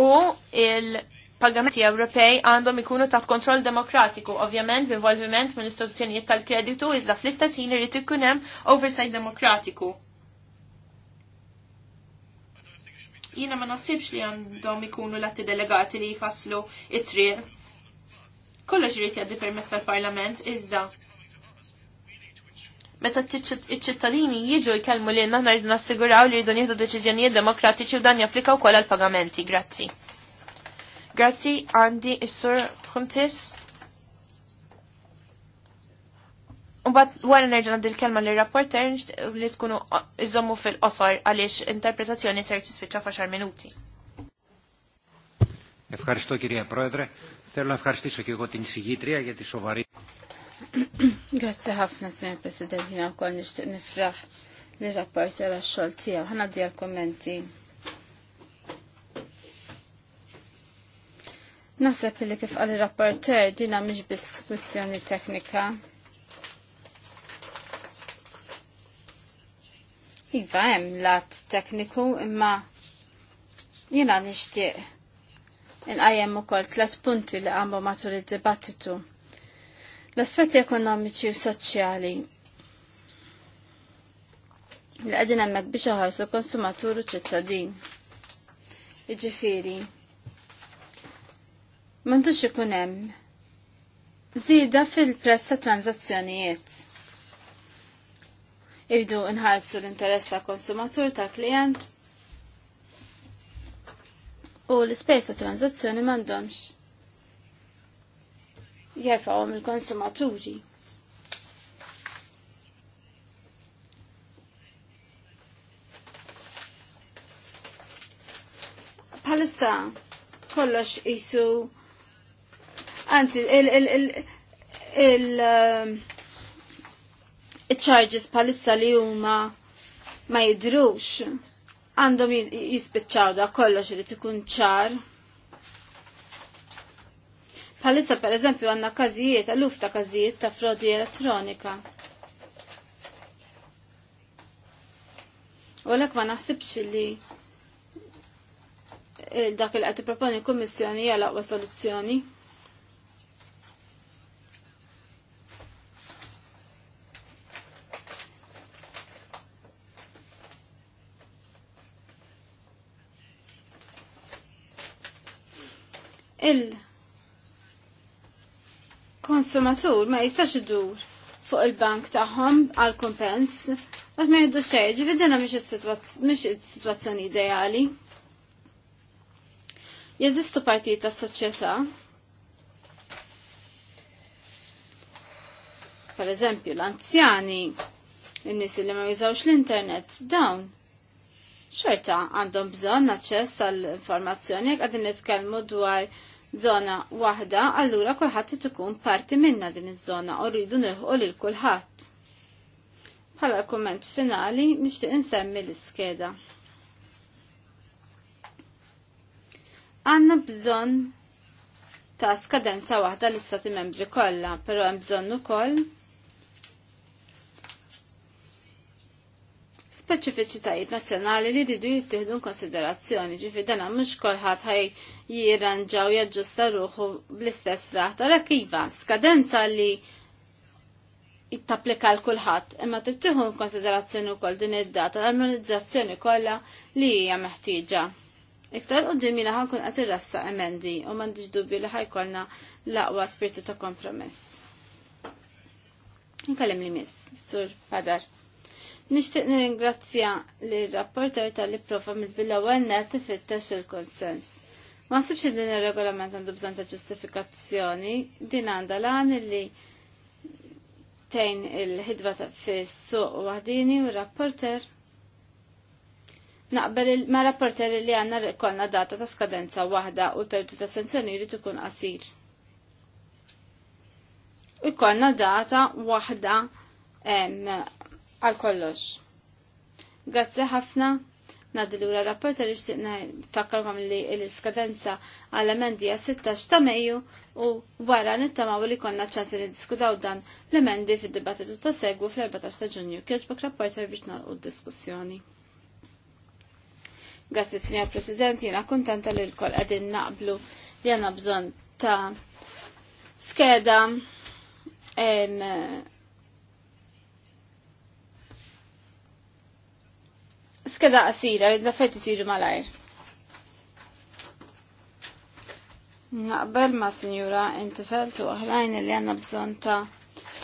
u il-pagamenti Ewropej għandhom ikunu taħt kontroll demokratiku, ovvjament b'involviment mill istituzzjonijiet tal-kreditu iżda fl-istess ħin irid ikun hemm oversight demokratiku. Jiena ma naħsibx li għandhom ikunu l-atti delegati li jfasslu it-triq. Kollox irid jgħaddi permezz tal-Parlament iżda meta iċ-ċittadini jiġu jkellmu li naħna rridu nassiguraw li rridu nieħdu deċiżjonijiet demokratiċi u dan japplikaw kol għal pagamenti. Grazzi. Grazzi għandi is-sur Kuntis. Umbat wara nerġa' għandi l-kelma lir rapporter li tkunu iżommu fil-qosor għaliex interpretazzjoni ser tispiċċa faċar minuti. Ευχαριστώ κυρία Πρόεδρε. Θέλω να ευχαριστήσω και εγώ την εισηγήτρια για τη σοβαρή. [COUGHS] Grazzi ħafna, Sr. President, jina wkoll nixtieq nifraħ li rapport għal xogħol tiegħu. Ħana dija kommenti. Naseb li kif għal rapporter dina mhix biss kwistjoni teknika. Iva hemm lat tekniku imma jiena nixtieq inqajjem ukoll tliet punti li għamu matul id-dibattitu l-aspetti ekonomiċi u soċjali li għadin għemmek biex ħarsu konsumatur u ċittadin. Iġifiri, mandux ikun hemm zida fil-prezz ta' tranzazzjonijiet. Irridu nħarsu l-interess ta' konsumatur ta' klient u l-ispejs ta' tranzazzjoni mandomx jerfawhom il-konsumaturi. Palissa kollox isu anzi il um, il-charges palissa li huma ma jidrux għandhom jispiċċaw da kollox li tkun ċar. Palissa per eżempju għanna kazijiet, għaluf ta' kazijiet ta' frodi elettronika. U għalek ma naħsibx li dak il qed proponi l-Kummissjoni hija soluzzjoni. il konsumatur ma jistax idur fuq il-bank tagħhom għal kompens għat ma jiddu xejn, ġifi dinna il is-sitwazzjoni ideali. Jeżistu partijiet tas-soċjetà per eżempju l-anzjani, n-nis li ma jużawx l-internet, dawn xorta għandhom bżonn aċċess għall informazzjoni jekk qegħdin nitkellmu dwar zona waħda, allura kulħadd ikun parti minna din iż-żona u rridu nilħu lil kulħadd. Bħala kumment finali nixtieq insemmi l-iskeda. Għanna bżonn ta' skadenza waħda l-istati membri kollha, però hemm bżonn ukoll speċifiċitajiet nazzjonali li ridu jittieħdu konsiderazzjoni ġifi dana mhux kolħadd ħaj jirranġaw jaġġusta ruħu bl-istess raħt, l iva skadenza li jittaplika l kulħadd imma tittieħu konsiderazzjoni wkoll din id-data l-armonizzazzjoni kollha li hija meħtieġa. Iktar u jiena ħankun qed irrassa emendi u m'għandix dubju li ħajkollna l-aqwa spiritu ta' kompromess. Nkellem li miss, Sur Padar. Nixtieq nirringrazzja li rapporter tal-li prova mill-bilawel net tifittex il-konsens. Ma sibx din ir-regolament għandu bżonn ta' ġustifikazzjoni, din għandha lan li tejn il-ħidba fis-suq waħdini u rapporter Naqbel ma rapporter li għanna kolna data ta' skadenza wahda u l-perdu ta' sanzjoni li tukun qasir. U kolna data wahda għal kollox. Grazzi ħafna, naddi l-ura rapport li xtiqna fakkarkom li l-skadenza għal emendi 16 ta' Mejju u wara nittamaw li konna ċans li diskutaw dan l-emendi fid-dibattitu ta' segwu fl-14 ta' ġunju. Kieġbok rapporter biex nalqu d-diskussjoni. Grazzi, Signor President, jena kontenta li l-kol għedin naqblu li għana bżon ta' skeda skeda qasira, l-affetti siru malajr. Naqbel ma' sinjura intifelt u għahrajn li għanna bżon ta'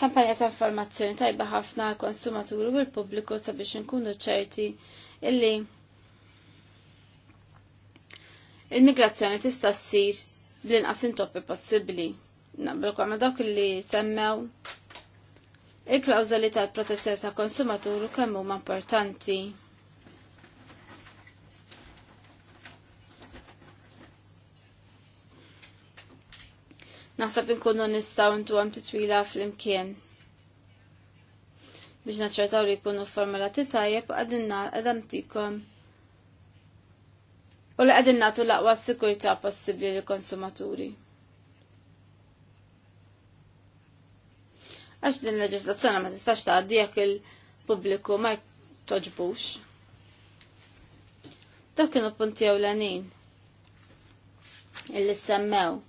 kampanja ta' informazzjoni tajba ħafna konsumaturi u l-pubbliku sabiex nkunu ċerti illi il-migrazzjoni tista' ssir bl-inqas intoppi possibbli. Naqbel kwa dawk li semmew il-klawżoli tal-protezzjoni ta' konsumaturi kemm huma importanti. Naħseb inkunu nistaw intu għam titwila fl-imkien. Biex naċċertaw li jkunu formula tajjeb għadinna għadam tikom. U li għadinna tu laqwa sikurta possibli li konsumaturi. Għax din leġislazzjoni ma tistax tgħaddi jekk il-pubbliku ma toġbux. Dak kienu punti ewlenin 'li semmew.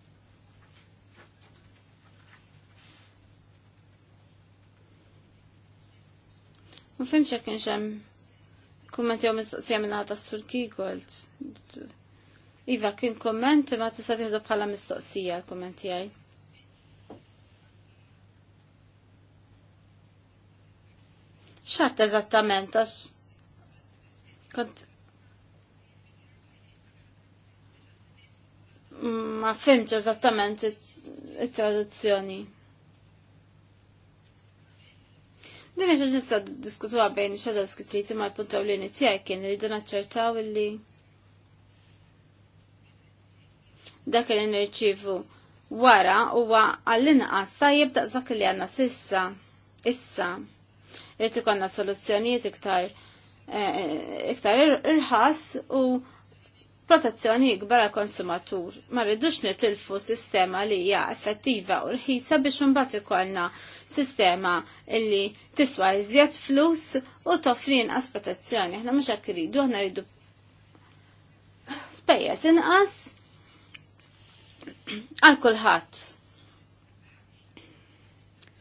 Ma fimx jekk inxem jom jew mistoqsija minn ħata sur Gigold. Iva, kien komment ma tista' tieħdu bħala mistoqsija l jaj. għaj. ċat eżattament, għax kont ma fimċ eżattament it-traduzzjoni. It Din ħaġa ġista diskutuha bejn xadar skitrit ma l-puntaw l tiegħek kien li naċċertaw li dak li nirċivu wara huwa għall-inqas tajjeb daqsak li għanna sissa issa irid ikonna soluzzjonijiet iktar eh, iktar irħas u protezzjoni ikbar għal konsumatur. Ma rridux nitilfu sistema li hija effettiva u rħisa biex imbagħad ikollna sistema li tiswa iżjed flus u toffri inqas protezzjoni. Aħna mhux hekk iridu, aħna rridu spejjeż inqas għal kulħadd.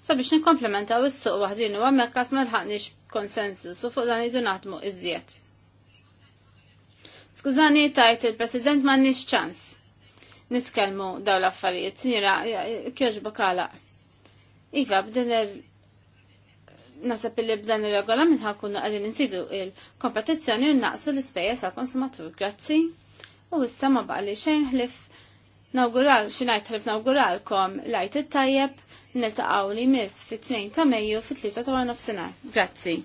Sabiex nikkomplementaw is-suq waħdin u għamek għat ma l konsensus u fuq dan idu naħdmu iżjed. Skużani tajt il-President ma nix ċans. Nitkelmu daw l-affarijiet, sinjura, kjoġ bakala. Iva, b'din er nasab li b'dan il-regolament ħakunna għadin insidu il-kompetizzjoni u naqsu l-ispejjeż sa' konsumatur. Grazzi. U issa ma bali xejn ħlif nawgural, xinajt ħlif nawguralkom lajt it-tajjeb niltaqgħu li miss fit-2 ta' Mejju fit-3 ta' nofsinhar. Grazzi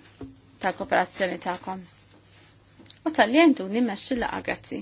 tal-kooperazzjoni tagħkom u tal-li nimmexxi laqa grazzi.